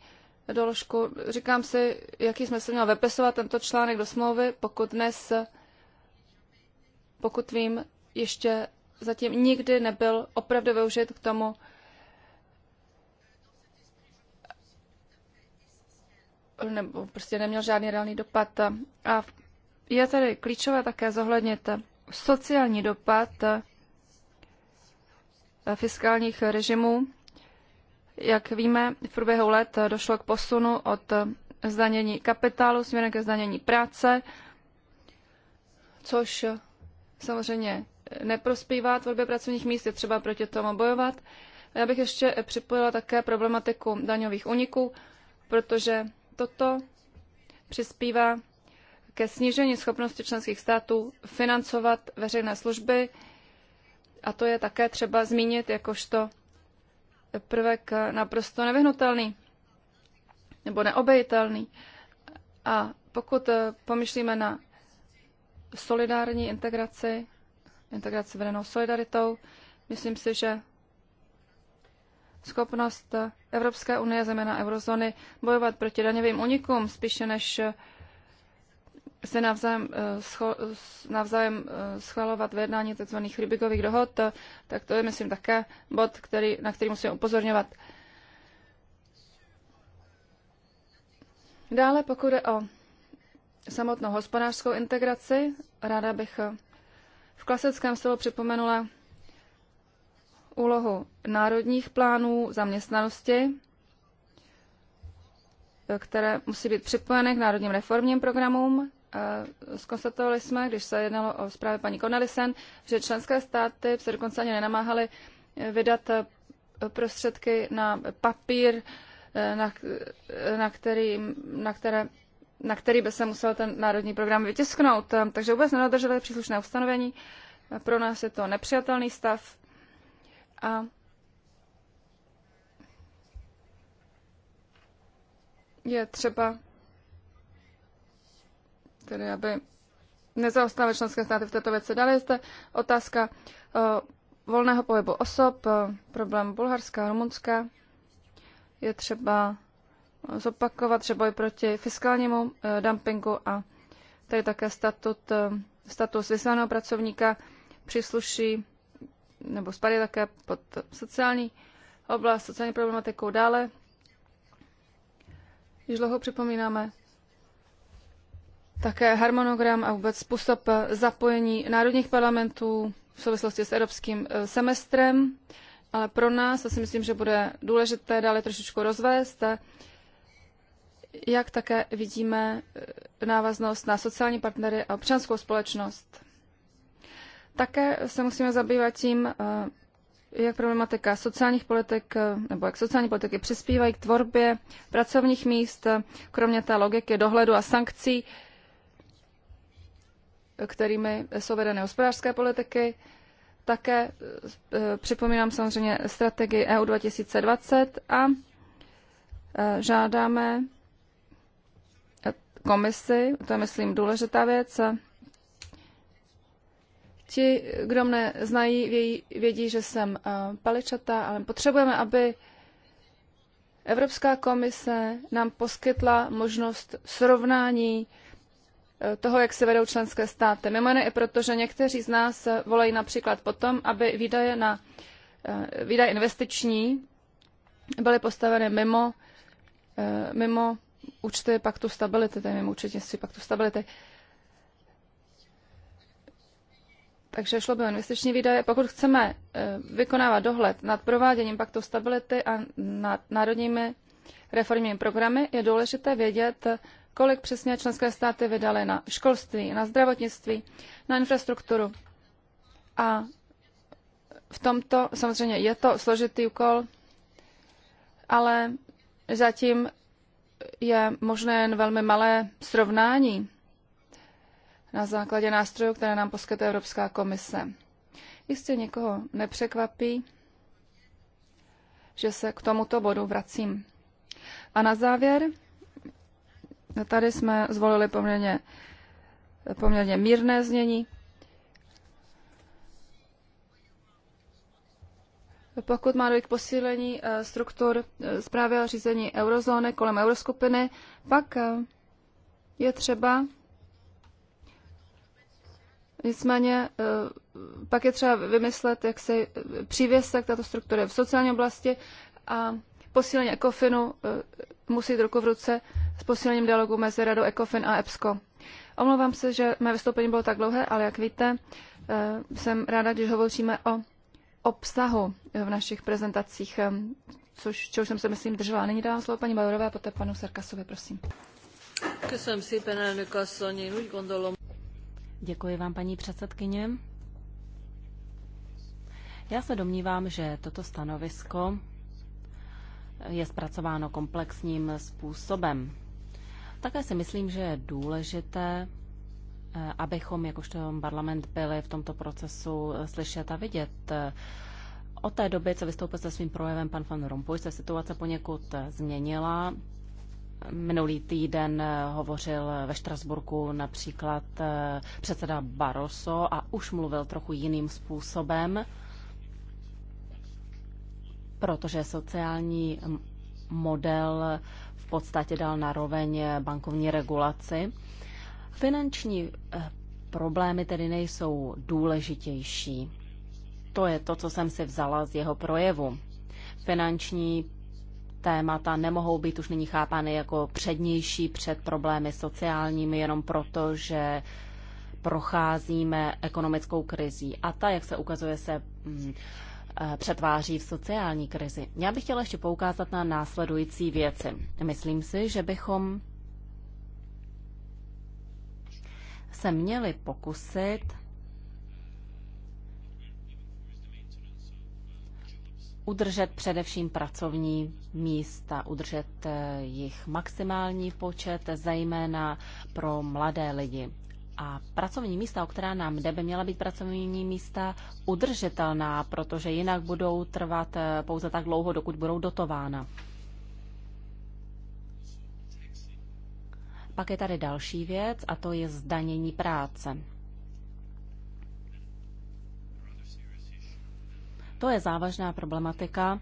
doložku. Říkám si, jaký jsme se měl vepesovat tento článek do smlouvy, pokud dnes, pokud vím, ještě zatím nikdy nebyl opravdu využit k tomu, nebo prostě neměl žádný reálný dopad. A je tady klíčové také zohlednit sociální dopad fiskálních režimů. Jak víme, v průběhu let došlo k posunu od zdanění kapitálu směrem ke zdanění práce, což samozřejmě neprospívá tvorbě pracovních míst, je třeba proti tomu bojovat. A já bych ještě připojila také problematiku daňových uniků, protože toto přispívá ke snížení schopnosti členských států financovat veřejné služby a to je také třeba zmínit jakožto prvek naprosto nevyhnutelný nebo neobejitelný. A pokud pomyslíme na solidární integraci integraci vedenou solidaritou. Myslím si, že schopnost Evropské unie, zejména eurozóny, bojovat proti daňovým unikům, spíše než se navzájem, eh, scho, navzájem eh, schvalovat jednání tzv. rybigových dohod, tak to je, myslím, také bod, který, na který musíme upozorňovat. Dále, pokud je o samotnou hospodářskou integraci, ráda bych v klasickém stylu připomenula úlohu národních plánů zaměstnanosti, které musí být připojené k národním reformním programům. E, Zkonstatovali jsme, když se jednalo o zprávě paní Cornelisen, že členské státy se dokonce ani nenamáhaly vydat e, prostředky na papír, e, na, na, který, na které na který by se musel ten národní program vytisknout. Takže vůbec nedodrželi příslušné ustanovení. Pro nás je to nepřijatelný stav. A je třeba tedy, aby nezaostalé členské státy v této věci. Dále je zde otázka uh, volného pohybu osob, uh, problém Bulharska rumunská. Rumunska. Je třeba zopakovat, že boj proti fiskálnímu eh, dumpingu a tady také statut, eh, status vyslaného pracovníka přísluší nebo spadí také pod sociální oblast, sociální problematikou dále. Již dlouho připomínáme také harmonogram a vůbec způsob zapojení národních parlamentů v souvislosti s evropským eh, semestrem, ale pro nás, asi myslím, že bude důležité dále trošičku rozvést, jak také vidíme eh, návaznost na sociální partnery a občanskou společnost. Také se musíme zabývat tím, eh, jak problematika sociálních politik eh, nebo jak sociální politiky přispívají k tvorbě pracovních míst, kromě té logiky dohledu a sankcí, kterými jsou vedeny hospodářské politiky. Také připomínám samozřejmě strategii EU 2020 a žádáme komisi, to je, myslím, důležitá věc. Ti, kdo mne znají, vědí, že jsem eh, paličata, ale potřebujeme, aby Evropská komise nám poskytla možnost srovnání eh, toho, jak se vedou členské státy. Mimo jiné i proto, že někteří z nás volají například potom, aby výdaje na eh, výdaje investiční byly postaveny mimo, mimo účty paktu stability, tedy účetnictví paktu stability. Takže šlo by o investiční výdaje. Pokud chceme eh, vykonávat dohled nad prováděním paktu stability a nad národními reformními programy, je důležité vědět, kolik přesně členské státy vydaly na školství, na zdravotnictví, na infrastrukturu. A v tomto samozřejmě je to složitý úkol, ale zatím je možné jen velmi malé srovnání na základě nástrojů, které nám poskytuje Evropská komise. Jistě nikoho nepřekvapí, že se k tomuto bodu vracím. A na závěr, tady jsme zvolili poměrně, poměrně mírné znění, pokud má dojít k posílení eh, struktur eh, zprávy a řízení eurozóny kolem euroskupiny, pak eh, je třeba Nicméně pak je třeba vymyslet, jak se přívěsek tato struktura v sociální oblasti a posílení ECOFINu musí jít ruku v ruce s posílením dialogu mezi radou ECOFIN a EPSCO. Omlouvám se, že mé vystoupení bylo tak dlouhé, ale jak víte, jsem ráda, když hovoříme o obsahu v našich prezentacích, což, čehož jsem se, myslím, držela. Nyní dávám slovo paní Bajorové a poté panu Sarkasové, prosím. Děkuji vám, paní předsedkyně. Já se domnívám, že toto stanovisko je zpracováno komplexním způsobem. Také si myslím, že je důležité Eh, abychom jakožto parlament byli v tomto procesu eh, slyšet a vidět. Eh, od té doby, co vystoupil se svým projevem pan van Rompuy, se situace poněkud změnila. Minulý týden hovořil ve Štrasburku například předseda Barroso a už mluvil trochu jiným způsobem, protože sociální model v podstatě dal na roveň bankovní regulaci. Finanční eh, problémy tedy nejsou důležitější. To je to, co jsem si vzala z jeho projevu. Finanční témata nemohou být už nyní chápány jako přednější před problémy sociálními jenom proto, že procházíme ekonomickou krizí. A ta, jak se ukazuje, se mm, eh, přetváří v sociální krizi. Já bych chtěla ještě poukázat na následující věci. Myslím si, že bychom se měli pokusit udržet především pracovní místa, udržet eh, jich maximální počet, zejména pro mladé lidi. A pracovní místa, o která nám jde, by měla být pracovní místa udržitelná, protože jinak budou trvat eh, pouze tak dlouho, dokud budou dotována. Pak je tady další věc a to je zdanění práce. To je závažná problematika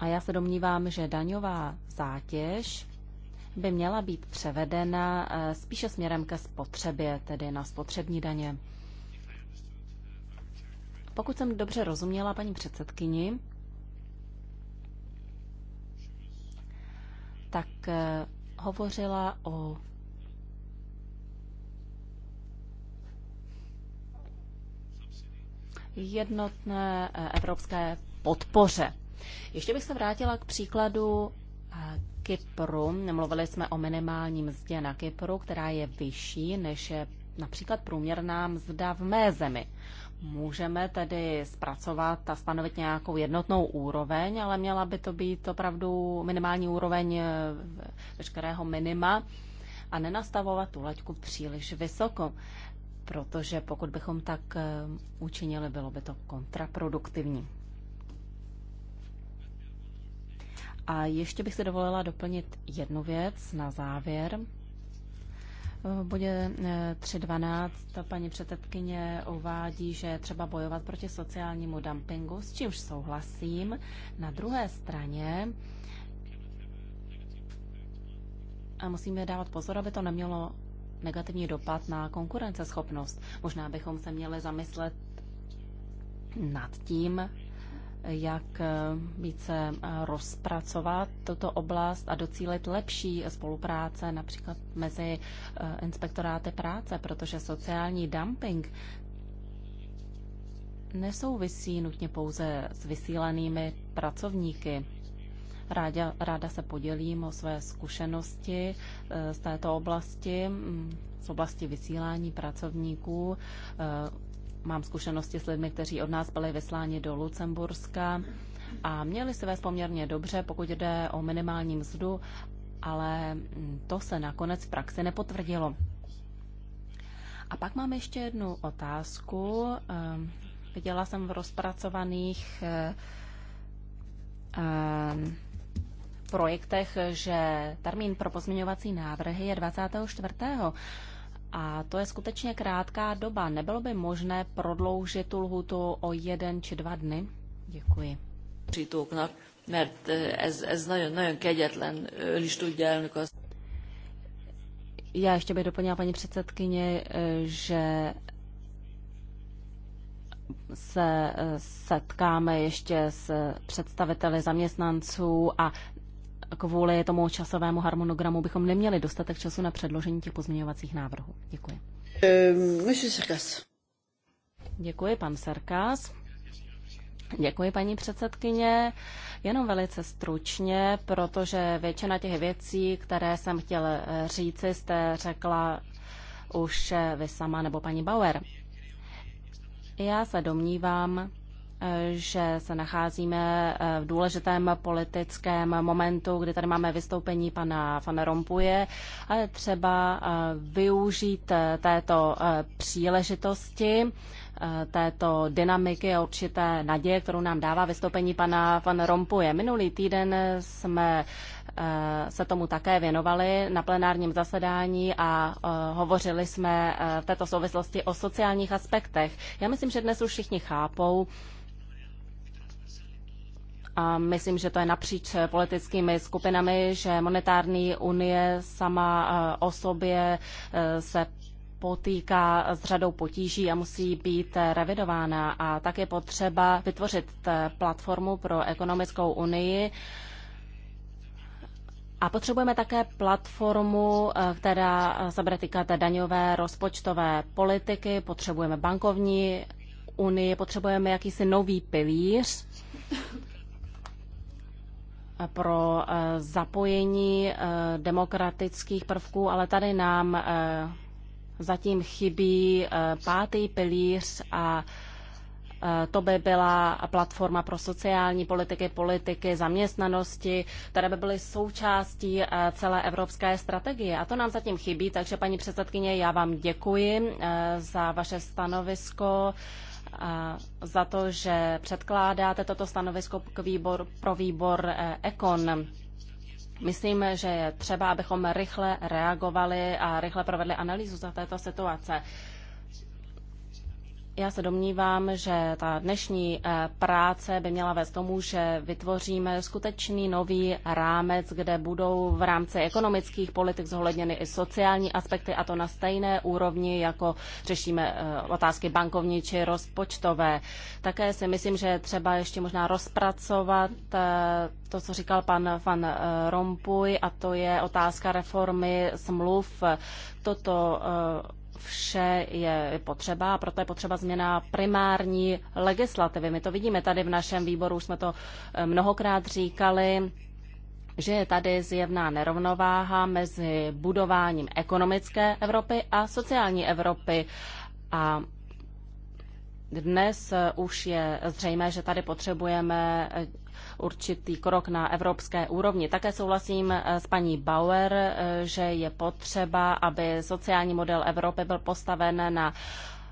a já se domnívám, že daňová zátěž by měla být převedena eh, spíše směrem ke spotřebě, tedy na spotřební daně. Pokud jsem dobře rozuměla paní předsedkyni, tak eh, hovořila o jednotné eh, evropské podpoře. Ještě bych se vrátila k příkladu eh, Kypru. Mluvili jsme o minimální mzdě na Kypru, která je vyšší než je například průměrná mzda v mé zemi. Můžeme tedy zpracovat a stanovit nějakou jednotnou úroveň, ale měla by to být opravdu minimální úroveň eh, veškerého minima a nenastavovat tu laťku příliš vysoko, protože pokud bychom tak eh, učinili, bylo by to kontraproduktivní. A ještě bych si dovolila doplnit jednu věc na závěr. V bodě 3.12 eh, paní předsedkyně uvádí, že je třeba bojovat proti sociálnímu dumpingu, s čímž souhlasím. Na druhé straně a musíme dávat pozor, aby to nemělo negativní dopad na konkurenceschopnost. Možná bychom se měli zamyslet nad tím, jak eh, více eh, rozpracovat tuto oblast a docílit lepší spolupráce například mezi eh, inspektoráty práce, protože sociální dumping nesouvisí nutně pouze s vysílanými pracovníky. Ráda, ráda se podělím o své zkušenosti z této oblasti, mm, z oblasti vysílání pracovníků, mám zkušenosti s lidmi, kteří od nás byli vysláni do Lucemburska a měli se vést poměrně dobře, pokud jde o minimální mzdu, ale to se nakonec v praxi nepotvrdilo. A pak mám ještě jednu otázku. Ehm, viděla jsem v rozpracovaných ehm, projektech, že termín pro pozměňovací návrhy je 24. A to je skutečně krátká doba. Nebylo by možné prodloužit tu lhutu o jeden či dva dny? Děkuji. mert eh, ez, ez nagyon, nagyon kegyetlen, is tudja, Já ještě bych doplnila paní předsedkyně, eh, že se eh, setkáme ještě s představiteli zaměstnanců a kvůli tomu časovému harmonogramu bychom neměli dostatek času na předložení těch pozměňovacích návrhů. Děkuji. Eh, Děkuji, pan Sarkas. Děkuji, paní předsedkyně. Jenom velice stručně, protože většina těch věcí, které jsem chtěl eh, říci, jste řekla už eh, vy sama nebo paní Bauer. Já se domnívám, že se nacházíme eh, v důležitém politickém momentu, kdy tady máme vystoupení pana Van Rompuje ale třeba eh, využít eh, této příležitosti, této dynamiky a určité naděje, kterou nám dává vystoupení pana Van Rompuje. Minulý týden jsme se tomu také věnovali na plenárním zasedání a hovořili jsme v této souvislosti o sociálních aspektech. Já myslím, že dnes už všichni chápou, a myslím, že to je napříč politickými skupinami, že monetární unie sama eh, o sobě eh, se potýká s řadou potíží a musí být eh, revidována. A tak je potřeba vytvořit platformu pro ekonomickou unii, a potřebujeme také platformu, která se bude týkat daňové, rozpočtové politiky, potřebujeme bankovní unii, potřebujeme jakýsi nový pilíř, pro eh, zapojení eh, demokratických prvků, ale tady nám eh, zatím chybí pátý pilíř a to by byla platforma pro sociální politiky, politiky, zaměstnanosti, které by byly součástí celé evropské strategie. A to nám zatím chybí, takže paní předsedkyně, já vám děkuji za vaše stanovisko za to, že předkládáte toto stanovisko k výbor, pro výbor Ekon. Eh, Myslím, že je třeba, abychom rychle reagovali a rychle provedli analýzu za této situace. Já se domnívám, že ta dnešní eh, práce by měla vést tomu, že vytvoříme skutečný nový rámec, kde budou v rámci ekonomických politik zohledněny i sociální aspekty, a to na stejné úrovni, jako řešíme eh, otázky bankovní či rozpočtové. Také si myslím, že třeba ještě možná rozpracovat eh, to, co říkal pan Van Rompuy, a to je otázka reformy smluv. Toto vše je potřeba a proto je potřeba změna primární legislativy. My to vidíme tady v našem výboru, už jsme to eh, mnohokrát říkali, že je tady zjevná nerovnováha mezi budováním ekonomické Evropy a sociální Evropy. A dnes už je zřejmé, že tady potřebujeme určitý krok na evropské úrovni. Také souhlasím eh, s paní Bauer, eh, že je potřeba, aby sociální model Evropy byl postaven na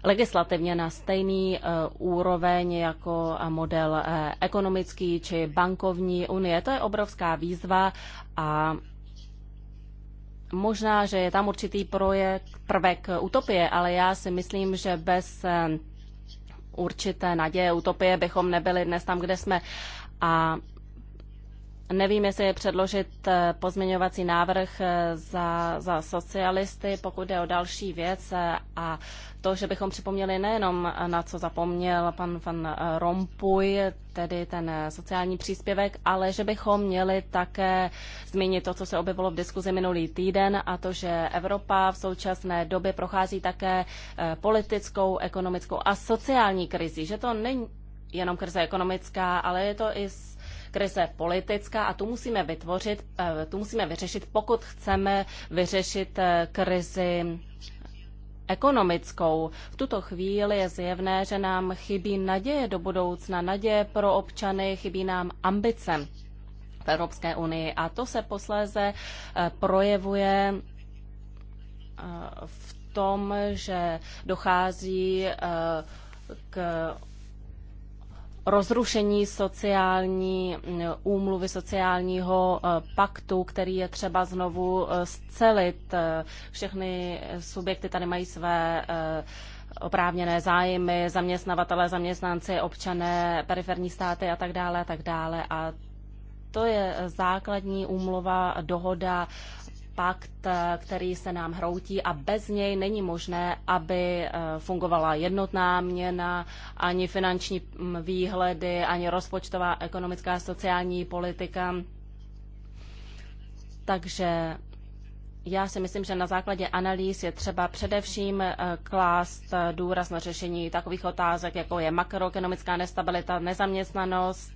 legislativně na stejný eh, úroveň jako model ekonomický či bankovní unie. To je obrovská výzva a možná, že je tam určitý projekt, prvek utopie, ale já si myslím, že bez určité naděje utopie bychom nebyli dnes tam, kde jsme a nevím, jestli je předložit eh, pozměňovací návrh eh, za, za socialisty, pokud je o další věc eh, a to, že bychom připomněli nejenom, na co zapomněl pan Van Rompuy, tedy ten sociální příspěvek, ale že bychom měli také zmínit to, co se objevilo v diskuzi minulý týden a to, že Evropa v současné době prochází také politickou, ekonomickou a sociální krizi, že to není jenom krize ekonomická, ale je to i krize politická a tu musíme vytvořit, eh, tu musíme vyřešit, pokud chceme vyřešit eh, krizi ekonomickou. V tuto chvíli je zjevné, že nám chybí naděje do budoucna, naděje pro občany, chybí nám ambice v Evropské unii a to se posléze eh, projevuje v tom, že dochází k rozrušení sociální eh, úmluvy, sociálního eh, paktu, který je třeba znovu eh, zcelit. Všechny subjekty tady mají své oprávněné zájmy, zaměstnavatele, zaměstnanci, občané, periferní státy a tak dále a tak dále. A to je základní úmluva, dohoda pakt, eh, který se nám hroutí a bez něj není možné, aby eh, fungovala jednotná měna, ani finanční mm, výhledy, ani rozpočtová, ekonomická, sociální politika. Takže já si myslím, že na základě analýz je třeba především eh, klást důraz na řešení takových otázek, jako je makroekonomická nestabilita, nezaměstnanost,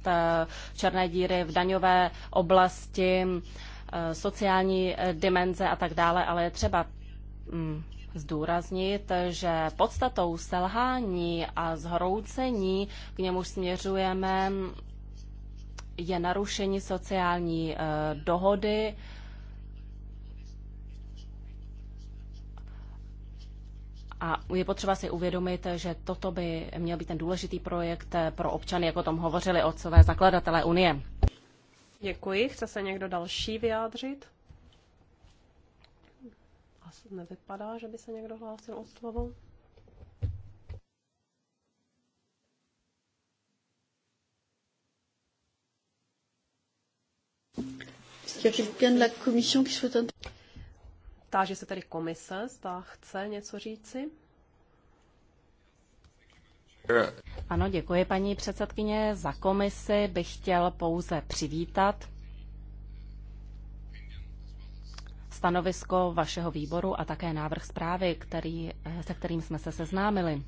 černé díry v daňové oblasti, Eh, sociální eh, dimenze a tak dále, ale je třeba mm, zdůraznit, že podstatou selhání a zhroucení, k němuž směřujeme, je narušení sociální eh, dohody, A je potřeba si uvědomit, že toto by měl být ten důležitý projekt pro občany, jako o tom hovořili otcové zakladatelé Unie. Děkuji. Chce se někdo další vyjádřit? Asi nevypadá, že by se někdo hlásil o slovo. Táže se tedy komise, zda chce něco říci. Ano, děkuji paní předsedkyně. Za komisi bych chtěl pouze přivítat stanovisko vašeho výboru a také návrh zprávy, který, se kterým jsme se seznámili.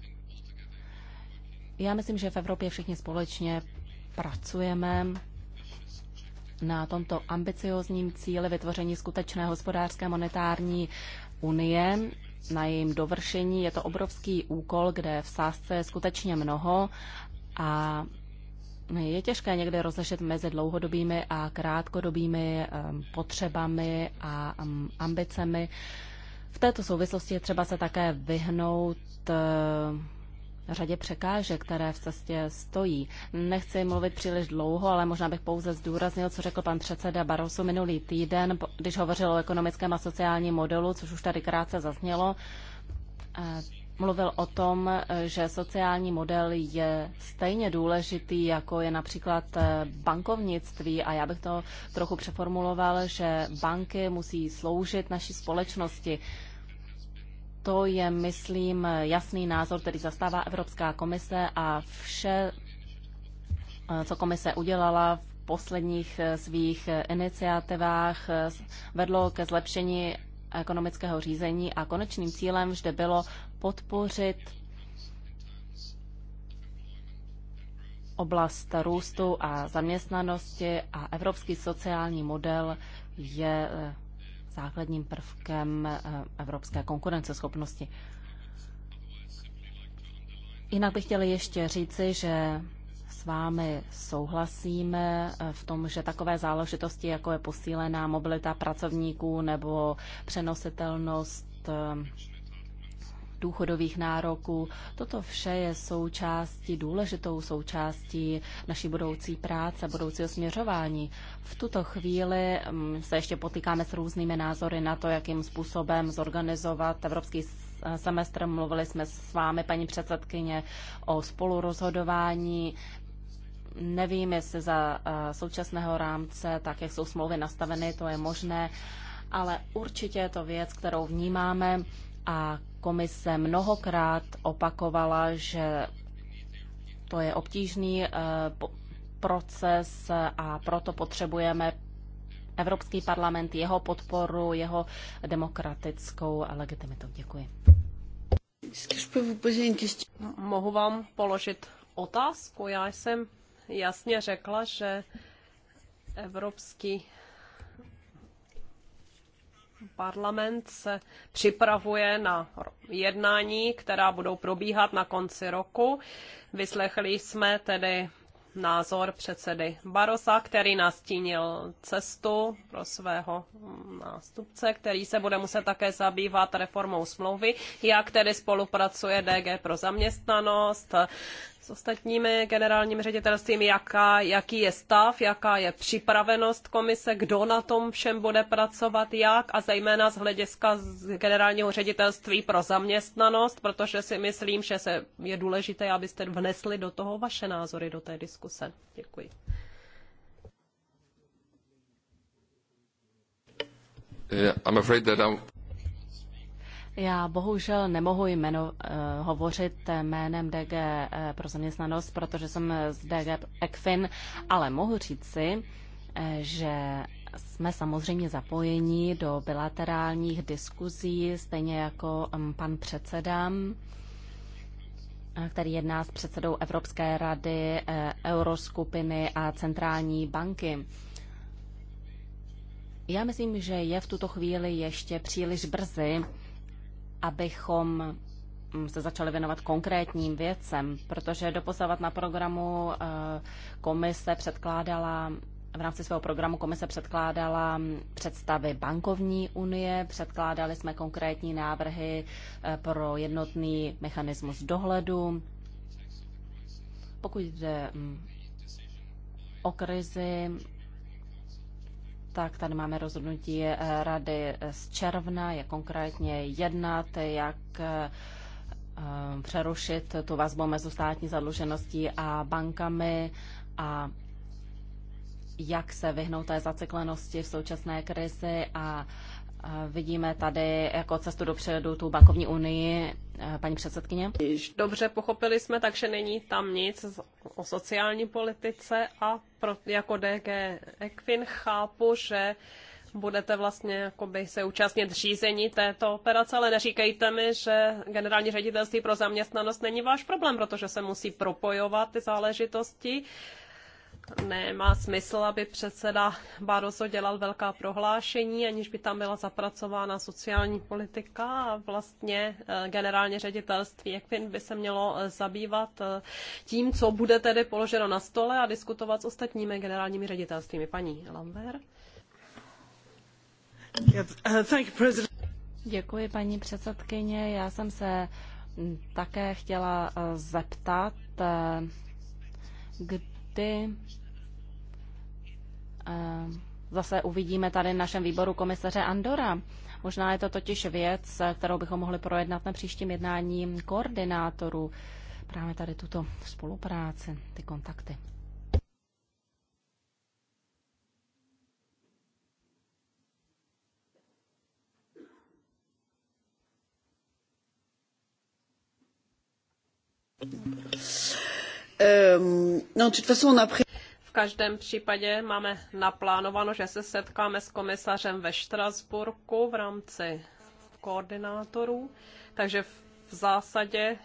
Já myslím, že v Evropě všichni společně pracujeme na tomto ambiciozním cíli vytvoření skutečné hospodářské monetární unie na jejím dovršení. Je to obrovský úkol, kde v sásce je skutečně mnoho a je těžké někde rozlišit mezi dlouhodobými a krátkodobými potřebami a ambicemi. V této souvislosti je třeba se také vyhnout řadě překážek, které v cestě stojí. Nechci mluvit příliš dlouho, ale možná bych pouze zdůraznil, co řekl pan předseda Barroso minulý týden, když hovořil o ekonomickém a sociálním modelu, což už tady krátce zaznělo. Mluvil o tom, že sociální model je stejně důležitý, jako je například eh, bankovnictví a já bych to trochu přeformuloval, že banky musí sloužit naší společnosti. To je, myslím, jasný názor, který zastává Evropská komise a vše, eh, co komise udělala v posledních eh, svých eh, iniciativách, vedlo ke zlepšení ekonomického řízení a konečným cílem vždy bylo podpořit oblast růstu a zaměstnanosti a evropský sociální model je základním prvkem eh, evropské konkurenceschopnosti. Jinak bych chtěl ještě říci, že s vámi souhlasíme eh, v tom, že takové záležitosti, jako je posílená mobilita pracovníků nebo přenositelnost eh, důchodových nároků. Toto vše je součástí, důležitou součástí naší budoucí práce, budoucího směřování. V tuto chvíli mm, se ještě potýkáme s různými názory na to, jakým způsobem zorganizovat evropský semestr. Mluvili jsme s vámi, paní předsedkyně, o spolurozhodování. Nevím, jestli za eh, současného rámce, tak jak jsou smlouvy nastaveny, to je možné, ale určitě je to věc, kterou vnímáme a komise mnohokrát opakovala, že to je obtížný eh, proces a proto potřebujeme Evropský parlament, jeho podporu, jeho demokratickou legitimitu. Děkuji. No, mohu vám položit otázku. Já jsem jasně řekla, že Evropský Parlament se připravuje na jednání, která budou probíhat na konci roku. Vyslechli jsme tedy názor předsedy Barosa, který nastínil cestu pro svého nástupce, který se bude muset také zabývat reformou smlouvy, jak tedy spolupracuje DG pro zaměstnanost, ostatními generálními ředitelstvím, jaká, jaký je stav, jaká je připravenost komise, kdo na tom všem bude pracovat, jak a zejména z hlediska z generálního ředitelství pro zaměstnanost, protože si myslím, že se je důležité, abyste vnesli do toho vaše názory do té diskuse. Děkuji. Yeah, I'm afraid that I'm... Já bohužel nemohu jmenu, uh, hovořit jménem DG uh, eh, pro zaměstnanost, protože jsem z DG ECFIN, ale mohu říci, uh, že jsme samozřejmě zapojeni do bilaterálních diskuzí, stejně jako um, pan předseda který jedná s předsedou Evropské rady, euroskupiny a centrální banky. Já myslím, že je v tuto chvíli ještě příliš brzy abychom mm, se začali věnovat konkrétním věcem, protože doposavat na programu eh, komise předkládala v rámci svého programu komise předkládala mm, představy bankovní unie, předkládali jsme konkrétní návrhy eh, pro jednotný mechanismus dohledu. Pokud jde mm, o krizi, tak tady máme rozhodnutí eh, rady z června, je konkrétně jednat, jak eh, eh, přerušit tu vazbu mezi státní zadlužeností a bankami a jak se vyhnout té zaciklenosti v současné krizi a Vidíme tady jako cestu dopředu tu bankovní unii, eh, paní předsedkyně. Dobře, pochopili jsme, takže není tam nic o sociální politice a pro, jako DG Equin chápu, že budete vlastně jakoby se účastnit řízení této operace, ale neříkejte mi, že generální ředitelství pro zaměstnanost není váš problém, protože se musí propojovat ty záležitosti nemá smysl, aby předseda Barroso dělal velká prohlášení, aniž by tam byla zapracována sociální politika a vlastně eh, generálně ředitelství ECFIN by se mělo eh, zabývat eh, tím, co bude tedy položeno na stole a diskutovat s ostatními generálními ředitelstvími. Paní Lambert. Uh, Děkuji, paní předsedkyně. Já jsem se mm, také chtěla zeptat, kdy kdy zase uvidíme tady v našem výboru komisaře Andora. Možná je to totiž věc, kterou bychom mohli projednat na příštím jednání koordinátorů. Právě tady tuto spolupráci, ty kontakty. you. Euh, v každém případě máme naplánováno, že se setkáme s komisařem ve Štrasburku v rámci koordinátorů, takže v zásadě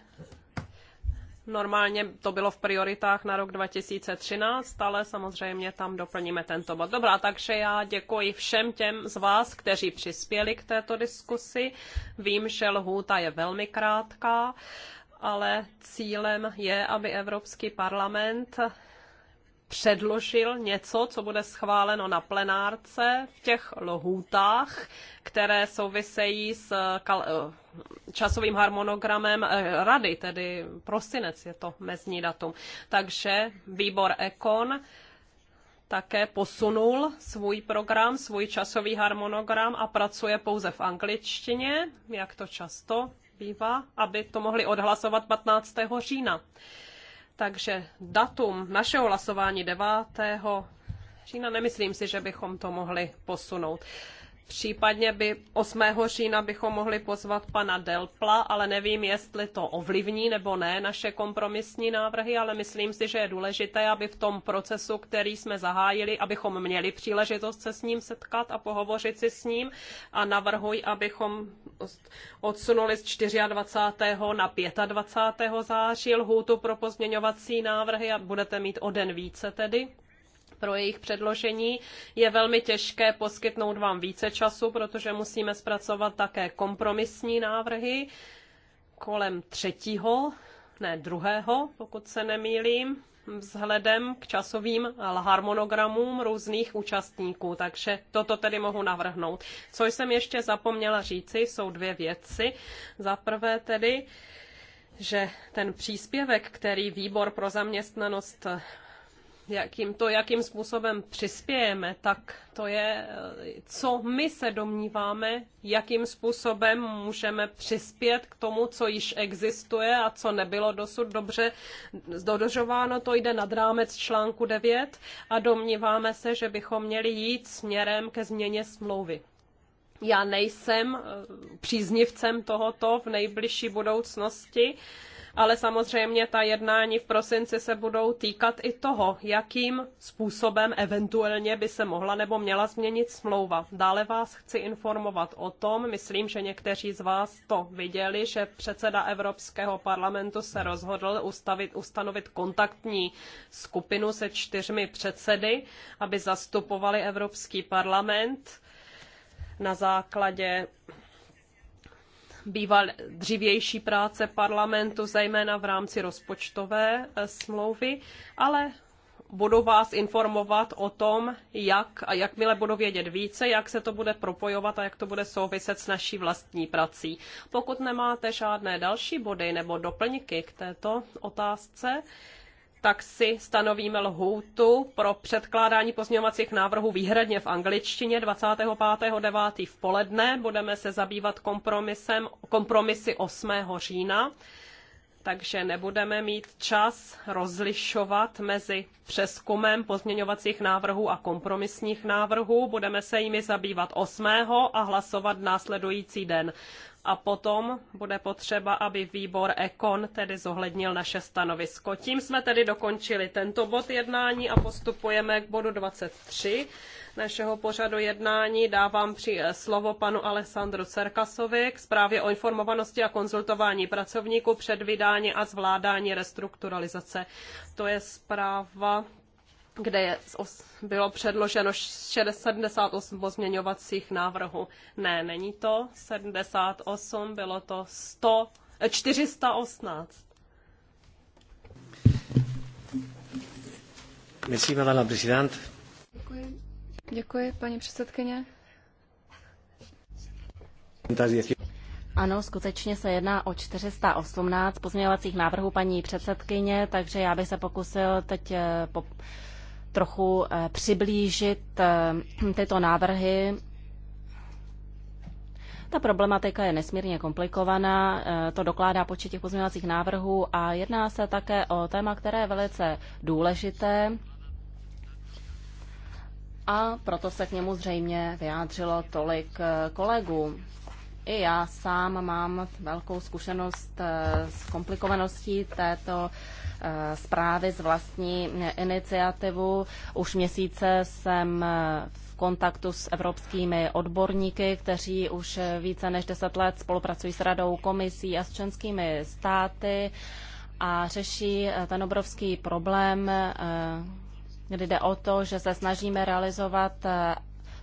normálně to bylo v prioritách na rok 2013, ale samozřejmě tam doplníme tento bod. Dobrá, takže já děkuji všem těm z vás, kteří přispěli k této diskusi. Vím, že lhůta je velmi krátká ale cílem je, aby Evropský parlament předložil něco, co bude schváleno na plenárce v těch lohůtách, které souvisejí s eh, časovým harmonogramem eh, rady, tedy prosinec je to mezní datum. Takže výbor Ekon také posunul svůj program, svůj časový harmonogram a pracuje pouze v angličtině, jak to často zbývá, aby to mohli odhlasovat 15. října. Takže datum našeho hlasování 9. října, nemyslím si, že bychom to mohli posunout. Případně by 8. října bychom mohli pozvat pana Delpla, ale nevím, jestli to ovlivní nebo ne naše kompromisní návrhy, ale myslím si, že je důležité, aby v tom procesu, který jsme zahájili, abychom měli příležitost se s ním setkat a pohovořit si s ním a navrhuji, abychom odsunuli z 24. na 25. září lhůtu pro pozměňovací návrhy a budete mít o den více tedy pro jejich předložení. Je velmi těžké poskytnout vám více času, protože musíme zpracovat také kompromisní návrhy kolem třetího, ne druhého, pokud se nemýlím, vzhledem k časovým harmonogramům různých účastníků. Takže toto tedy mohu navrhnout. Co jsem ještě zapomněla říci, jsou dvě věci. Za prvé tedy, že ten příspěvek, který výbor pro zaměstnanost jakým to, jakým způsobem přispějeme, tak to je, co my se domníváme, jakým způsobem můžeme přispět k tomu, co již existuje a co nebylo dosud dobře dodržováno. To jde nad rámec článku 9 a domníváme se, že bychom měli jít směrem ke změně smlouvy. Já nejsem eh, příznivcem tohoto v nejbližší budoucnosti, ale samozřejmě ta jednání v prosinci se budou týkat i toho, jakým způsobem eventuálně by se mohla nebo měla změnit smlouva. Dále vás chci informovat o tom, myslím, že někteří z vás to viděli, že předseda Evropského parlamentu se rozhodl ustavit, ustanovit kontaktní skupinu se čtyřmi předsedy, aby zastupovali Evropský parlament na základě býval dřívější práce parlamentu, zejména v rámci rozpočtové eh, smlouvy, ale budu vás informovat o tom, jak a jakmile budu vědět více, jak se to bude propojovat a jak to bude souviset s naší vlastní prací. Pokud nemáte žádné další body nebo doplňky k této otázce, tak si stanovíme lhůtu pro předkládání pozměňovacích návrhů výhradně v angličtině 25.9. v poledne. Budeme se zabývat kompromisem, kompromisy 8. října, takže nebudeme mít čas rozlišovat mezi přeskumem pozměňovacích návrhů a kompromisních návrhů. Budeme se jimi zabývat 8. a hlasovat následující den a potom bude potřeba, aby výbor Ekon tedy zohlednil naše stanovisko. Tím jsme tedy dokončili tento bod jednání a postupujeme k bodu 23 našeho pořadu jednání. Dávám při eh, slovo panu Alessandru Cerkasovi k zprávě o informovanosti a konzultování pracovníků před vydání a zvládání restrukturalizace. To je zpráva kde je, bylo předloženo 78 pozměňovacích návrhů. Ne, není to 78, bylo to 100, 418. Eh, Merci, madame présidente. Děkuji. Děkuji, paní předsedkyně. Ano, skutečně se jedná o 418 pozměňovacích návrhů paní předsedkyně, takže já bych se pokusil teď eh, po trochu eh, přiblížit eh, tyto návrhy. Ta problematika je nesmírně komplikovaná, eh, to dokládá počet těch pozměňovacích návrhů a jedná se také o téma, které je velice důležité a proto se k němu zřejmě vyjádřilo tolik kolegů i já sám mám velkou zkušenost eh, s komplikovaností této eh, zprávy z vlastní eh, iniciativu. Už měsíce jsem v kontaktu s evropskými odborníky, kteří už více než deset let spolupracují s radou komisí a s členskými státy a řeší ten obrovský problém, kdy jde o to, že se snažíme realizovat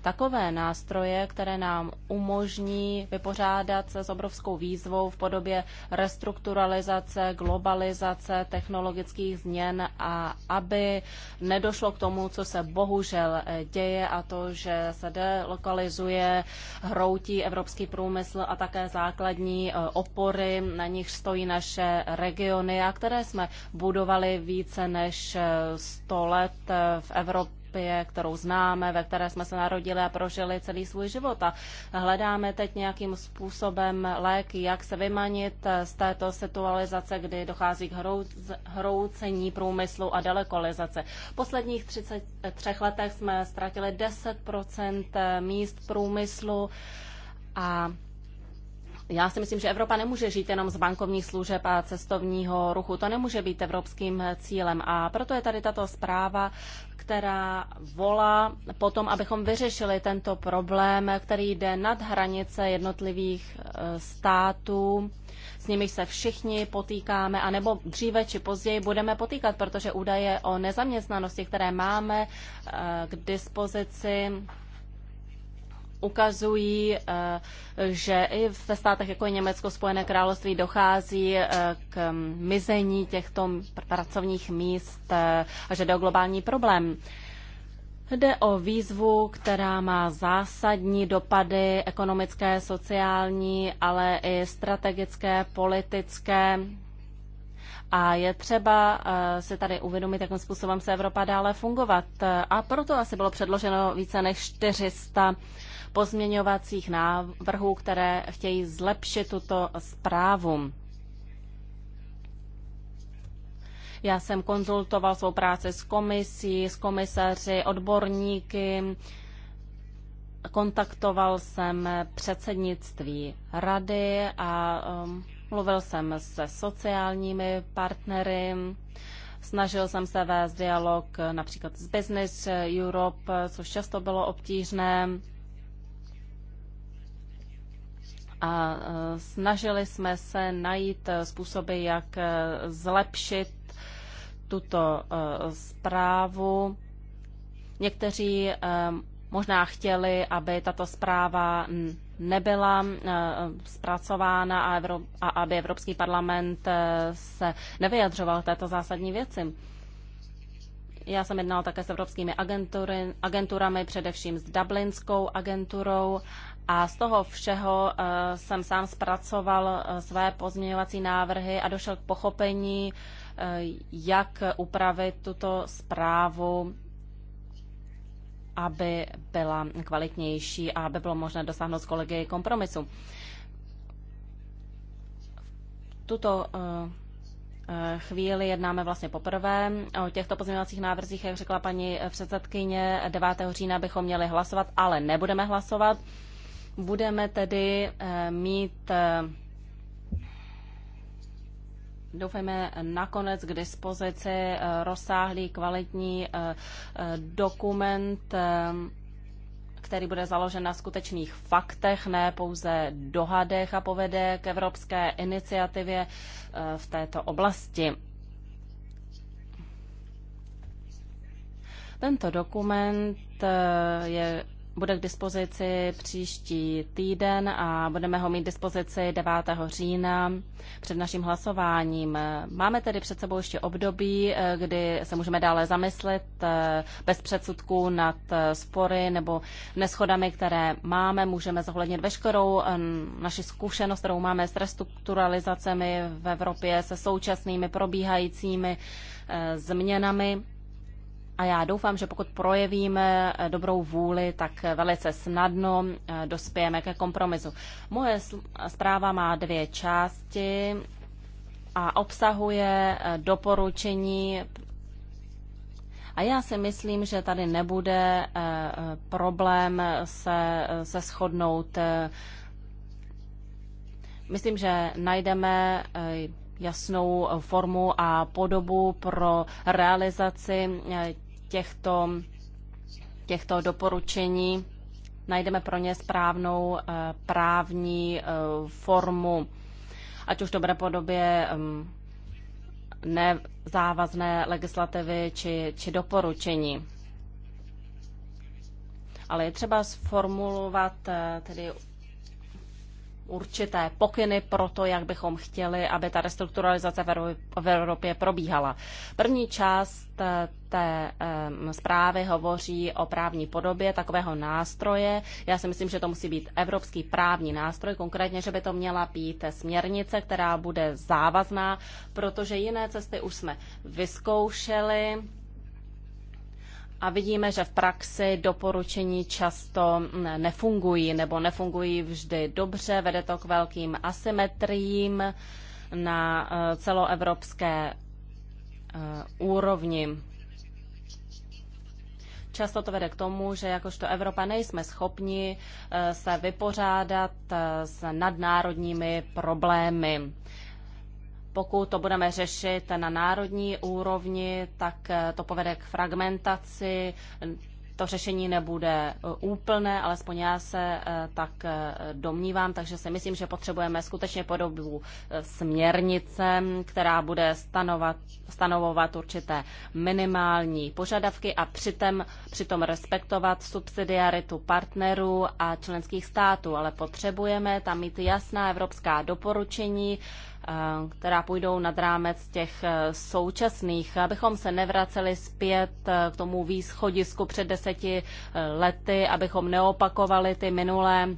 takové nástroje, které nám umožní vypořádat se s obrovskou výzvou v podobě restrukturalizace, globalizace, technologických změn a aby nedošlo k tomu, co se bohužel děje a to, že se delokalizuje, hroutí evropský průmysl a také základní e, opory, na nich stojí naše regiony a které jsme budovali více než 100 e, let e, v Evropě Evropě, kterou známe, ve které jsme se narodili a prožili celý svůj život. A hledáme teď nějakým způsobem léky, jak se vymanit z této situalizace, kdy dochází k hroucení průmyslu a delekolizace. V posledních 33 letech jsme ztratili 10 míst průmyslu a já si myslím, že Evropa nemůže žít jenom z bankovních služeb a cestovního ruchu. To nemůže být evropským cílem. A proto je tady tato zpráva, která volá potom, abychom vyřešili tento problém, který jde nad hranice jednotlivých e, států, s nimiž se všichni potýkáme, anebo dříve či později budeme potýkat, protože údaje o nezaměstnanosti, které máme e, k dispozici, ukazují, eh, že i ve státech jako je Německo, Spojené království dochází eh, k mizení těchto pracovních míst eh, a že jde o globální problém. Jde o výzvu, která má zásadní dopady ekonomické, sociální, ale i strategické, politické. A je třeba si tady uvědomit, jakým způsobem se Evropa dále fungovat. A proto asi bylo předloženo více než 400 pozměňovacích návrhů, které chtějí zlepšit tuto zprávu. Já jsem konzultoval svou práci s komisí, s komisaři, odborníky, kontaktoval jsem předsednictví rady a um, mluvil jsem se sociálními partnery. Snažil jsem se vést dialog například s Business Europe, což často bylo obtížné a e, snažili jsme se najít e, způsoby, jak e, zlepšit tuto zprávu. Někteří možná chtěli, aby tato zpráva nebyla zpracována a, Evro- a aby Evropský parlament se nevyjadřoval této zásadní věci. Já jsem jednal také s evropskými agentury, agenturami, především s Dublinskou agenturou a z toho všeho eh, jsem sám zpracoval eh, své pozměňovací návrhy a došel k pochopení, eh, jak upravit tuto zprávu, aby byla kvalitnější a aby bylo možné dosáhnout s kolegy kompromisu. Tuto chvíli jednáme vlastně poprvé. O těchto pozměňovacích návrzích, jak řekla paní předsedkyně, 9. října bychom měli hlasovat, ale nebudeme hlasovat Budeme tedy eh, mít eh, doufáme, nakonec k dispozici eh, rozsáhlý kvalitní dokument, který bude založen na skutečných faktech, ne pouze dohadech a povede k evropské iniciativě v této oblasti. Tento dokument je bude k dispozici příští týden a budeme ho mít k dispozici 9. října před naším hlasováním. Máme tedy před sebou ještě období, eh, kdy se můžeme dále zamyslet eh, bez předsudků nad eh, spory nebo neschodami, které máme. Můžeme zohlednit veškerou naši zkušenost, kterou máme s restrukturalizacemi v Evropě, se současnými probíhajícími změnami a já doufám, že pokud projevíme eh, dobrou vůli, tak eh, velice snadno eh, dospějeme ke kompromisu. Moje zpráva má dvě části a obsahuje doporučení a já si myslím, že tady nebude problém se, se shodnout. Myslím, že najdeme jasnou formu a podobu pro realizaci těchto, těchto doporučení najdeme pro ně správnou eh, právní eh, formu, ať už dobré podobě nezávazné legislativy či, či doporučení. Ale je třeba sformulovat eh, tedy určité pokyny pro to, jak bychom chtěli, aby ta restrukturalizace v Evropě probíhala. První část eh, té zprávy hovoří o právní podobě takového nástroje. Já si myslím, že to musí být evropský právní nástroj, konkrétně, že by to měla být směrnice, která bude závazná, protože jiné cesty už jsme vyzkoušeli a vidíme, že v praxi doporučení často nefungují nebo nefungují vždy dobře, vede to k velkým asymetriím na eh, celoevropské eh, úrovni. Často to vede k tomu, že jakožto Evropa nejsme schopni eh, se vypořádat s nadnárodními problémy. Pokud to budeme řešit na národní úrovni, tak eh, to povede k fragmentaci, to řešení nebude eh, úplné, alespoň já se eh, tak domnívám, takže si myslím, že potřebujeme skutečně podobu směrnice, která bude stanovat, stanovovat určité minimální požadavky a přitom, přitom respektovat subsidiaritu partnerů a členských států, ale potřebujeme tam mít jasná evropská doporučení, Eh, která půjdou nad rámec těch eh, současných, abychom se nevraceli zpět eh, k tomu výschodisku před deseti lety, abychom neopakovali ty minulé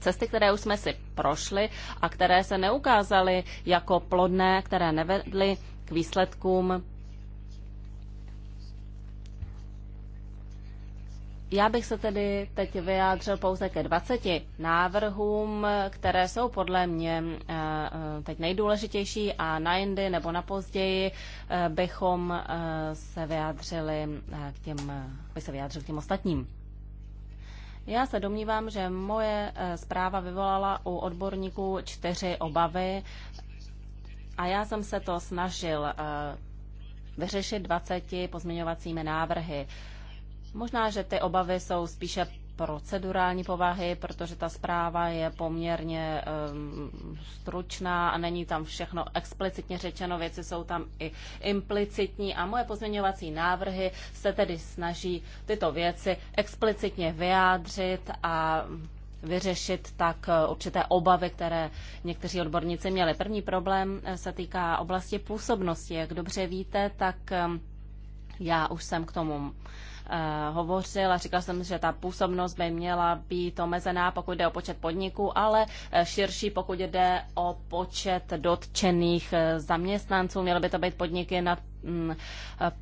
cesty, které už jsme si prošli a které se neukázaly jako plodné, které nevedly k výsledkům Já bych se tedy teď vyjádřil pouze ke 20 návrhům, které jsou podle mě eh, eh, teď nejdůležitější a na jindy nebo na později eh, bychom se vyjádřili k těm, bych se vyjádřil k těm ostatním. Já se domnívám, že moje zpráva vyvolala u odborníků čtyři obavy a já jsem se to snažil vyřešit 20 pozměňovacími návrhy. Možná, že ty obavy jsou spíše procedurální povahy, protože ta zpráva je poměrně um, stručná a není tam všechno explicitně řečeno, věci jsou tam i implicitní a moje pozměňovací návrhy se tedy snaží tyto věci explicitně vyjádřit a vyřešit tak eh, určité obavy, které někteří odborníci měli. První problém eh, se týká oblasti působnosti. Jak dobře víte, tak já už jsem k tomu Eh, hovořil a říkal jsem, že ta působnost by měla být omezená, pokud jde o počet podniků, ale eh, širší, pokud jde o počet dotčených eh, zaměstnanců. Měly by to být podniky nad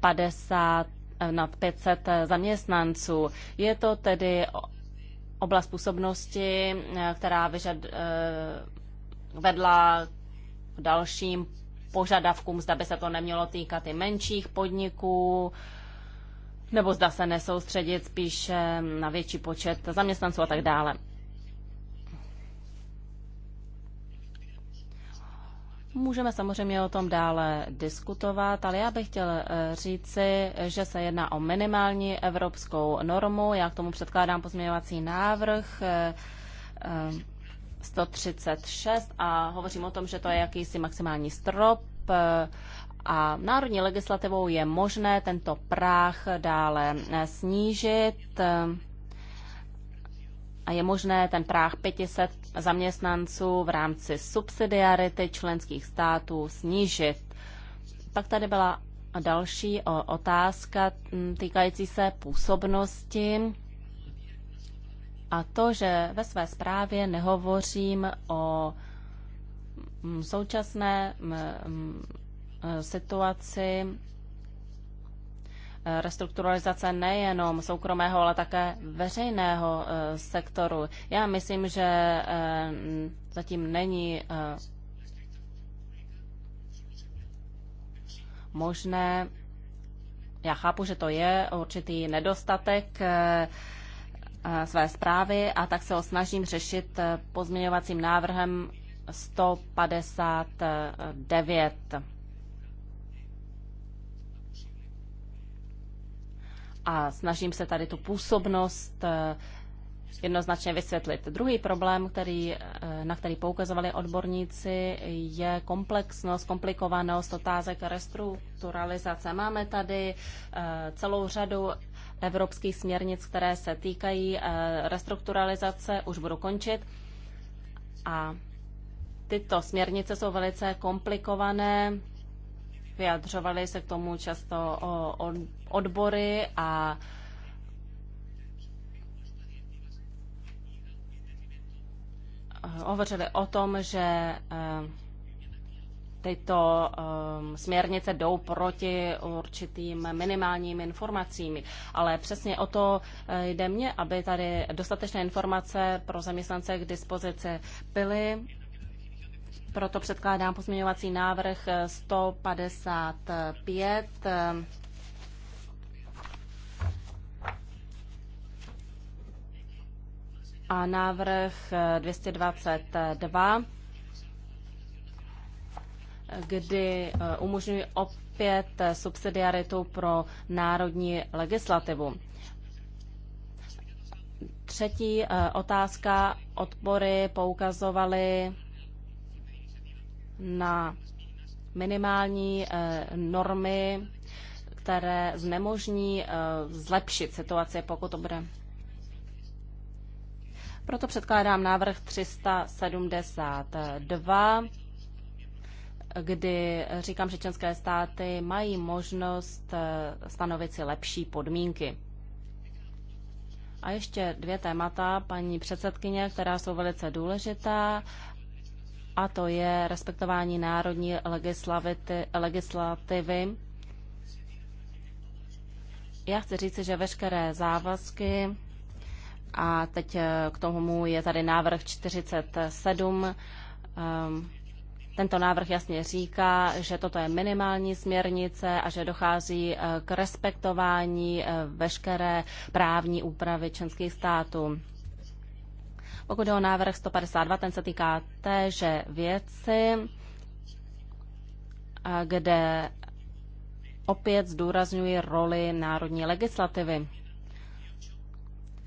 50 mm, nad 500 zaměstnanců. Je to tedy oblast působnosti, která vyžad, vedla k dalším požadavkům, zda by se to nemělo týkat i menších podniků, nebo zda se nesoustředit spíše na větší počet zaměstnanců a tak dále. Můžeme samozřejmě o tom dále diskutovat, ale já bych chtěl eh, říci, že se jedná o minimální evropskou normu. Já k tomu předkládám pozměňovací návrh eh, eh, 136 a hovořím o tom, že to je jakýsi maximální strop a národní legislativou je možné tento práh dále eh, snížit eh, a je možné ten práh 500 zaměstnanců v rámci subsidiarity členských států snížit. Pak tady byla další otázka mm, týkající se působnosti a to, že ve své zprávě nehovořím o mm, současné mm, Eh, situaci eh, restrukturalizace nejenom soukromého, ale také veřejného eh, sektoru. Já myslím, že zatím není možné. Já chápu, že to je určitý nedostatek své zprávy a tak se ho snažím řešit pozměňovacím návrhem 159. a snažím se tady tu působnost eh, jednoznačně vysvětlit. Druhý problém, který, eh, na který poukazovali odborníci, je komplexnost, komplikovanost otázek restrukturalizace. Máme tady eh, celou řadu evropských směrnic, které se týkají restrukturalizace, už budu končit. A tyto směrnice jsou velice komplikované, Vyjadřovaly se k tomu často odbory a hovořili o tom, že eh, tyto eh, směrnice jdou proti určitým minimálním informacím, ale přesně o to eh, jde mě, aby tady dostatečné informace pro zaměstnance k dispozici byly proto předkládám pozměňovací návrh 155. Eh, eh, a návrh 222, eh, kdy umožňují opět subsidiaritu pro národní legislativu. Třetí otázka. Odpory poukazovaly na minimální eh, normy, které znemožní eh, zlepšit situaci, pokud to bude. Proto předkládám návrh 372, kdy říkám, že české státy mají možnost eh, stanovit si lepší podmínky. A ještě dvě témata, paní předsedkyně, která jsou velice důležitá a to je respektování národní legislativy. Já chci říct, že veškeré závazky a teď eh, k tomu je tady návrh 47. Ehm, tento návrh jasně říká, že toto je minimální směrnice a že dochází eh, k respektování eh, veškeré právní úpravy členských států. Pokud je o návrh 152, ten se týká téže věci, kde opět zdůrazňuji roli národní legislativy.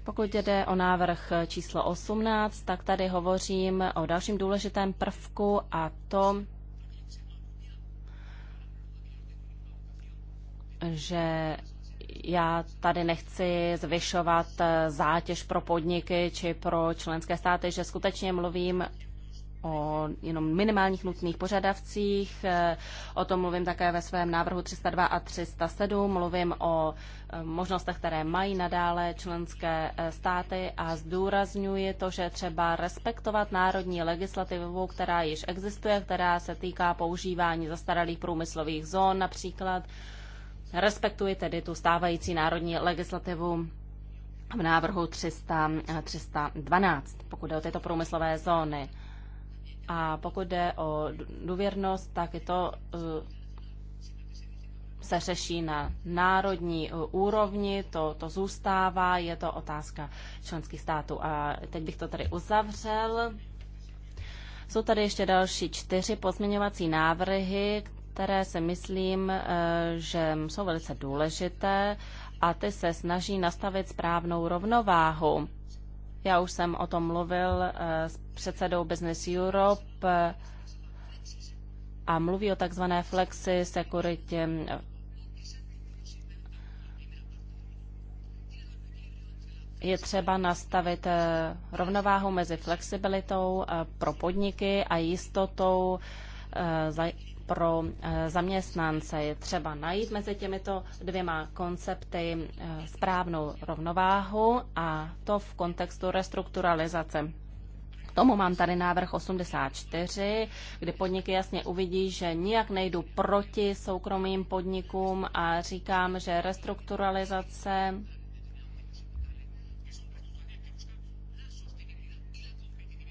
Pokud jde o návrh číslo 18, tak tady hovořím o dalším důležitém prvku a to, že já tady nechci zvyšovat eh, zátěž pro podniky či pro členské státy, že skutečně mluvím o jenom minimálních nutných požadavcích. Eh, o tom mluvím také ve svém návrhu 302 a 307. Mluvím o eh, možnostech, které mají nadále členské státy a zdůrazňuji to, že třeba respektovat národní legislativu, která již existuje, která se týká používání zastaralých průmyslových zón například Respektuji tedy tu stávající národní legislativu v návrhu 300, 312, pokud jde o tyto průmyslové zóny. A pokud jde o důvěrnost, tak je to eh, se řeší na národní eh, úrovni, to, to zůstává, je to otázka členských států. A teď bych to tady uzavřel. Jsou tady ještě další čtyři pozměňovací návrhy, které si myslím, eh, že jsou velice důležité a ty se snaží nastavit správnou rovnováhu. Já už jsem o tom mluvil eh, s předsedou Business Europe eh, a mluví o takzvané flexi sekuritě. Je třeba nastavit rovnováhu mezi flexibilitou pro podniky a jistotou pro eh, zaměstnance. Je třeba najít mezi těmito dvěma koncepty eh, správnou rovnováhu a to v kontextu restrukturalizace. K tomu mám tady návrh 84, kdy podniky jasně uvidí, že nijak nejdu proti soukromým podnikům a říkám, že restrukturalizace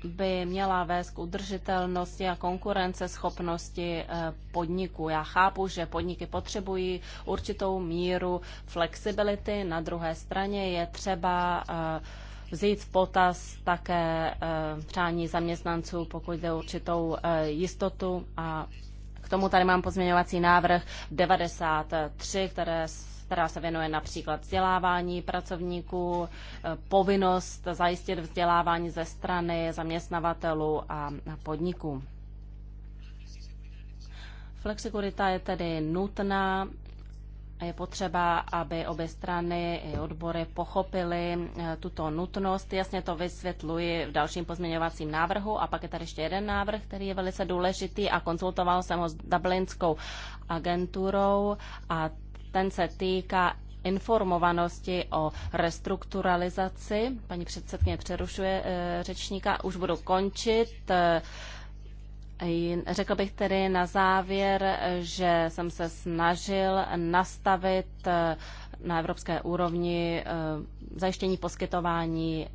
by měla vést k udržitelnosti a konkurenceschopnosti eh, podniku. Já chápu, že podniky potřebují určitou míru flexibility, na druhé straně je třeba eh, vzít v potaz také eh, přání zaměstnanců, pokud jde určitou jistotu a k tomu tady mám pozměňovací návrh 93, které která se věnuje například vzdělávání pracovníků, eh, povinnost zajistit vzdělávání ze strany zaměstnavatelů a podniků. Flexikurita je tedy nutná a je potřeba, aby obě strany i odbory pochopily eh, tuto nutnost. Jasně to vysvětluji v dalším pozměňovacím návrhu. A pak je tady ještě jeden návrh, který je velice důležitý a konzultoval jsem ho s Dublinskou agenturou a ten se týká informovanosti o restrukturalizaci. Paní předsedkyně přerušuje eh, řečníka, už budu končit. Eh, řekl bych tedy na závěr, že jsem se snažil nastavit eh, na evropské úrovni zajištění poskytování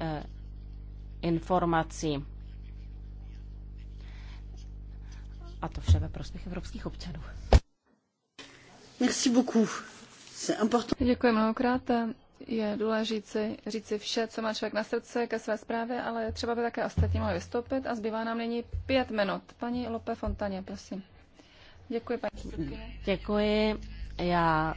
informací. A to vše ve prospěch evropských občanů. Merci beaucoup. Děkuji mnohokrát. Je důležité říci vše, co má člověk na srdce ke své zprávě, ale třeba by také ostatní mohli vystoupit a zbývá nám nyní pět minut. Paní Lope Fontaně, prosím. Děkuji, paní Děkuji. Já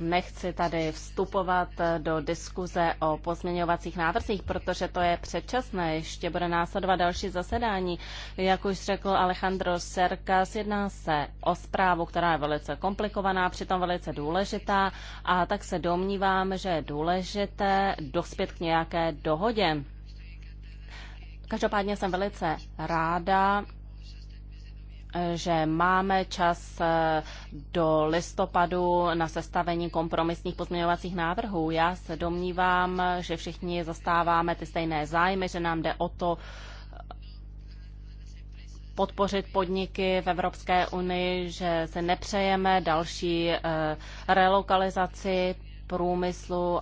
nechci tady vstupovat do diskuze o pozměňovacích návrzích, protože to je předčasné. Ještě bude následovat další zasedání. Jak už řekl Alejandro Serkas, jedná se o zprávu, která je velice komplikovaná, přitom velice důležitá a tak se domnívám, že je důležité dospět k nějaké dohodě. Každopádně jsem velice ráda, že máme čas eh, do listopadu na sestavení kompromisních pozměňovacích návrhů. Já se domnívám, že všichni zastáváme ty stejné zájmy, že nám jde o to, eh, podpořit podniky v Evropské unii, že se nepřejeme další eh, relokalizaci průmyslu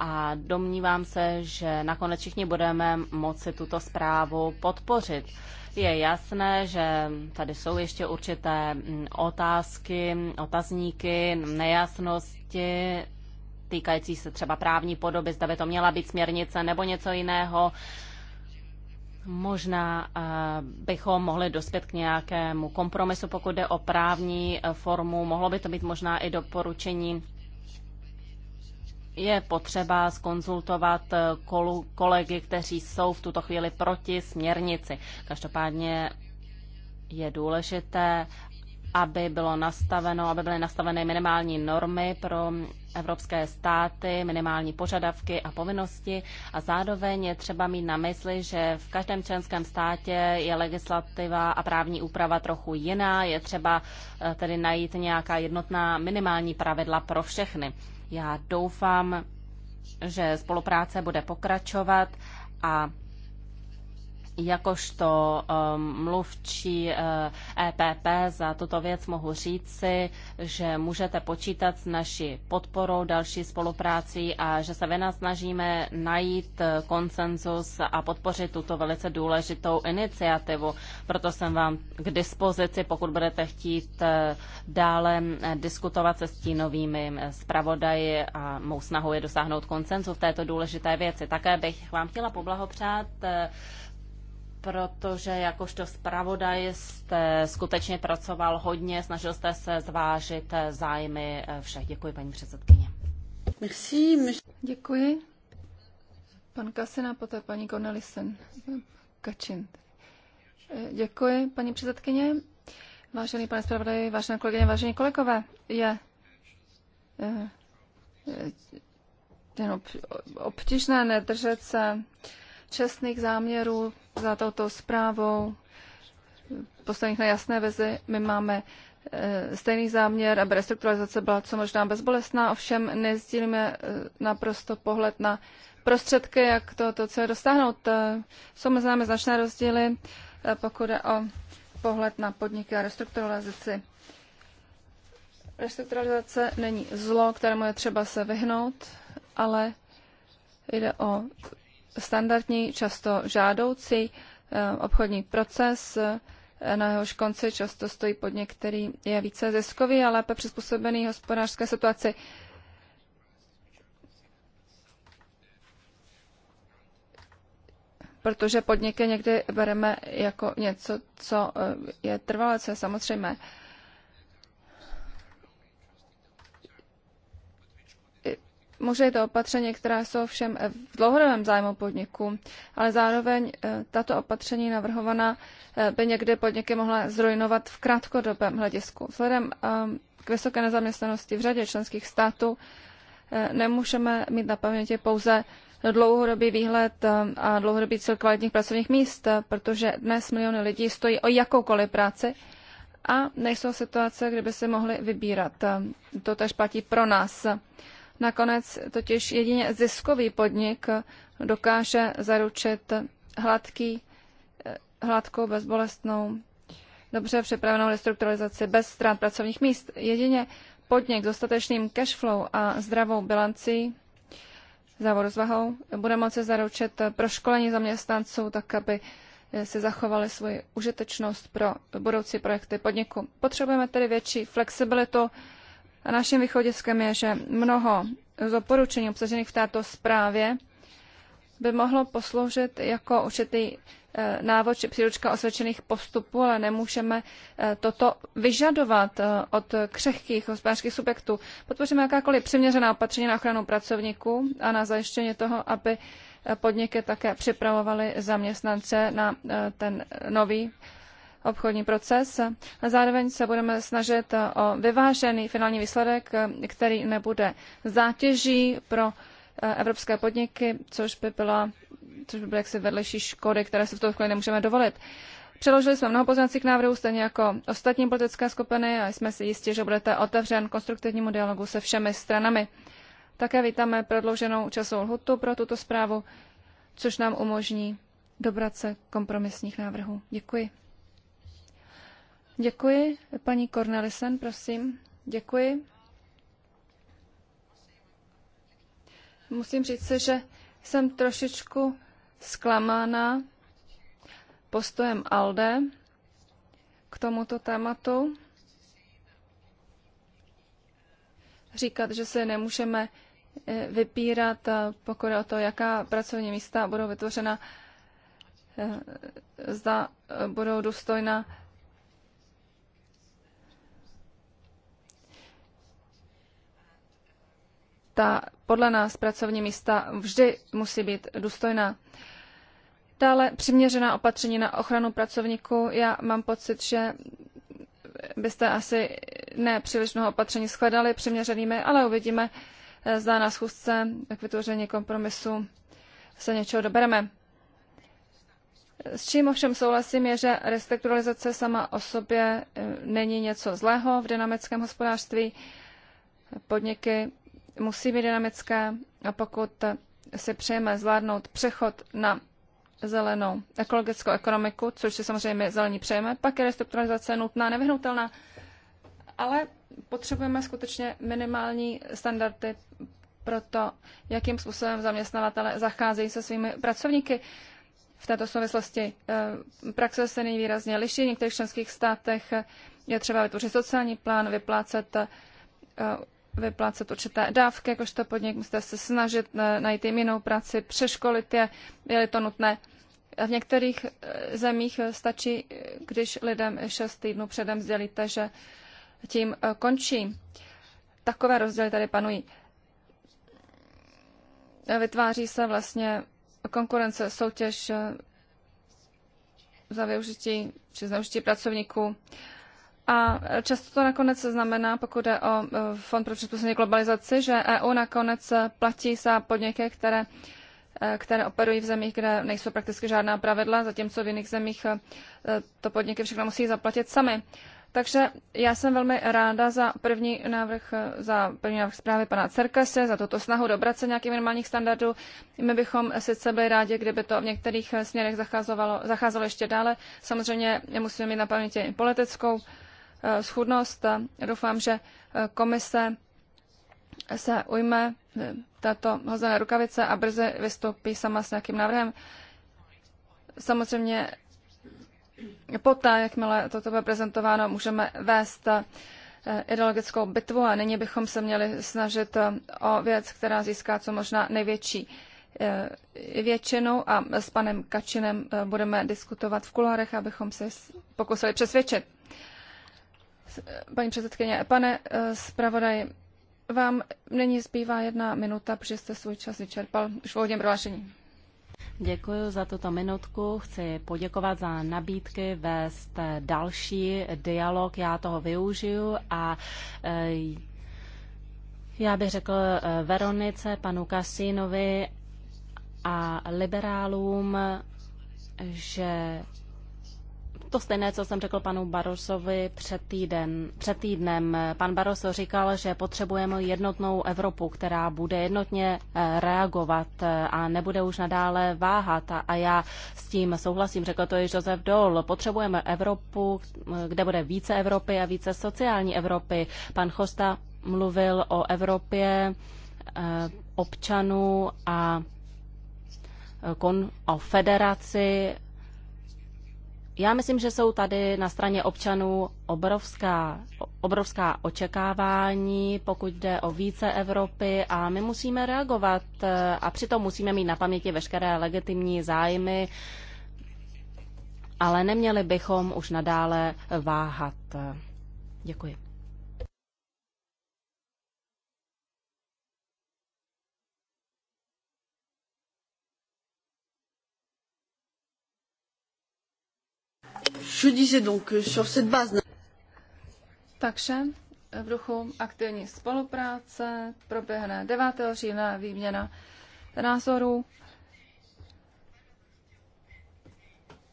a domnívám se, že nakonec všichni budeme moci tuto zprávu podpořit. Je jasné, že tady jsou ještě určité mm, otázky, otazníky, nejasnosti týkající se třeba právní podoby, zda by to měla být směrnice nebo něco jiného. Možná eh, bychom mohli dospět k nějakému kompromisu, pokud jde o právní eh, formu. Mohlo by to být možná i doporučení je potřeba skonzultovat eh, kolegy, kteří jsou v tuto chvíli proti směrnici. Každopádně je důležité, aby bylo nastaveno, aby byly nastaveny minimální normy pro evropské státy, minimální požadavky a povinnosti a zároveň je třeba mít na mysli, že v každém členském státě je legislativa a právní úprava trochu jiná, je třeba eh, tedy najít nějaká jednotná minimální pravidla pro všechny. Já doufám, že spolupráce bude pokračovat a Jakožto um, mluvčí uh, EPP za tuto věc mohu říci, že můžete počítat s naší podporou, další spoluprácí a že se snažíme najít uh, konsenzus a podpořit tuto velice důležitou iniciativu. Proto jsem vám k dispozici, pokud budete chtít uh, dále diskutovat se stínovými zpravodaji a mou snahu je dosáhnout konsenzu v této důležité věci. Také bych vám chtěla poblahopřát protože jakožto zpravodaj jste skutečně pracoval hodně, snažil jste se zvážit zájmy eh, všech. Děkuji, paní předsedkyně. Merci. Děkuji. Pan Kasina, poté paní Cornelisen. Kačin. Eh, děkuji, paní předsedkyně. Vážený pane zpravodaji, vážené kolegyně, vážení kolegové, je, je eh, jen obtížné nedržet se čestných záměrů za touto zprávou, postavených na jasné vezi, My máme eh, stejný záměr, aby restrukturalizace byla co možná bezbolestná, ovšem nezdílíme eh, naprosto pohled na prostředky, jak to, to co dosáhnout. Eh, jsou mezi námi značné rozdíly, pokud je o pohled na podniky a restrukturalizaci. Restrukturalizace není zlo, kterému je třeba se vyhnout, ale jde o standardní, často žádoucí eh, obchodní proces, eh, na jehož konci často stojí podnik, který je více ziskový a lépe přizpůsobený hospodářské situaci. Protože podniky někdy bereme jako něco, co eh, je trvalé, co je samozřejmé. Možná je to opatření, která jsou všem v dlouhodobém zájmu podniku, ale zároveň eh, tato opatření navrhovaná eh, by někdy podniky mohla zrujnovat v krátkodobém hledisku. Vzhledem eh, k vysoké nezaměstnanosti v řadě členských států nemůžeme mít na paměti pouze dlouhodobý výhled a dlouhodobý cíl kvalitních pracovních míst, protože dnes miliony lidí stojí o jakoukoliv práci a nejsou situace, kde by si mohli vybírat. To tež platí pro nás. Nakonec totiž jedině ziskový podnik dokáže zaručit hladký, eh, hladkou, bezbolestnou, dobře připravenou restrukturalizaci bez ztrát pracovních míst. Jedině podnik s dostatečným cashflow a zdravou bilancí za rozvahou bude moci zaručit proškolení zaměstnanců tak, aby eh, si zachovali svoji užitečnost pro budoucí projekty podniku. Potřebujeme tedy větší flexibilitu a naším východiskem je, že mnoho z oporučení, obsažených v této zprávě by mohlo posloužit jako určitý eh, návod či příručka osvědčených postupů, ale nemůžeme eh, toto vyžadovat eh, od křehkých hospodářských subjektů. Podpoříme jakákoliv přiměřená opatření na ochranu pracovníků a na zajištění toho, aby podniky také připravovaly zaměstnance na ten nový obchodní proces. Zároveň se budeme snažit o vyvážený finální výsledek, který nebude zátěží pro eh, evropské podniky, což by byla což by byly jaksi vedlejší škody, které se v tuto chvíli nemůžeme dovolit. Přeložili jsme mnoho pozměňovacích návrhů, stejně jako ostatní politické skupiny a jsme si jistí, že budete otevřen konstruktivnímu dialogu se všemi stranami. Také vítáme prodlouženou časovou lhutu pro tuto zprávu, což nám umožní dobrat se kompromisních návrhů. Děkuji. Děkuji. Paní Cornelisen, prosím. Děkuji. Musím říct že jsem trošičku zklamána postojem ALDE k tomuto tématu. Říkat, že se nemůžeme eh, vypírat, pokud o to, jaká pracovní místa budou vytvořena, eh, zda budou důstojná ta podle nás pracovní místa vždy musí být důstojná. Dále přiměřená opatření na ochranu pracovníků. Já mám pocit, že byste asi ne příliš mnoho opatření shledali přiměřenými, ale uvidíme, eh, zda na schůzce k vytvoření kompromisu se něčeho dobereme. S čím ovšem souhlasím je, že restrukturalizace sama o sobě eh, není něco zlého v dynamickém hospodářství. Podniky musí být dynamické a pokud si přejeme zvládnout přechod na zelenou ekologickou ekonomiku, což si samozřejmě zelení přejeme, pak je restrukturalizace nutná, nevyhnutelná, ale potřebujeme skutečně minimální standardy pro to, jakým způsobem zaměstnavatele zacházejí se svými pracovníky. V této souvislosti eh, praxe se nyní výrazně liší. V některých členských státech je třeba vytvořit sociální plán, vyplácet eh, vyplácet určité dávky, jakožto podnik musíte se snažit eh, najít jim jinou práci, přeškolit je, je-li to nutné. V některých eh, zemích eh, stačí, když lidem 6 týdnů předem sdělíte, že tím končí. Takové rozdíly tady panují. Vytváří se vlastně konkurence, soutěž za využití či zneužití pracovníků. A často to nakonec znamená, pokud je o eh, Fond pro přizpůsobení globalizaci, že EU nakonec eh, platí za podniky, které, eh, které operují v zemích, kde nejsou prakticky žádná pravidla, zatímco v jiných zemích to podniky všechno musí zaplatit sami. Takže já jsem velmi ráda za první návrh, za první návrh zprávy pana Cerkase, za tuto snahu dobrat se nějakých minimálních standardů. My bychom sice byli rádi, kdyby to v některých směrech zacházelo, zacházelo ještě dále. Samozřejmě musíme mít na paměti politickou schudnost. Doufám, že eh, komise se ujme eh, této hozené rukavice a brzy vystoupí sama s nějakým návrhem. Samozřejmě poté, jakmile toto bude prezentováno, můžeme vést eh, ideologickou bitvu a nyní bychom se měli snažit o věc, která získá co možná největší většinu a s panem Kačinem budeme diskutovat v kuloarech, abychom se pokusili přesvědčit. Paní předsedkyně, pane eh, zpravodaj, vám není zbývá jedna minuta, protože jste svůj čas vyčerpal už v úvodním prohlášení. Děkuji za tuto minutku. Chci poděkovat za nabídky vést další dialog. Já toho využiju a eh, já bych řekl eh, Veronice, panu Kasínovi a liberálům, že to stejné, co jsem řekl panu Barosovi před, týden, před týdnem. Pan Baroso říkal, že potřebujeme jednotnou Evropu, která bude jednotně eh, reagovat eh, a nebude už nadále váhat. A já s tím souhlasím, řekl to i Josef Dol. Potřebujeme Evropu, eh, kde bude více Evropy a více sociální Evropy. Pan Chosta mluvil o Evropě občanů a kon, o federaci já myslím, že jsou tady na straně občanů obrovská, obrovská očekávání, pokud jde o více Evropy a my musíme reagovat eh, a přitom musíme mít na paměti veškeré legitimní zájmy, ale neměli bychom už nadále váhat. Děkuji. Je disais donc euh, sur cette base. Takže eh, v duchu aktivní spolupráce proběhne 9. října výměna názorů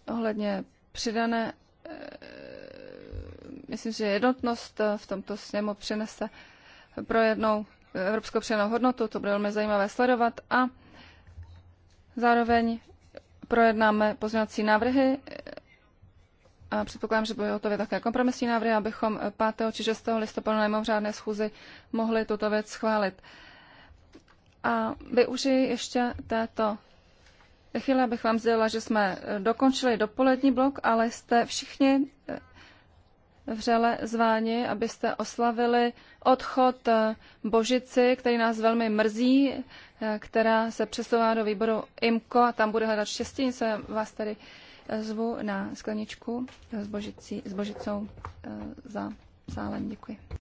ohledně přidané, eh, myslím, že jednotnost eh, v tomto sněmu přinese pro jednou evropskou přidanou hodnotu, to bude velmi zajímavé sledovat a zároveň projednáme pozměňovací návrhy, a předpokládám, že budou to také kompromisní návrhy, abychom 5. či 6. listopadu na mimořádné schůzi mohli tuto věc schválit. A využiji ještě této chvíle, abych vám sdělila, že jsme dokončili dopolední blok, ale jste všichni eh, vřele zváni, abyste oslavili odchod eh, Božici, který nás velmi mrzí, eh, která se přesouvá do výboru IMKO a tam bude hledat štěstí. Se vás tady zvu na skleničku s, božicí, s božicou eh, za sálem. Děkuji.